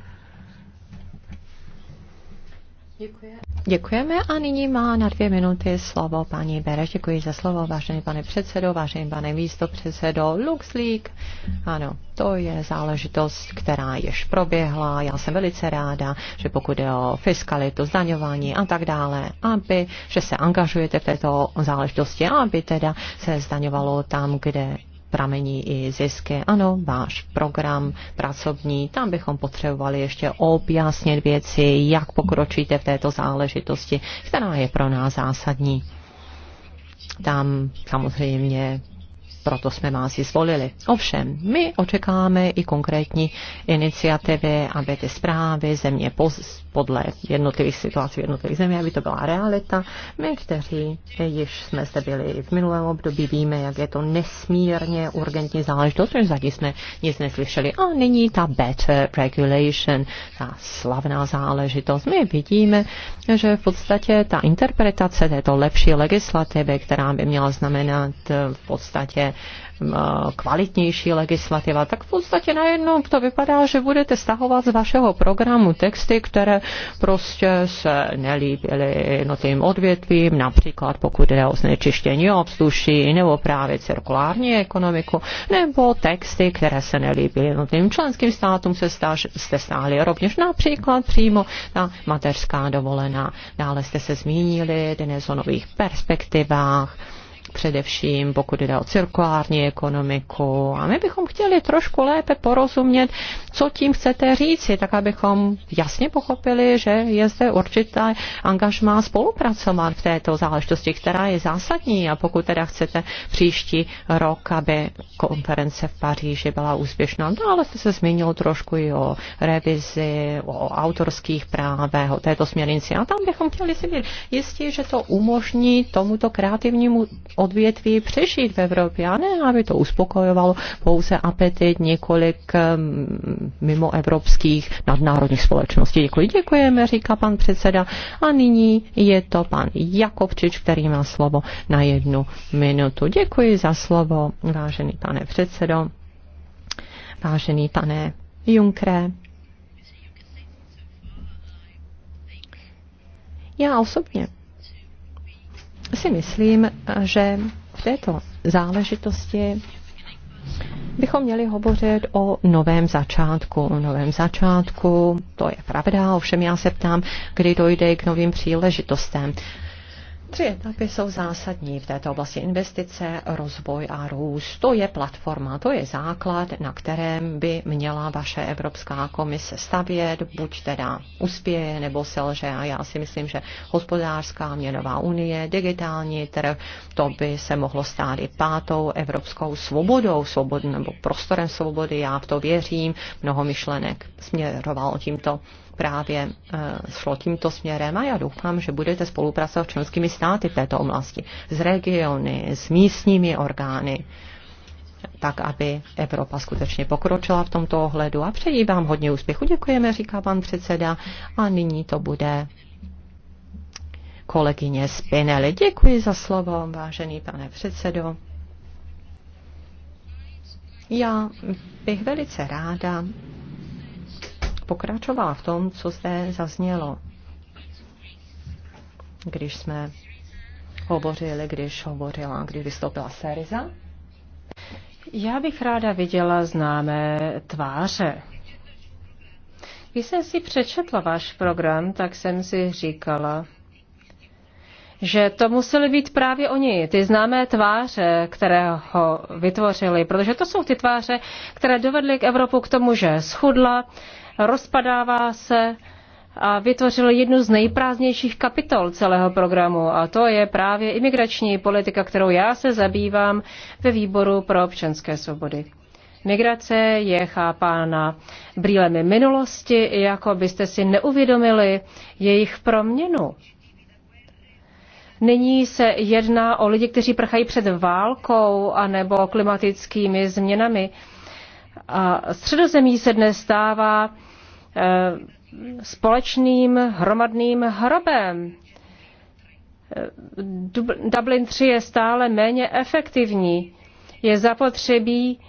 Děkuji. Děkujeme a nyní má na dvě minuty slovo paní Bereš. Děkuji za slovo, vážený pane předsedo, vážený pane místopředsedo LuxLeak. Ano, to je záležitost, která již proběhla. Já jsem velice ráda, že pokud je o fiskalitu, zdaňování a tak dále, aby, že se angažujete v této záležitosti, aby teda se zdaňovalo tam, kde pramení i zisky. Ano, váš program pracovní, tam bychom potřebovali ještě objasnit věci, jak pokročíte v této záležitosti, která je pro nás zásadní. Tam samozřejmě proto jsme vás ji zvolili. Ovšem, my očekáváme i konkrétní iniciativy, aby ty zprávy země poz, podle jednotlivých situací v jednotlivých zemí, aby to byla realita. My, kteří již jsme zde byli v minulém období, víme, jak je to nesmírně urgentní záležitost, protože zatím jsme nic neslyšeli. A nyní ta better regulation, ta slavná záležitost. My vidíme, že v podstatě ta interpretace této lepší legislativy, která by měla znamenat v podstatě kvalitnější legislativa, tak v podstatě najednou to vypadá, že budete stahovat z vašeho programu texty, které prostě se nelíbily jednotlivým odvětvím, například pokud jde o znečištění obsluší nebo právě cirkulární ekonomiku, nebo texty, které se nelíbily jednotlivým členským státům, se stáž, jste stáhli rovněž například přímo na mateřská dovolená. Dále jste se zmínili dnes o nových perspektivách, především pokud jde o cirkulární ekonomiku. A my bychom chtěli trošku lépe porozumět, co tím chcete říci, tak abychom jasně pochopili, že je zde určitá angažmá spolupracovat v této záležitosti, která je zásadní. A pokud teda chcete příští rok, aby konference v Paříži byla úspěšná, no ale jste se zmínil trošku i o revizi, o autorských právech, o této směrnici. A tam bychom chtěli si být jistí, že to umožní tomuto kreativnímu odvětví přežít v Evropě a ne, aby to uspokojovalo pouze apetit několik mimoevropských nadnárodních společností. Děkuji, děkujeme, říká pan předseda. A nyní je to pan Jakobčič, který má slovo na jednu minutu. Děkuji za slovo, vážený pane předsedo, vážený pane Junkre. Já osobně si myslím, že v této záležitosti bychom měli hovořit o novém začátku. O novém začátku, to je pravda, ovšem já se ptám, kdy dojde k novým příležitostem. Tři etapy jsou zásadní v této oblasti investice, rozvoj a růst. To je platforma, to je základ, na kterém by měla vaše Evropská komise stavět, buď teda uspěje nebo selže. A já si myslím, že hospodářská měnová unie, digitální trh, to by se mohlo stát i pátou evropskou svobodou, svobod, nebo prostorem svobody. Já v to věřím. Mnoho myšlenek směrovalo tímto právě eh, šlo tímto směrem a já doufám, že budete spolupracovat s členskými státy v této oblasti, s regiony, s místními orgány, tak aby Evropa skutečně pokročila v tomto ohledu a přeji vám hodně úspěchu. Děkujeme, říká pan předseda a nyní to bude kolegyně Spinelli. Děkuji za slovo, vážený pane předsedo. Já bych velice ráda pokračovala v tom, co zde zaznělo. Když jsme hovořili, když hovořila, když vystoupila Seriza. Já bych ráda viděla známé tváře. Když jsem si přečetla váš program, tak jsem si říkala, že to museli být právě oni, ty známé tváře, které ho vytvořili, protože to jsou ty tváře, které dovedly k Evropu k tomu, že schudla, rozpadává se a vytvořil jednu z nejprázdnějších kapitol celého programu a to je právě imigrační politika, kterou já se zabývám ve výboru pro občanské svobody. Migrace je chápána brýlemi minulosti, jako byste si neuvědomili jejich proměnu. Nyní se jedná o lidi, kteří prchají před válkou anebo klimatickými změnami. A středozemí se dnes stává Eh, společným hromadným hrobem. Eh, Dublin 3 je stále méně efektivní. Je zapotřebí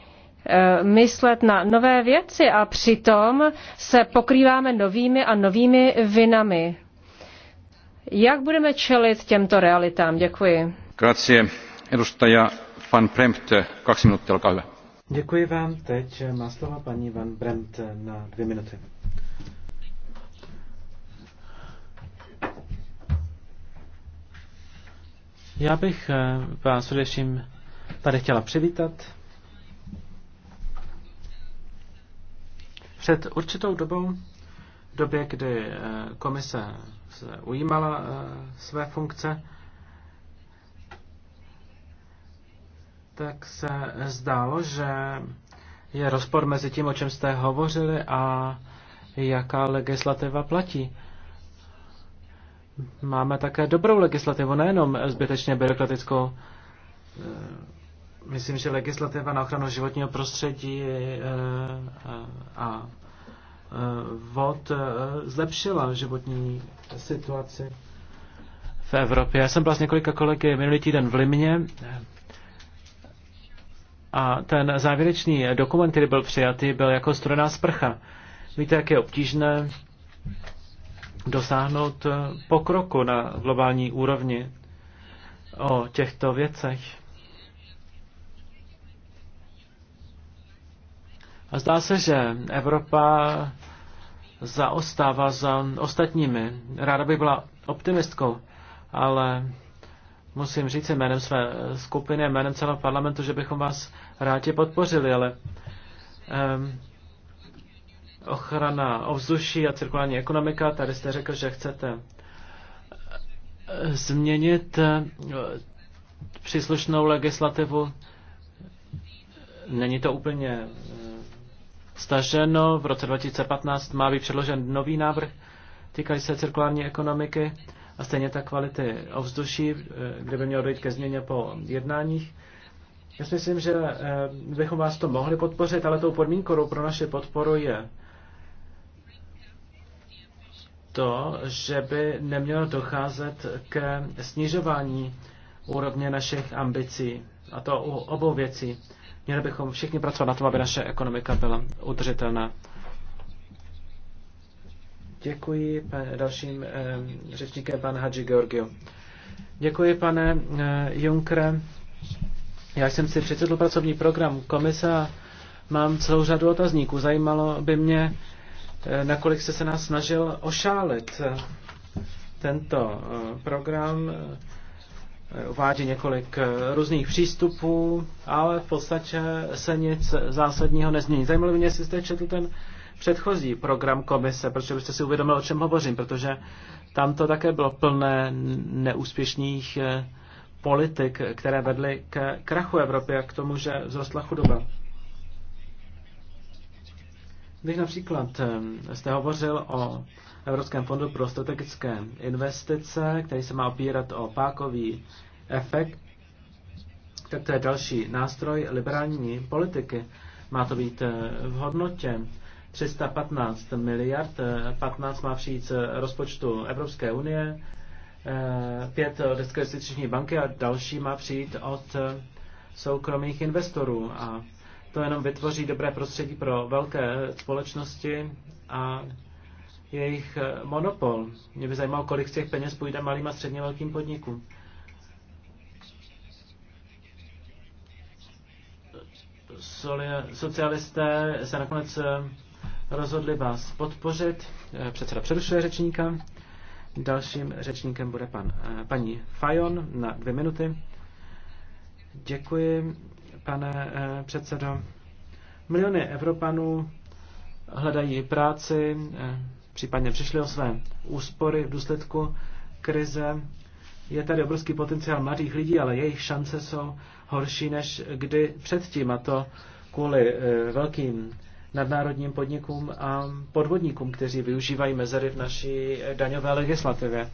eh, myslet na nové věci a přitom se pokrýváme novými a novými vinami. Jak budeme čelit těmto realitám? Děkuji. Grazie. Edustaja van Bremt, Děkuji vám. Teď má slovo paní van Bremt na dvě minuty. Já bych eh, vás především tady chtěla přivítat. Před určitou dobou, v době, kdy eh, komise se ujímala eh, své funkce, tak se zdálo, že je rozpor mezi tím, o čem jste hovořili a jaká legislativa platí máme také dobrou legislativu, nejenom zbytečně byrokratickou. Eh, myslím, že legislativa na ochranu životního prostředí eh, eh, a vod zlepšila životní situaci v Evropě. Já jsem byl s několika kolegy minulý týden v Limně a ten závěrečný dokument, který byl přijatý, byl jako studená sprcha. Víte, jak je obtížné dosáhnout eh, pokroku na globální úrovni o těchto věcech. A zdá se, že Evropa zaostává za ostatními. Ráda by byla optimistkou, ale musím říct jménem své skupiny, jménem celého parlamentu, že bychom vás rádi podpořili, ale um, ochrana ovzduší a cirkulární ekonomika. Tady jste řekl, že chcete eh, změnit eh, příslušnou legislativu. Není to úplně eh, staženo. V roce 2015 má být předložen nový návrh týkající se cirkulární ekonomiky a stejně tak kvality ovzduší, kde by mělo dojít ke změně po jednáních. Já si myslím, že bychom vás to mohli podpořit, ale tou podmínkou pro naši podporu je to, že by nemělo docházet k snižování úrovně našich ambicí, a to u obou věcí. Měli bychom všichni pracovat na tom, aby naše ekonomika byla udržitelná. Děkuji. Dalším eh, řečníkem pan Hadži Georgiu. Děkuji, pane eh, Junkre. Já jsem si přečetl pracovní program komise a mám celou řadu otazníků. Zajímalo by mě, eh, Eh, nakolik jste se nás snažil ošálit. Eh, tento eh, program uvádí několik různých přístupů, ale v podstatě se nic zásadního nezmění. Zajímalo mě, jestli jste četl ten předchozí program komise, protože byste si uvědomil, o čem hovořím, protože tam to také bylo plné neúspěšných politik, které vedly k krachu Evropy a k tomu, že vzrostla chudoba. Když například jste hovořil o Evropském fondu pro strategické investice, který se má opírat o pákový efekt, tak to je další nástroj liberální politiky. Má to být eh, v hodnotě 315 miliard, 15 eh, má přijít z rozpočtu Evropské unie, 5 eh, od České banky a další má přijít od soukromých investorů. A to jenom vytvoří dobré prostředí pro velké společnosti a jejich eh, monopol. Mě by zajímalo, kolik z těch peněz půjde malým a středně velkým podnikům. Socialisté se nakonec eh, rozhodli vás podpořit. Eh, předseda přerušuje řečníka. Dalším řečníkem bude pan, paní Fajon na dvě minuty. Děkuji pane eh, předsedo. Miliony Evropanů hledají práci, eh, případně přišli o své úspory v důsledku krize. Je tady obrovský potenciál mladých lidí, ale jejich šance jsou horší než kdy předtím, a to kvůli eh, velkým nadnárodním podnikům a podvodníkům, kteří využívají mezery v naší daňové legislativě.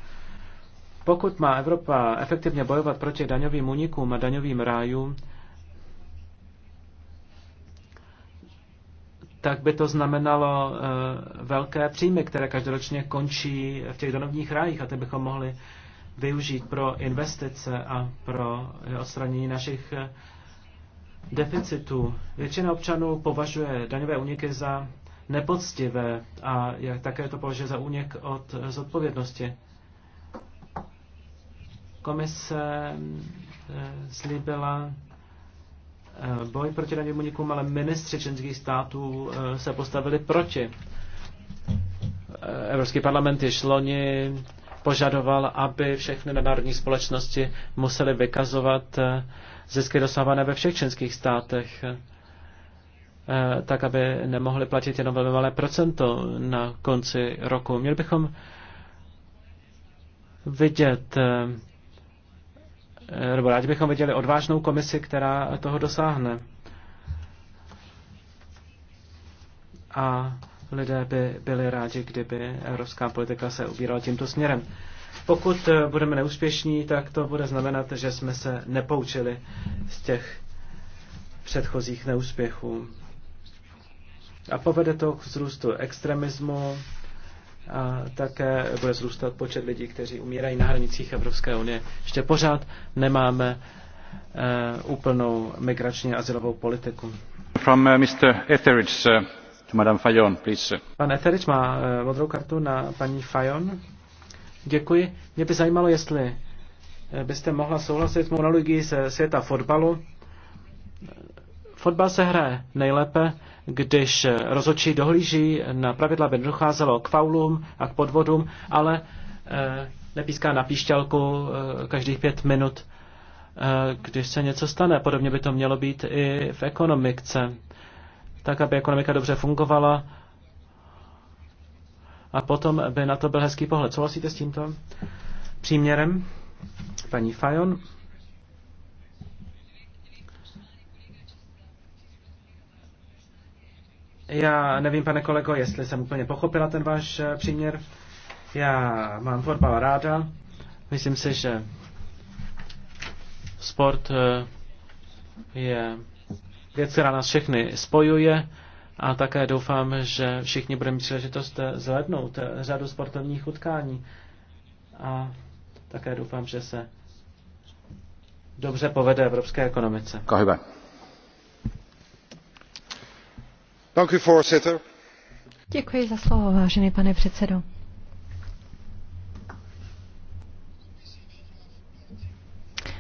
Pokud má Evropa efektivně bojovat proti daňovým unikům a daňovým rájům, tak by to znamenalo eh, velké příjmy, které každoročně končí v těch donovních rájích a ty bychom mohli využít pro investice a pro eh, odstranění našich eh, deficitů. Většina občanů považuje daňové úniky za nepoctivé a jak také to považuje za únik od zodpovědnosti. Komise slíbila Eh, boj proti daňovým unikům, ale ministři členských států eh, se postavili proti. Eh, Evropský parlament již loni požadoval, aby všechny nadnárodní společnosti musely vykazovat zisky dosávané ve všech členských státech, tak aby nemohly platit jenom velmi malé procento na konci roku. Měli bychom vidět Eh, nebo rádi bychom viděli odvážnou komisi, která toho dosáhne. A lidé by byli rádi, kdyby evropská politika se ubírala tímto směrem. Pokud eh, budeme neúspěšní, tak to bude znamenat, že jsme se nepoučili z těch předchozích neúspěchů. A povede to k vzrůstu extremismu, a také bude zrůstat počet lidí, kteří umírají na hranicích Evropské unie. Ještě pořád nemáme uh, úplnou migrační azylovou politiku. From uh, eh, Mr. Etheridge uh, to Madame Fajon, please. Pan Etheridge má uh, modrou kartu na paní Fajon. Děkuji. Mě by zajímalo, jestli byste mohla souhlasit s monologií ze světa fotbalu. Fotbal se hraje nejlépe, když rozhodčí dohlíží na pravidla, aby nedocházelo k faulům a k podvodům, ale eh, nepíská na píšťalku eh, každých pět minut, eh, když se něco stane. Podobně by to mělo být i v ekonomice. Tak, aby ekonomika dobře fungovala, a potom by na to byl hezký pohled. Souhlasíte s tímto příměrem? Paní Fajon. Já nevím, pane kolego, jestli jsem úplně pochopila ten váš eh, příměr. Já mám fotbal ráda. Myslím si, že sport eh, je věc, která nás všechny spojuje a také doufám, že všichni budeme mít příležitost eh, zhlednout řadu sportovních utkání a také doufám, že se dobře povede evropské ekonomice. Kohybe. Děkuji za slovo, vážený pane předsedající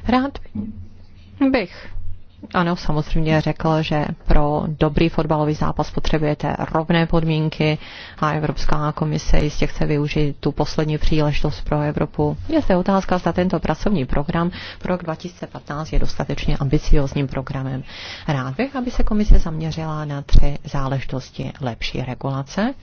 Rád bych ano, samozřejmě řekl, že pro dobrý fotbalový zápas potřebujete rovné podmínky a Evropská komise jistě chce využít tu poslední příležitost pro Evropu. Je zde otázka, zda tento pracovní program pro rok 2015 je dostatečně ambiciozním programem. Rád bych, aby se komise zaměřila na tři záležitosti lepší regulace,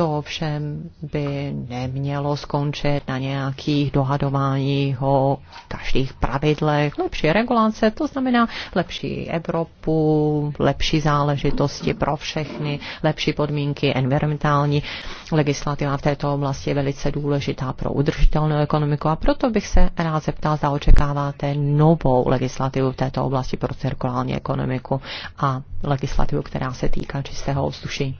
to ovšem by nemělo skončit na nějakých dohadováních o každých pravidlech. Lepší regulace, to znamená lepší Evropu, lepší záležitosti pro všechny, lepší podmínky environmentální. Legislativa v této oblasti je velice důležitá pro udržitelnou ekonomiku a proto bych se rád zeptal, zda očekáváte novou legislativu v této oblasti pro cirkulární ekonomiku a legislativu, která se týká čistého ovzduší.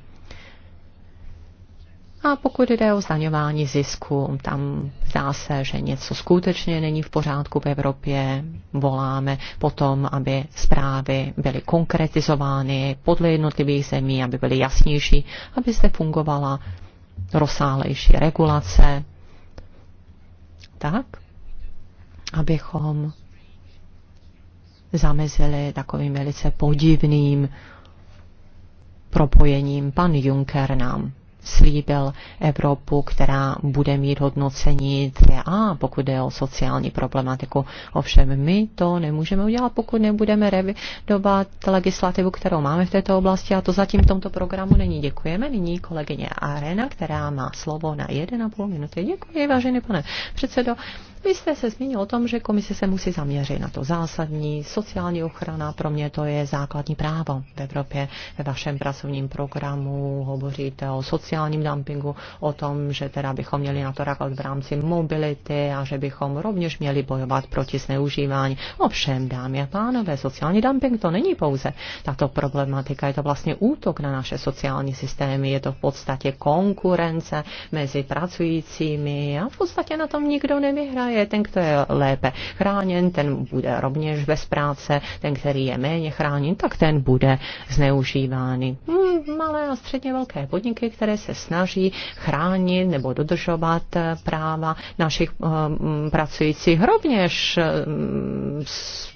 A pokud jde o zdaňování zisku, tam zdá se, že něco skutečně není v pořádku v Evropě. Voláme potom, aby zprávy byly konkretizovány podle jednotlivých zemí, aby byly jasnější, aby zde fungovala rozsáhlejší regulace. Tak, abychom zamezili takovým velice podivným propojením. Pan Juncker nám slíbil Evropu, která bude mít hodnocení a pokud je o sociální problematiku. Ovšem my to nemůžeme udělat, pokud nebudeme revidovat legislativu, kterou máme v této oblasti a to zatím v tomto programu není. Děkujeme nyní kolegyně Arena, která má slovo na 1,5 minuty. Děkuji, vážený pane předsedo. Vy jste se zmínil o tom, že komise se musí zaměřit na to zásadní. Sociální ochrana pro mě to je základní právo v Evropě. Ve vašem pracovním programu hovoříte o sociálním dumpingu, o tom, že teda bychom měli na to reagovat v rámci mobility a že bychom rovněž měli bojovat proti zneužívání. Ovšem, dámy a pánové, sociální dumping to není pouze tato problematika, je to vlastně útok na naše sociální systémy, je to v podstatě konkurence mezi pracujícími a v podstatě na tom nikdo nevyhraje je ten, kdo je lépe chráněn, ten bude rovněž bez práce, ten, který je méně chráněn, tak ten bude zneužívány. Hmm, malé a středně velké podniky, které se snaží chránit nebo dodržovat eh, práva našich um, pracujících, rovněž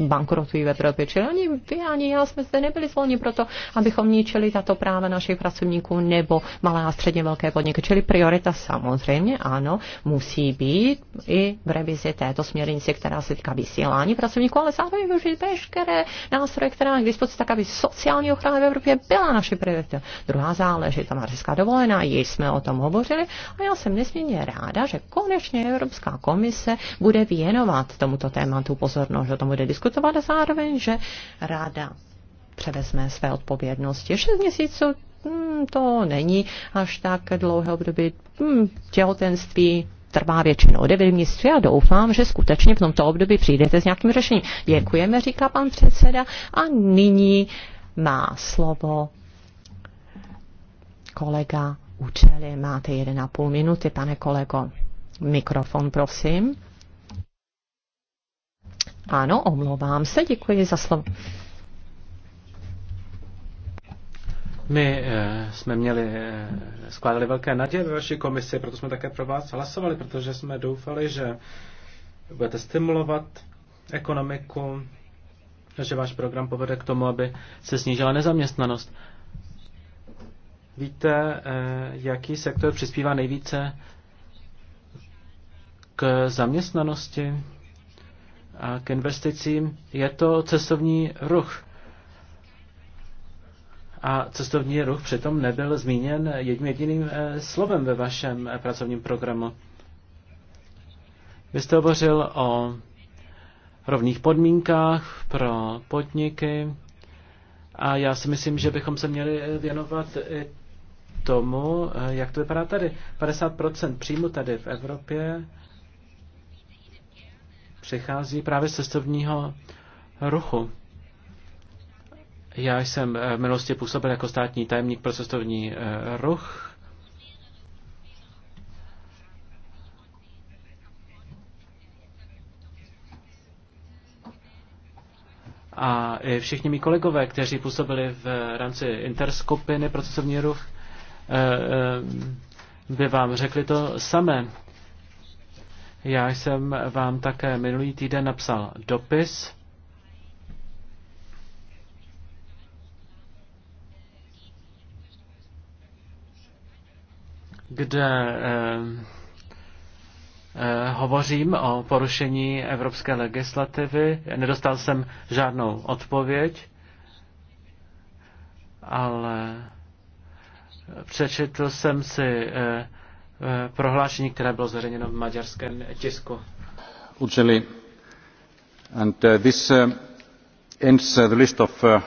um, bankrotují ve Evropě. Čili ani vy, ani já jsme zde nebyli zvolni proto, abychom ničili tato práva našich pracovníků nebo malé a středně velké podniky. Čili priorita samozřejmě ano, musí být i v revizi této směrnice, která se týká vysílání pracovníků, ale zároveň využít veškeré nástroje, které máme k dispozici, tak aby sociální ochrana v Evropě byla naše priorita. Druhá záležitost, mateřská dovolená, již jsme o tom hovořili a já jsem nesmírně ráda, že konečně Evropská komise bude věnovat tomuto tématu pozornost, že o tom bude diskutovat a zároveň, že ráda převezme své odpovědnosti. Šest měsíců hmm, to není až tak dlouhé období hmm, těhotenství trvá většinou 9 měsíců. Já doufám, že skutečně v tomto období přijdete s nějakým řešením. Děkujeme, říká pan předseda. A nyní má slovo kolega Učeli. Máte 1,5 minuty, pane kolego. Mikrofon, prosím. Ano, omlouvám se, děkuji za slovo. My eh, jsme měli, eh, skládali velké naděje ve vaší komisi, proto jsme také pro vás hlasovali, protože jsme doufali, že budete stimulovat ekonomiku, že váš program povede k tomu, aby se snížila nezaměstnanost. Víte, eh, jaký sektor přispívá nejvíce k zaměstnanosti a k investicím? Je to cestovní ruch. A cestovní ruch přitom nebyl zmíněn jedním jediným eh, slovem ve vašem eh, pracovním programu. Vy jste hovořil o rovných podmínkách pro podniky a já si myslím, že bychom se měli eh, věnovat i tomu, jak to vypadá tady. 50% příjmu tady v Evropě přichází právě z cestovního ruchu. Já jsem eh, v minulosti působil jako státní tajemník pro cestovní eh, ruch. A všichni mý kolegové, kteří působili v rámci interskupiny pro cestovní ruch, eh, by vám řekli to samé. Já jsem vám také minulý týden napsal dopis, kde eh, eh, hovořím o porušení evropské legislativy. Nedostal jsem žádnou odpověď, ale přečetl jsem si eh, prohlášení, které bylo zveřejněno v maďarském tisku. Učili. And uh, this uh, ends uh, the list of uh,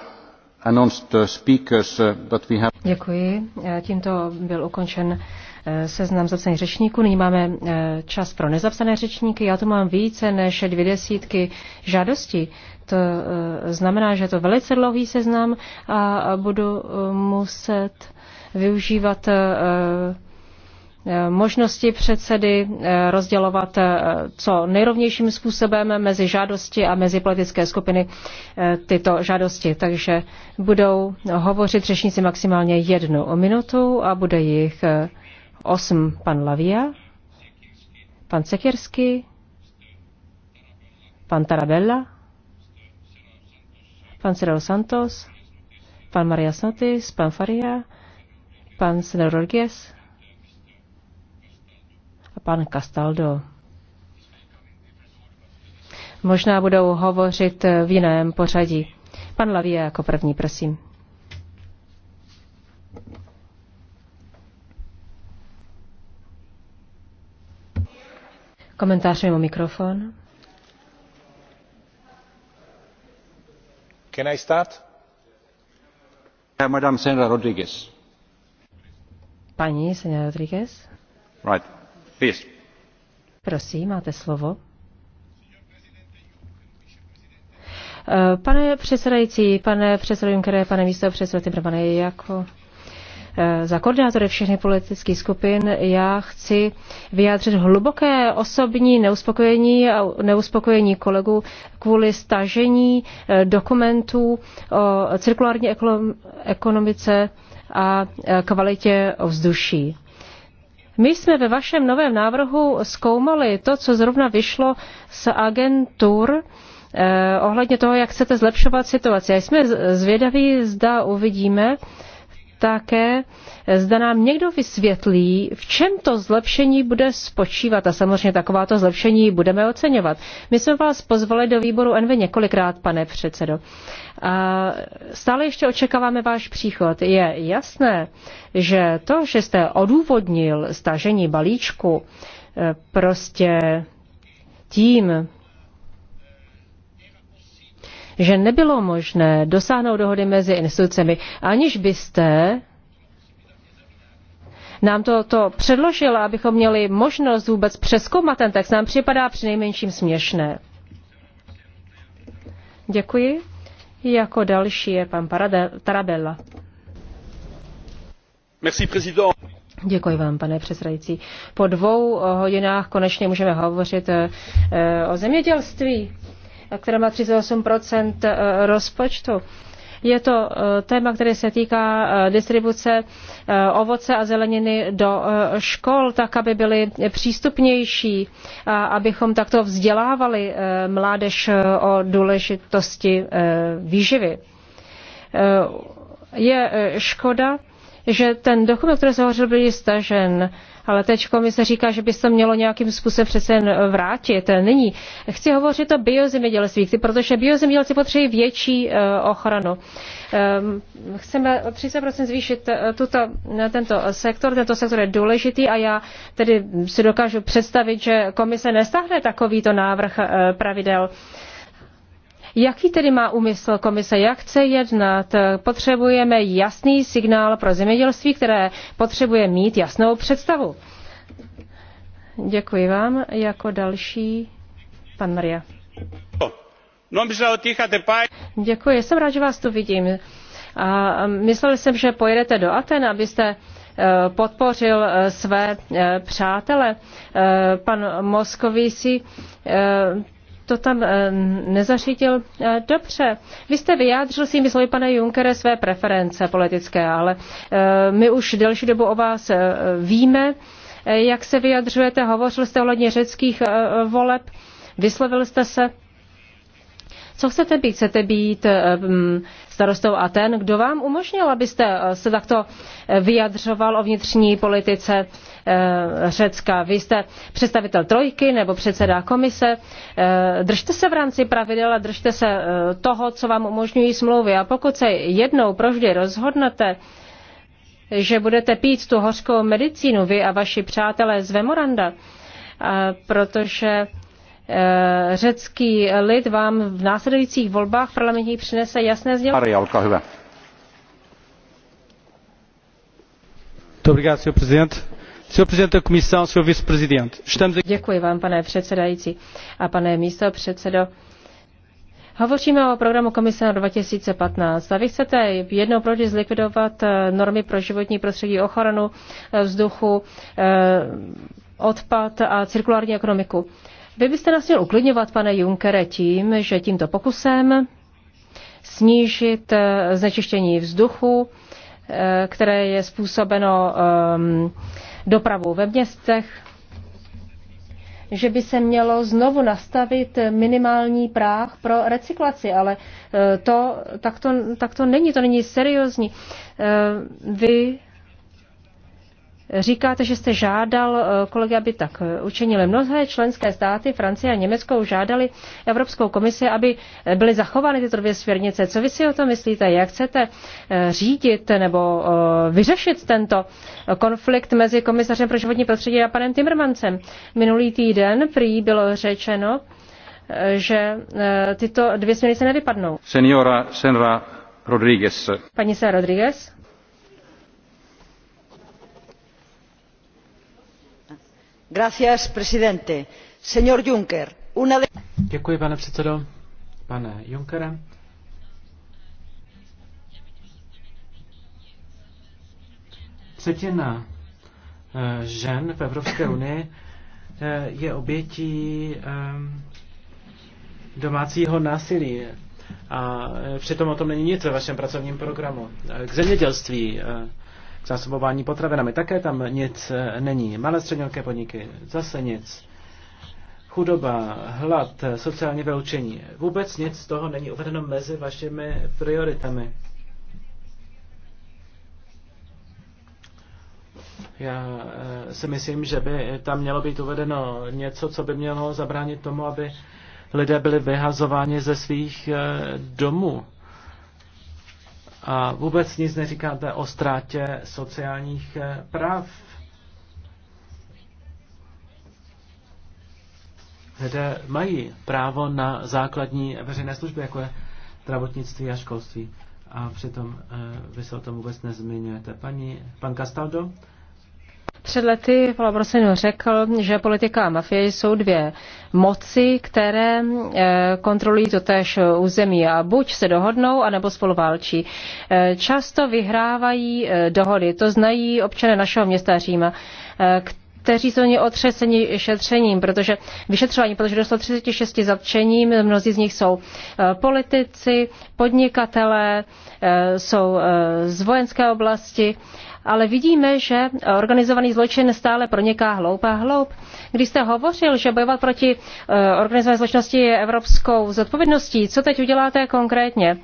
announced uh, speakers uh, that we have. Děkuji. Tímto byl ukončen seznam zapsaných řečníků. Nyní máme eh, čas pro nezapsané řečníky. Já tu mám více než dvě desítky žádostí. To eh, znamená, že je to velice dlouhý seznam a budu eh, muset využívat možnosti předsedy rozdělovat co nejrovnějším způsobem mezi žádosti a mezi politické skupiny tyto žádosti. Takže budou hovořit řečníci maximálně jednu minutu a bude jich 8 pan Lavia, pan Sekersky, pan Tarabella, pan Cyril Santos, pan Maria Santis, pan Faria, pan Senor Rodriguez a pan Castaldo. Možná budou hovořit v jiném pořadí. Pan Lavia jako první, prosím. Komentář mimo mikrofon. Can I start? Madame Senra Rodriguez. Paní Senra Rodriguez. Right. Please. Prosím, máte slovo. Eh, pane předsedající, pane předsedo Junckere, pane místo předsedo Timmermane, jako Eh, za koordinátory všechny politických skupin, já chci vyjádřit hluboké osobní neuspokojení a neuspokojení kolegů kvůli stažení eh, dokumentů o cirkulární ekonomice a eh, kvalitě ovzduší. My jsme ve vašem novém návrhu zkoumali to, co zrovna vyšlo z agentur, ohledně toho, jak chcete zlepšovat situaci. A jsme zvědaví, zda uvidíme, také, zda nám někdo vysvětlí, v čem to zlepšení bude spočívat. A samozřejmě takováto zlepšení budeme oceňovat. My jsme vás pozvali do výboru NV několikrát, pane předsedo. A stále ještě očekáváme váš příchod. Je jasné, že to, že jste odůvodnil stažení balíčku, e, prostě tím, že nebylo možné dosáhnout dohody mezi institucemi, aniž byste nám to, to předložila, abychom měli možnost vůbec přeskoumat ten text, nám připadá přinejmenším směšné. Děkuji. Jako další je pan Tarabella. Merci, président. Děkuji vám, pane předsedající. Po dvou hodinách konečně můžeme hovořit eh, eh, o zemědělství která má 38 eh, rozpočtu. Je to eh, téma, které se týká eh, distribuce ovoce a zeleniny do škol, tak aby byly přístupnější, a abychom takto vzdělávali mládež o důležitosti výživy. Je škoda, že ten dokument, který se hovořil, byl stažen, ale teď se říká, že by se mělo nějakým způsobem přece jen vrátit. Nyní chci hovořit o biozemědělství, protože biozemědělci potřebují větší eh, ochranu. Eh, chceme o 30% zvýšit eh, tuto, tento sektor, tento sektor je důležitý a já tedy si dokážu představit, že komise nestáhne takovýto návrh pravidel. Jaký tedy má úmysl komise? Jak chce jednat? Potřebujeme jasný signál pro zemědělství, které potřebuje mít jasnou představu. Děkuji vám. Jako další pan Maria. No, Děkuji, jsem rád, že vás tu vidím. A myslel jsem, že pojedete do Aten, abyste e, podpořil e, své e, přátele. Pan Moskovici to tam eh, nezařídil eh, dobře. Vy jste vyjádřil svými slovy, pane Junkere, své preference politické, ale eh, my už delší dobu o vás víme, jak se vyjadřujete, hovořil jste ohledně řeckých voleb, vyslovil jste se co chcete být? Chcete být eh, mm, starostou Aten? Kdo vám umožnil, abyste eh, se takto vyjadřoval o vnitřní politice eh, Řecka? Vy jste představitel trojky nebo předseda komise. Držte se v rámci pravidel a držte se toho, co vám umožňují smlouvy. A pokud se jednou provždy rozhodnete, že budete pít tu hořkou medicínu vy a vaši přátelé z Vemoranda, protože Eh, řecký lid vám v následujících volbách parlamentních přinese jasné sdělení. Děkuji vám, pane předsedající a pane místopředsedo. Hovoříme o programu Komise na 2015. A vy chcete jednou proti zlikvidovat eh, normy pro životní prostředí, ochranu eh, vzduchu, odpad a cirkulární ekonomiku. Vy byste nás měl uklidňovat, pane Junkere, tím, že tímto pokusem snížit eh, znečištění vzduchu, eh, které je způsobeno ehm, dopravou ve městech, že by se mělo znovu nastavit minimální práh pro recyklaci, ale eh, to, tak, to, tak to není, to není seriózní. Vy Říkáte, že jste žádal eh, kolegy, aby tak eh, učinili. Mnohé členské státy, Francie a Německo, žádali Evropskou komisi, aby eh, byly zachovány tyto dvě směrnice. Co vy si o tom myslíte? Jak chcete řídit nebo vyřešit tento konflikt mezi komisařem pro životní prostředí a panem Timmermancem? Minulý týden prý bylo řečeno, že tyto dvě směrnice nevypadnou. Senora Senra Rodriguez. Paní Senra Rodriguez. Děkuji, pane předsedající Pane Junckere. Třetina eh, žen v Evropské unii eh, je obětí eh, domácího násilí. A přitom o tom není nic ve vašem pracovním programu. K zemědělství zásobování potravinami. Také tam nic eh, není. Malé středňovké podniky, zase nic. Chudoba, hlad, eh, sociální vyloučení. Vůbec nic z toho není uvedeno mezi vašimi prioritami. Já eh, si myslím, že by tam mělo být uvedeno něco, co by mělo zabránit tomu, aby lidé byli vyhazováni ze svých domů. A vůbec nic neříkáte o ztrátě sociálních eh, práv. Lidé mají právo na základní veřejné služby, jako je zdravotnictví a školství. A přitom eh, vy se o tom vůbec nezmiňujete. Paní, pan Castaldo? Před lety Paolo Borsellino řekl, že politika a mafie jsou dvě moci, které eh, kontrolují totéž území a buď se dohodnou, anebo spolu válčí. Eh, často vyhrávají eh, dohody, to znají občané našeho města Říma, kteří jsou oni otřeseni šetřením, protože vyšetřování, protože do 36 zatčením, mnozí z nich jsou politici, podnikatelé, jsou z vojenské oblasti ale vidíme, že organizovaný zločin stále proniká hloub a hloub. Když jste hovořil, že bojovat proti eh, organizované zločinnosti je evropskou zodpovědností, co teď uděláte konkrétně?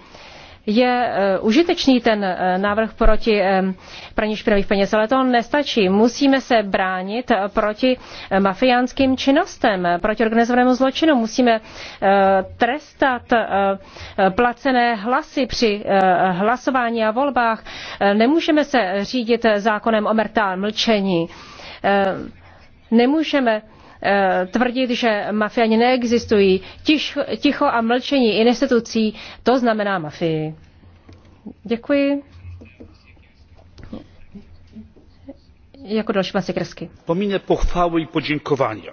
je eh, užitečný ten eh, návrh proti eh, praní špinavých peněz, ale to nestačí. Musíme se bránit proti mafiánským činnostem, proti organizovanému zločinu. Musíme trestat placené hlasy při hlasování a volbách. Nemůžeme se řídit zákonem o mrtál mlčení. Nemůžeme Eh, tvrdit, že mafiáni neexistují. Ticho, ticho a mlčení institucí, to znamená mafii. Děkuji. Jako další pan Sikersky. Pomíne pochvalu i poděkování.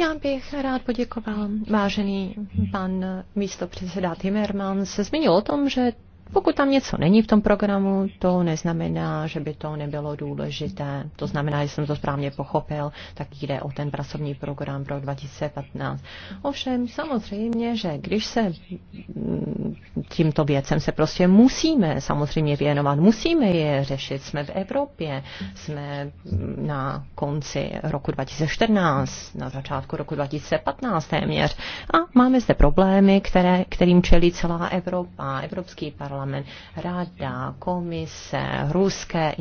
Já bych rád poděkoval. Vážený pan místopředseda Timmermans zmínil o tom, že pokud tam něco není v tom programu, to neznamená, že by to nebylo důležité. To znamená, že jsem to správně pochopil, tak jde o ten pracovní program pro 2015. Ovšem, samozřejmě, že když se mm, tímto věcem se prostě musíme samozřejmě věnovat, musíme je řešit. Jsme v Evropě, jsme mm, na konci roku 2014, na začátku roku 2015 téměř a máme zde problémy, které, kterým čelí celá Evropa, Evropský parlament parlament, rada, komise, ruské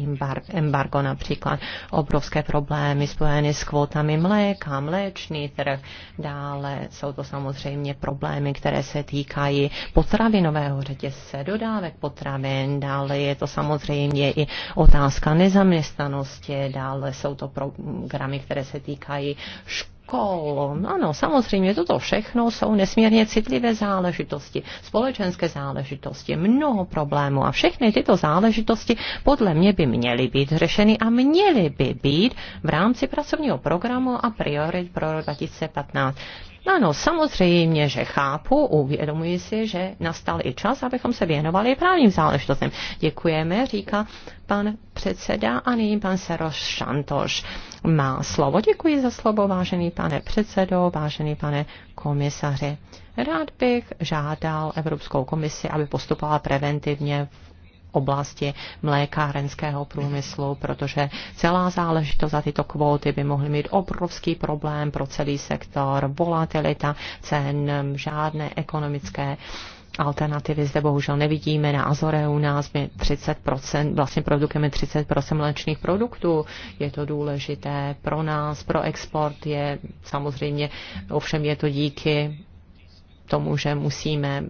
embargo například, obrovské problémy spojené s kvótami mléka, mléčný trh, dále jsou to samozřejmě problémy, které se týkají potravinového řetězce, dodávek potravin, dále je to samozřejmě i otázka nezaměstnanosti, dále jsou to programy, které se týkají škol, úkol. Ano, samozřejmě toto všechno jsou nesmírně citlivé záležitosti, společenské záležitosti, mnoho problémů a všechny tyto záležitosti podle mě by měly být řešeny a měly by být v rámci pracovního programu a priorit pro 2015. Ano, no, samozřejmě, že chápu, uvědomuji si, že nastal i čas, abychom se věnovali právním záležitostem. Děkujeme, říká pan předseda a nyní pan Seroš Šantoš má slovo. Děkuji za slovo, vážený pane předsedo, vážený pane komisaři. Rád bych žádal Evropskou komisi, aby postupovala preventivně oblasti mlékárenského průmyslu, protože celá záležitost za tyto kvóty by mohly mít obrovský problém pro celý sektor, volatilita cen, žádné ekonomické alternativy zde bohužel nevidíme. Na Azore u nás je 30%, vlastně produkujeme 30% mléčných produktů. Je to důležité pro nás, pro export je samozřejmě, ovšem je to díky tomu, že musíme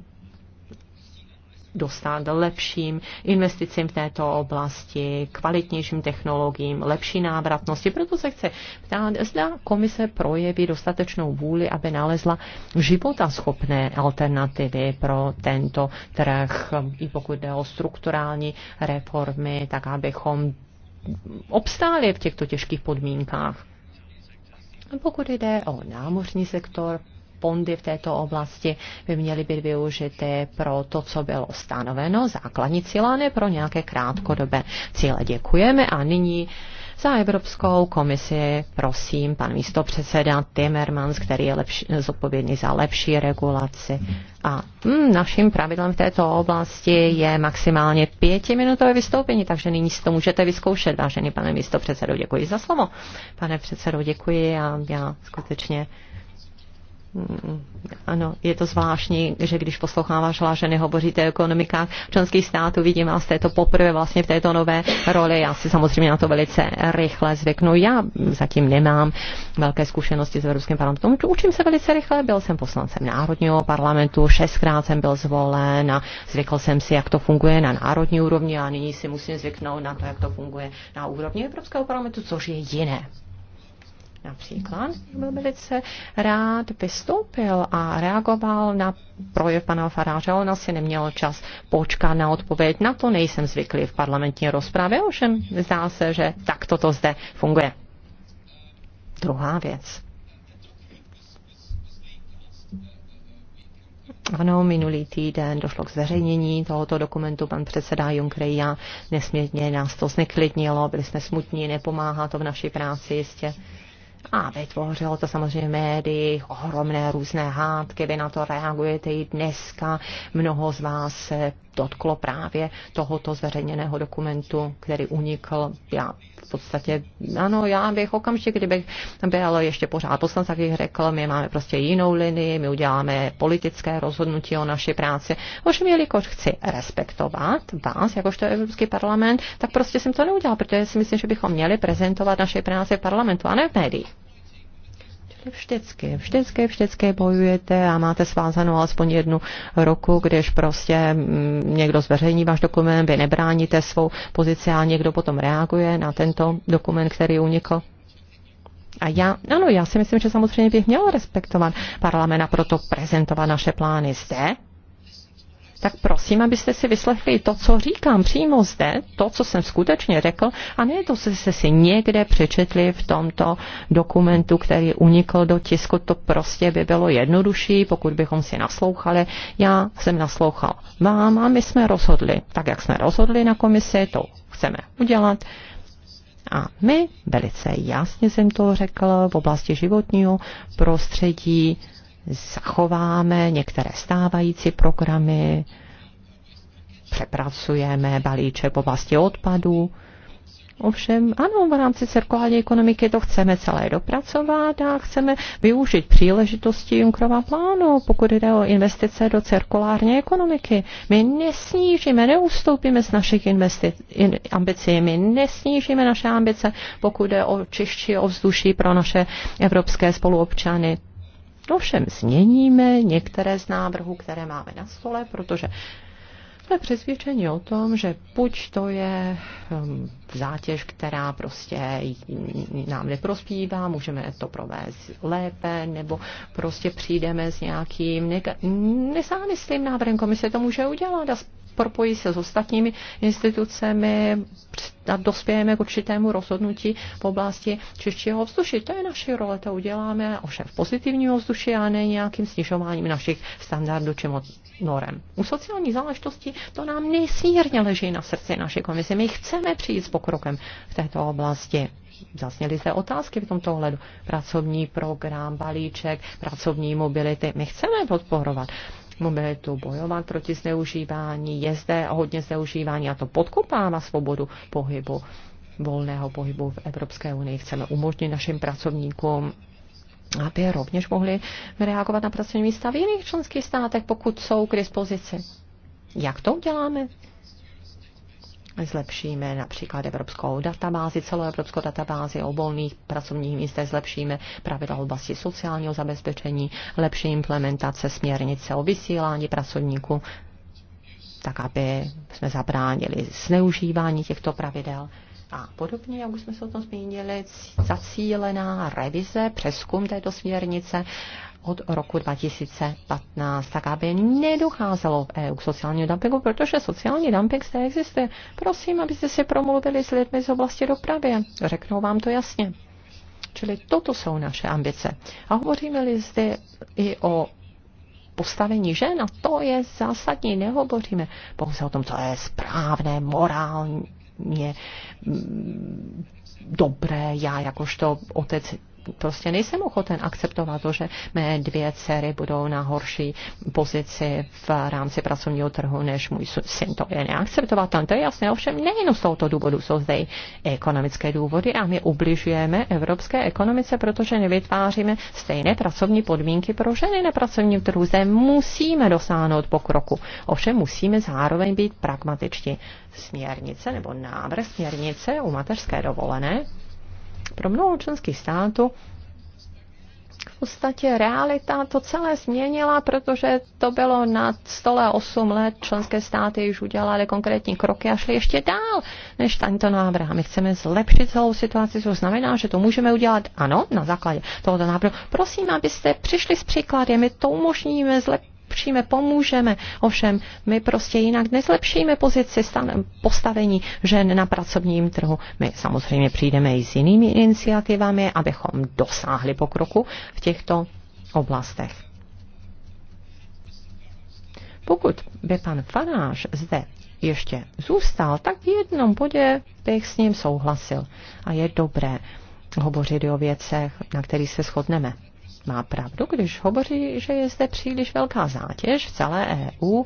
dostat lepším investicím v této oblasti, kvalitnějším technologiím, lepší návratnosti. Proto se chce ptát, zda komise projeví dostatečnou vůli, aby nalezla života schopné alternativy pro tento trh, i pokud jde o strukturální reformy, tak abychom obstáli v těchto těžkých podmínkách. Pokud jde o námořní sektor, fondy v této oblasti by měly být využity pro to, co bylo stanoveno, základní cíle, ne pro nějaké krátkodobé cíle. Děkujeme a nyní za Evropskou komisi prosím pan místopředseda Timmermans, který je lepší, zodpovědný za lepší regulaci. A mm, naším pravidlem v této oblasti je maximálně pětiminutové vystoupení, takže nyní si to můžete vyzkoušet, vážený pane místopředsedo. Děkuji za slovo. Pane předsedo, děkuji a já skutečně ano, je to zvláštní, že když poslouchám váš hlášený, hovoříte o ekonomikách členských států, vidím vás této poprvé vlastně v této nové roli. Já si samozřejmě na to velice rychle zvyknu. Já zatím nemám velké zkušenosti s Evropským parlamentem. Učím se velice rychle, byl jsem poslancem Národního parlamentu, šestkrát jsem byl zvolen a zvykl jsem si, jak to funguje na národní úrovni a nyní si musím zvyknout na to, jak to funguje na úrovni Evropského parlamentu, což je jiné. Například byl velice rád vystoupil a reagoval na projev pana Faráře, on asi neměl čas počkat na odpověď. Na to nejsem zvyklý v parlamentní rozpravě, ovšem zdá se, že tak toto zde funguje. Druhá věc. Ano, minulý týden došlo k zveřejnění tohoto dokumentu. Pan předseda Juncker a já nesmírně nás to zneklidnilo, byli jsme smutní, nepomáhá to v naší práci jistě. A vytvořilo to samozřejmě médii, ohromné různé hádky, vy na to reagujete i dneska. Mnoho z vás se dotklo právě tohoto zveřejněného dokumentu, který unikl. Já v podstatě, ano, já bych okamžitě, kdybych byl ještě pořád poslanec, tak bych řekl, my máme prostě jinou linii, my uděláme politické rozhodnutí o naší práci. Ovšem, jelikož chci respektovat vás, jakožto Evropský parlament, tak prostě jsem to neudělal, protože si myslím, že bychom měli prezentovat naše práci v parlamentu a ne v médiích. Vždycky, vždycky, vždycky bojujete a máte svázanou alespoň jednu roku, když prostě mm, někdo zveřejní váš dokument, vy nebráníte svou pozici a někdo potom reaguje na tento dokument, který unikl. A já, ano, já si myslím, že samozřejmě bych měl respektovat parlament a proto prezentovat naše plány zde, tak prosím, abyste si vyslechli to, co říkám přímo zde, to, co jsem skutečně řekl, a ne to, co jste si někde přečetli v tomto dokumentu, který unikl do tisku. To prostě by bylo jednodušší, pokud bychom si naslouchali. Já jsem naslouchal vám a my jsme rozhodli. Tak, jak jsme rozhodli na komisi, to chceme udělat. A my velice jasně jsem to řekl v oblasti životního prostředí, zachováme některé stávající programy, přepracujeme balíček v oblasti odpadů. Ovšem, ano, v rámci cirkulární ekonomiky to chceme celé dopracovat a chceme využít příležitosti Junkrova plánu, pokud jde o investice do cirkulární ekonomiky. My nesnížíme, neustoupíme z našich investic, in, ambicí, my nesnížíme naše ambice, pokud jde o čistší ovzduší pro naše evropské spoluobčany. Ovšem změníme některé z návrhů, které máme na stole, protože jsme přesvědčeni o tom, že buď to je hm, zátěž, která prostě nám neprospívá, můžeme to provést lépe, nebo prostě přijdeme s nějakým nega- návrhem komise, to může udělat a propojí se s ostatními institucemi a dospějeme k určitému rozhodnutí v oblasti čistšího vzduši. To je naše role, to uděláme ovšem v pozitivním vzduši a ne nějakým snižováním našich standardů či norem. U sociální záležitosti to nám nesmírně leží na srdci naší komise. My chceme přijít s pokrokem v této oblasti zasněly se otázky v tomto ohledu. Pracovní program, balíček, pracovní mobility. My chceme podporovat momentu bojovat proti zneužívání, je zde hodně zneužívání a to podkopává svobodu pohybu, volného pohybu v Evropské unii. Chceme umožnit našim pracovníkům aby rovněž mohli reagovat na pracovní místa v jiných členských státech, pokud jsou k dispozici. Jak to uděláme? zlepšíme například evropskou databázi, celou evropskou databázi o volných pracovních místech, zlepšíme pravidla v oblasti sociálního zabezpečení, lepší implementace směrnice o vysílání pracovníků, tak aby jsme zabránili zneužívání těchto pravidel. A podobně, jak už jsme se o tom zmínili, zacílená revize, přeskum této směrnice od roku 2015, tak aby nedocházelo v EU k sociálnímu dumpingu, protože sociální dumping zde existuje. Prosím, abyste se promluvili s lidmi z oblasti dopravy. Řeknou vám to jasně. Čili toto jsou naše ambice. A hovoříme-li zde i o postavení žen, a to je zásadní, nehovoříme pouze o tom, co je správné, morální, mm, dobré, já jakožto otec prostě nejsem ochoten akceptovat to, že mé dvě dcery budou na horší pozici v rámci pracovního trhu než můj syn. To je neakceptovat. Tam to je jasné, ovšem nejenom z tohoto důvodu jsou zde ekonomické důvody a my ubližujeme evropské ekonomice, protože nevytváříme stejné pracovní podmínky pro ženy na pracovním trhu. Zde musíme dosáhnout pokroku. Ovšem musíme zároveň být pragmatičtí. Směrnice nebo návrh směrnice u mateřské dovolené pro mnoho členských států v podstatě realita to celé změnila, protože to bylo na stole 8 let, členské státy již udělaly konkrétní kroky a šly ještě dál než tento návrh. my chceme zlepšit celou situaci, což znamená, že to můžeme udělat, ano, na základě tohoto návrhu. Prosím, abyste přišli s příklady, my to umožníme zlepšit Přijme pomůžeme. Ovšem, my prostě jinak nezlepšíme pozici, stan, postavení žen na pracovním trhu. My samozřejmě přijdeme i s jinými iniciativami, abychom dosáhli pokroku v těchto oblastech. Pokud by pan Faráš zde ještě zůstal, tak v jednom bodě bych s ním souhlasil. A je dobré hovořit o věcech, na kterých se shodneme má pravdu, když hovoří, že je zde příliš velká zátěž v celé EU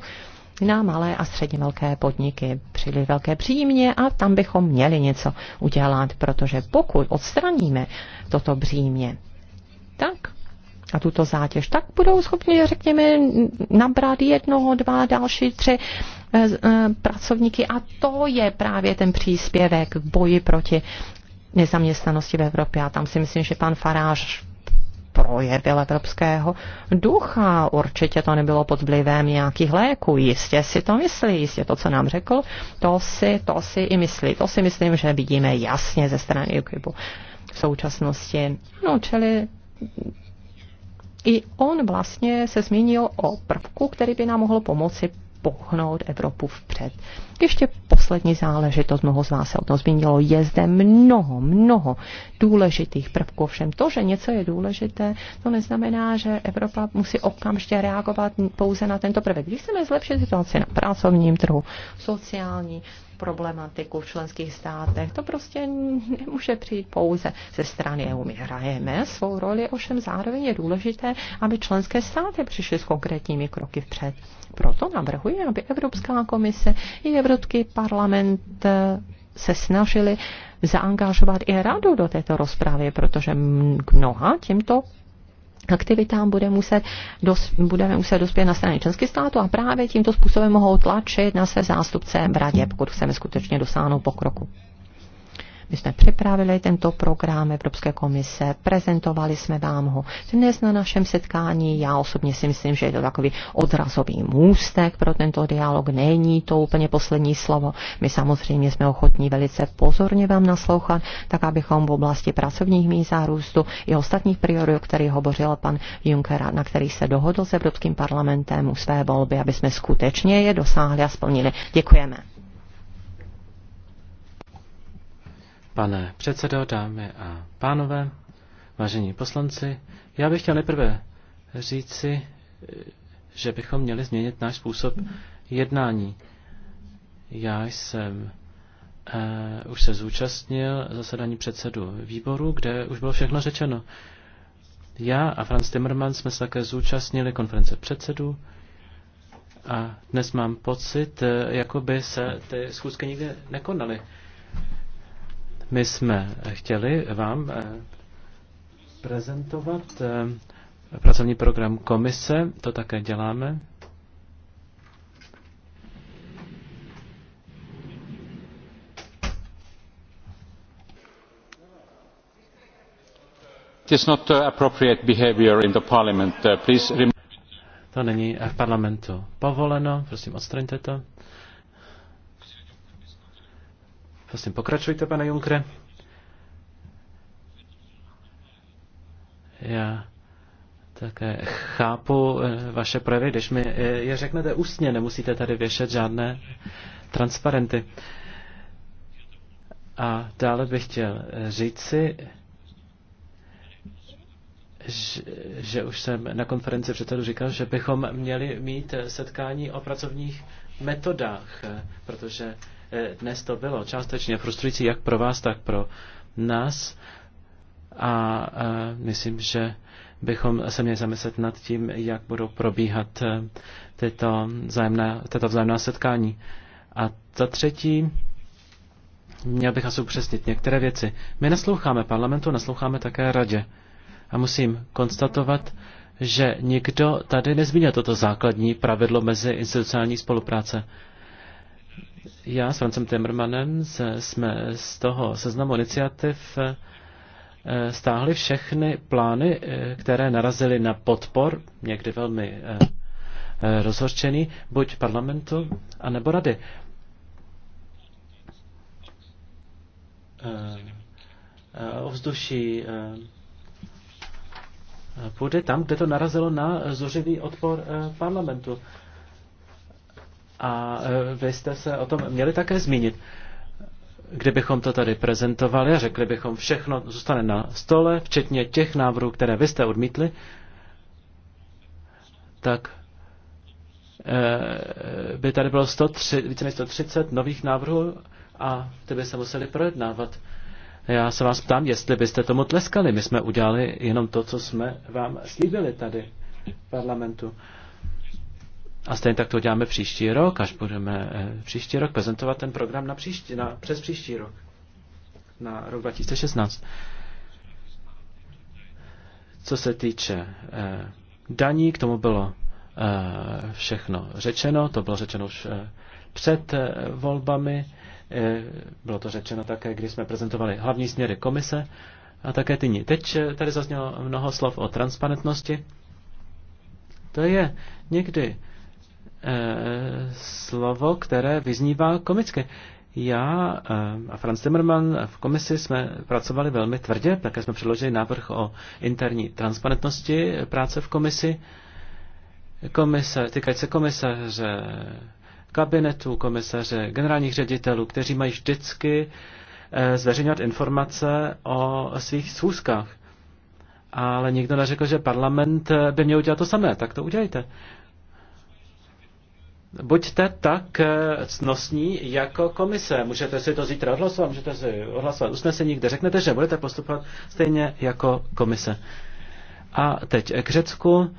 na malé a středně velké podniky, příliš velké příjmě a tam bychom měli něco udělat, protože pokud odstraníme toto břímě, tak a tuto zátěž, tak budou schopni, řekněme, nabrat jednoho, dva, další, tři eh, eh, pracovníky a to je právě ten příspěvek v boji proti nezaměstnanosti v Evropě. A tam si myslím, že pan Farář projevil evropského ducha. Určitě to nebylo pod vlivem nějakých léků. Jistě si to myslí, jistě to, co nám řekl, to si, to si i myslí. To si myslím, že vidíme jasně ze strany UKIPu v současnosti. No, čili i on vlastně se zmínil o prvku, který by nám mohl pomoci pohnout Evropu vpřed. Ještě poslední záležitost, mnoho z vás se o tom zmínilo, je zde mnoho, mnoho důležitých prvků. Všem to, že něco je důležité, to neznamená, že Evropa musí okamžitě reagovat pouze na tento prvek. Když chceme zlepšit situaci na pracovním trhu, sociální, problematiku v členských státech. To prostě nemůže přijít pouze ze strany EU. My hrajeme svou roli, ovšem zároveň je důležité, aby členské státy přišly s konkrétními kroky vpřed. Proto navrhuji, aby Evropská komise i Evropský parlament eh, se snažili zaangažovat i radu do této rozpravy, protože k mnoha těmto aktivitám bude muset dos, budeme muset dospět na straně členských států a právě tímto způsobem mohou tlačit na své zástupce v radě, pokud chceme skutečně dosáhnout pokroku. My jsme připravili tento program Evropské komise, prezentovali jsme vám ho dnes na našem setkání. Já osobně si myslím, že je to takový odrazový můstek pro tento dialog. Není to úplně poslední slovo. My samozřejmě jsme ochotní velice pozorně vám naslouchat, tak abychom v oblasti pracovních míst a růstu i ostatních priorit, o kterých hovořil pan Juncker, na kterých se dohodl s Evropským parlamentem u své volby, aby jsme skutečně je dosáhli a splnili. Děkujeme. Pane předsedo, dámy a pánové, vážení poslanci, já bych chtěl nejprve říci, že bychom měli změnit náš způsob jednání. Já jsem eh, už se zúčastnil zasedání předsedu výboru, kde už bylo všechno řečeno. Já a Franz Timmermans jsme se také zúčastnili konference předsedů a dnes mám pocit, eh, jako by se ty schůzky nikdy nekonaly. My jsme chtěli vám eh, prezentovat eh, pracovní program komise, to také děláme. Eh, to není v parlamentu povoleno, prosím odstraňte to. Prosím, pokračujte, pane Junkre. Já také chápu eh, vaše projevy, když mi eh, je řeknete ústně, nemusíte tady věšet žádné transparenty. A dále bych chtěl říci, že, že už jsem na konferenci předsedu říkal, že bychom měli mít setkání o pracovních metodách, eh, protože dnes to bylo částečně frustrující jak pro vás, tak pro nás. A myslím, že bychom se měli zamyslet nad tím, jak budou probíhat e, tyto vzájemná, tato vzájemná setkání. A za třetí, měl bych asi upřesnit některé věci. My nasloucháme parlamentu, nasloucháme také radě. A musím konstatovat, že nikdo tady nezmínil toto základní pravidlo mezi institucionální spolupráce. Já s Francem Timmermanem jsme z toho seznamu iniciativ eh, stáhli všechny plány, eh, které narazily na podpor, někdy velmi eh, rozhorčený, buď parlamentu, anebo rady. Ovzduší půdy tam, kde to narazilo na zuřivý odpor parlamentu a e, vy jste se o tom měli také zmínit. Kdybychom to tady prezentovali a řekli bychom, všechno zůstane na stole, včetně těch návrhů, které vy jste odmítli, tak e, by tady bylo 103, více než 130 nových návrhů a ty by se museli projednávat. Já se vás ptám, jestli byste tomu tleskali. My jsme udělali jenom to, co jsme vám slíbili tady v parlamentu. A stejně tak to uděláme příští rok, až budeme eh, příští rok prezentovat ten program na příští, na, přes příští rok, na rok 2016. Co se týče eh, daní, k tomu bylo eh, všechno řečeno, to bylo řečeno už eh, před eh, volbami, eh, bylo to řečeno také, když jsme prezentovali hlavní směry komise a také ty ní. Teď eh, tady zaznělo mnoho slov o transparentnosti. To je někdy eh, Eh, slovo, které vyznívá komicky. Já eh, a Franz Timmerman v komisi jsme pracovali velmi tvrdě, také jsme předložili návrh o interní transparentnosti práce v komisi. Komise, týkající se komisaře, kabinetu komisaře, generálních ředitelů, kteří mají vždycky eh, zveřejňovat informace o svých schůzkách. Ale nikdo neřekl, že parlament by měl udělat to samé, tak to udělejte buďte tak eh, snosní jako komise. Můžete si to zítra odhlasovat, můžete si odhlasovat usnesení, kde řeknete, že budete postupovat stejně jako komise. A teď k Řecku.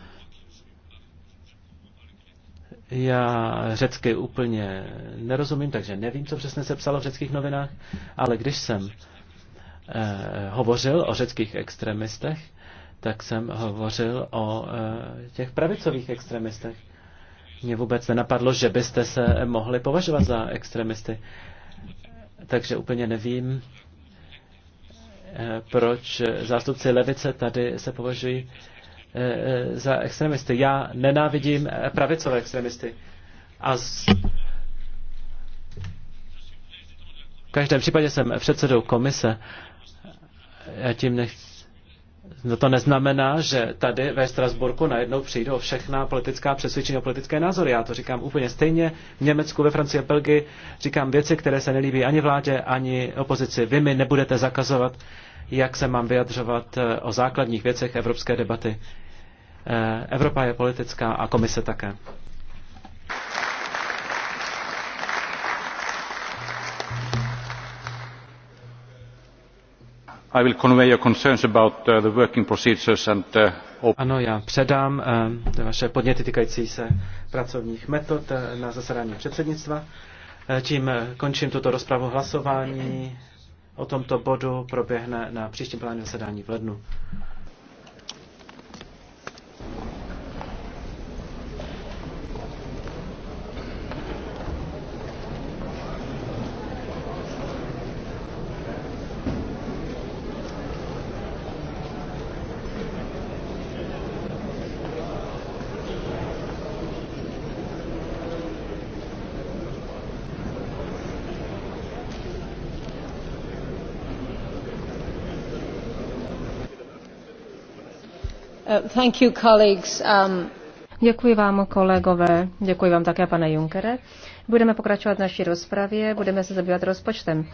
Já řecky úplně nerozumím, takže nevím, co přesně se psalo v řeckých novinách, ale když jsem eh, hovořil o řeckých extremistech, tak jsem hovořil o eh, těch pravicových extremistech mě vůbec nenapadlo, že byste se mohli považovat za extremisty. Takže úplně nevím, eh, proč zástupci levice tady se považují eh, eh, za extremisty. Já nenávidím pravicové extremisty. A z... v každém případě jsem předsedou komise. Já tím nechci No to neznamená, že tady ve Strasburku najednou přijdou všechna politická přesvědčení a politické názory. Já to říkám úplně stejně. V Německu, ve Francii a Belgii říkám věci, které se nelíbí ani vládě, ani opozici. Vy mi nebudete zakazovat, jak se mám vyjadřovat eh, o základních věcech evropské debaty. Eh, Evropa je politická a komise také. ano, já předám uh, vaše podněty týkající se pracovních metod uh, na zasedání předsednictva. Uh, tím končím tuto rozpravu hlasování. O tomto bodu proběhne na příštím plánu zasedání v lednu. Um, Děkuji vám, kolegové. Děkuji vám také, pane Junkere. Budeme pokračovat v naší rozpravě, budeme se zabývat rozpočtem.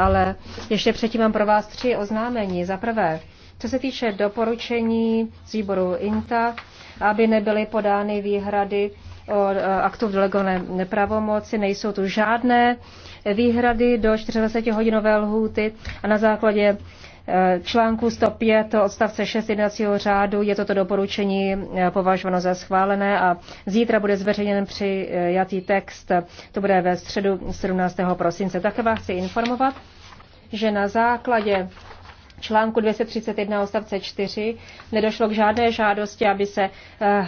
Ale ještě předtím mám pro vás tři oznámení. Za prvé, co se týče doporučení z výboru INTA, aby nebyly podány výhrady o e, aktu v delegované nepravomoci, nejsou tu žádné výhrady do 24 hodinové lhůty a na základě článku 105 odstavce 6 jednacího řádu je toto doporučení eh, považováno za schválené a zítra bude zveřejněn přijatý text, to bude ve středu 17. prosince. Také vás chci informovat, že na základě článku 231 odstavce 4 nedošlo k žádné žádosti, aby se eh,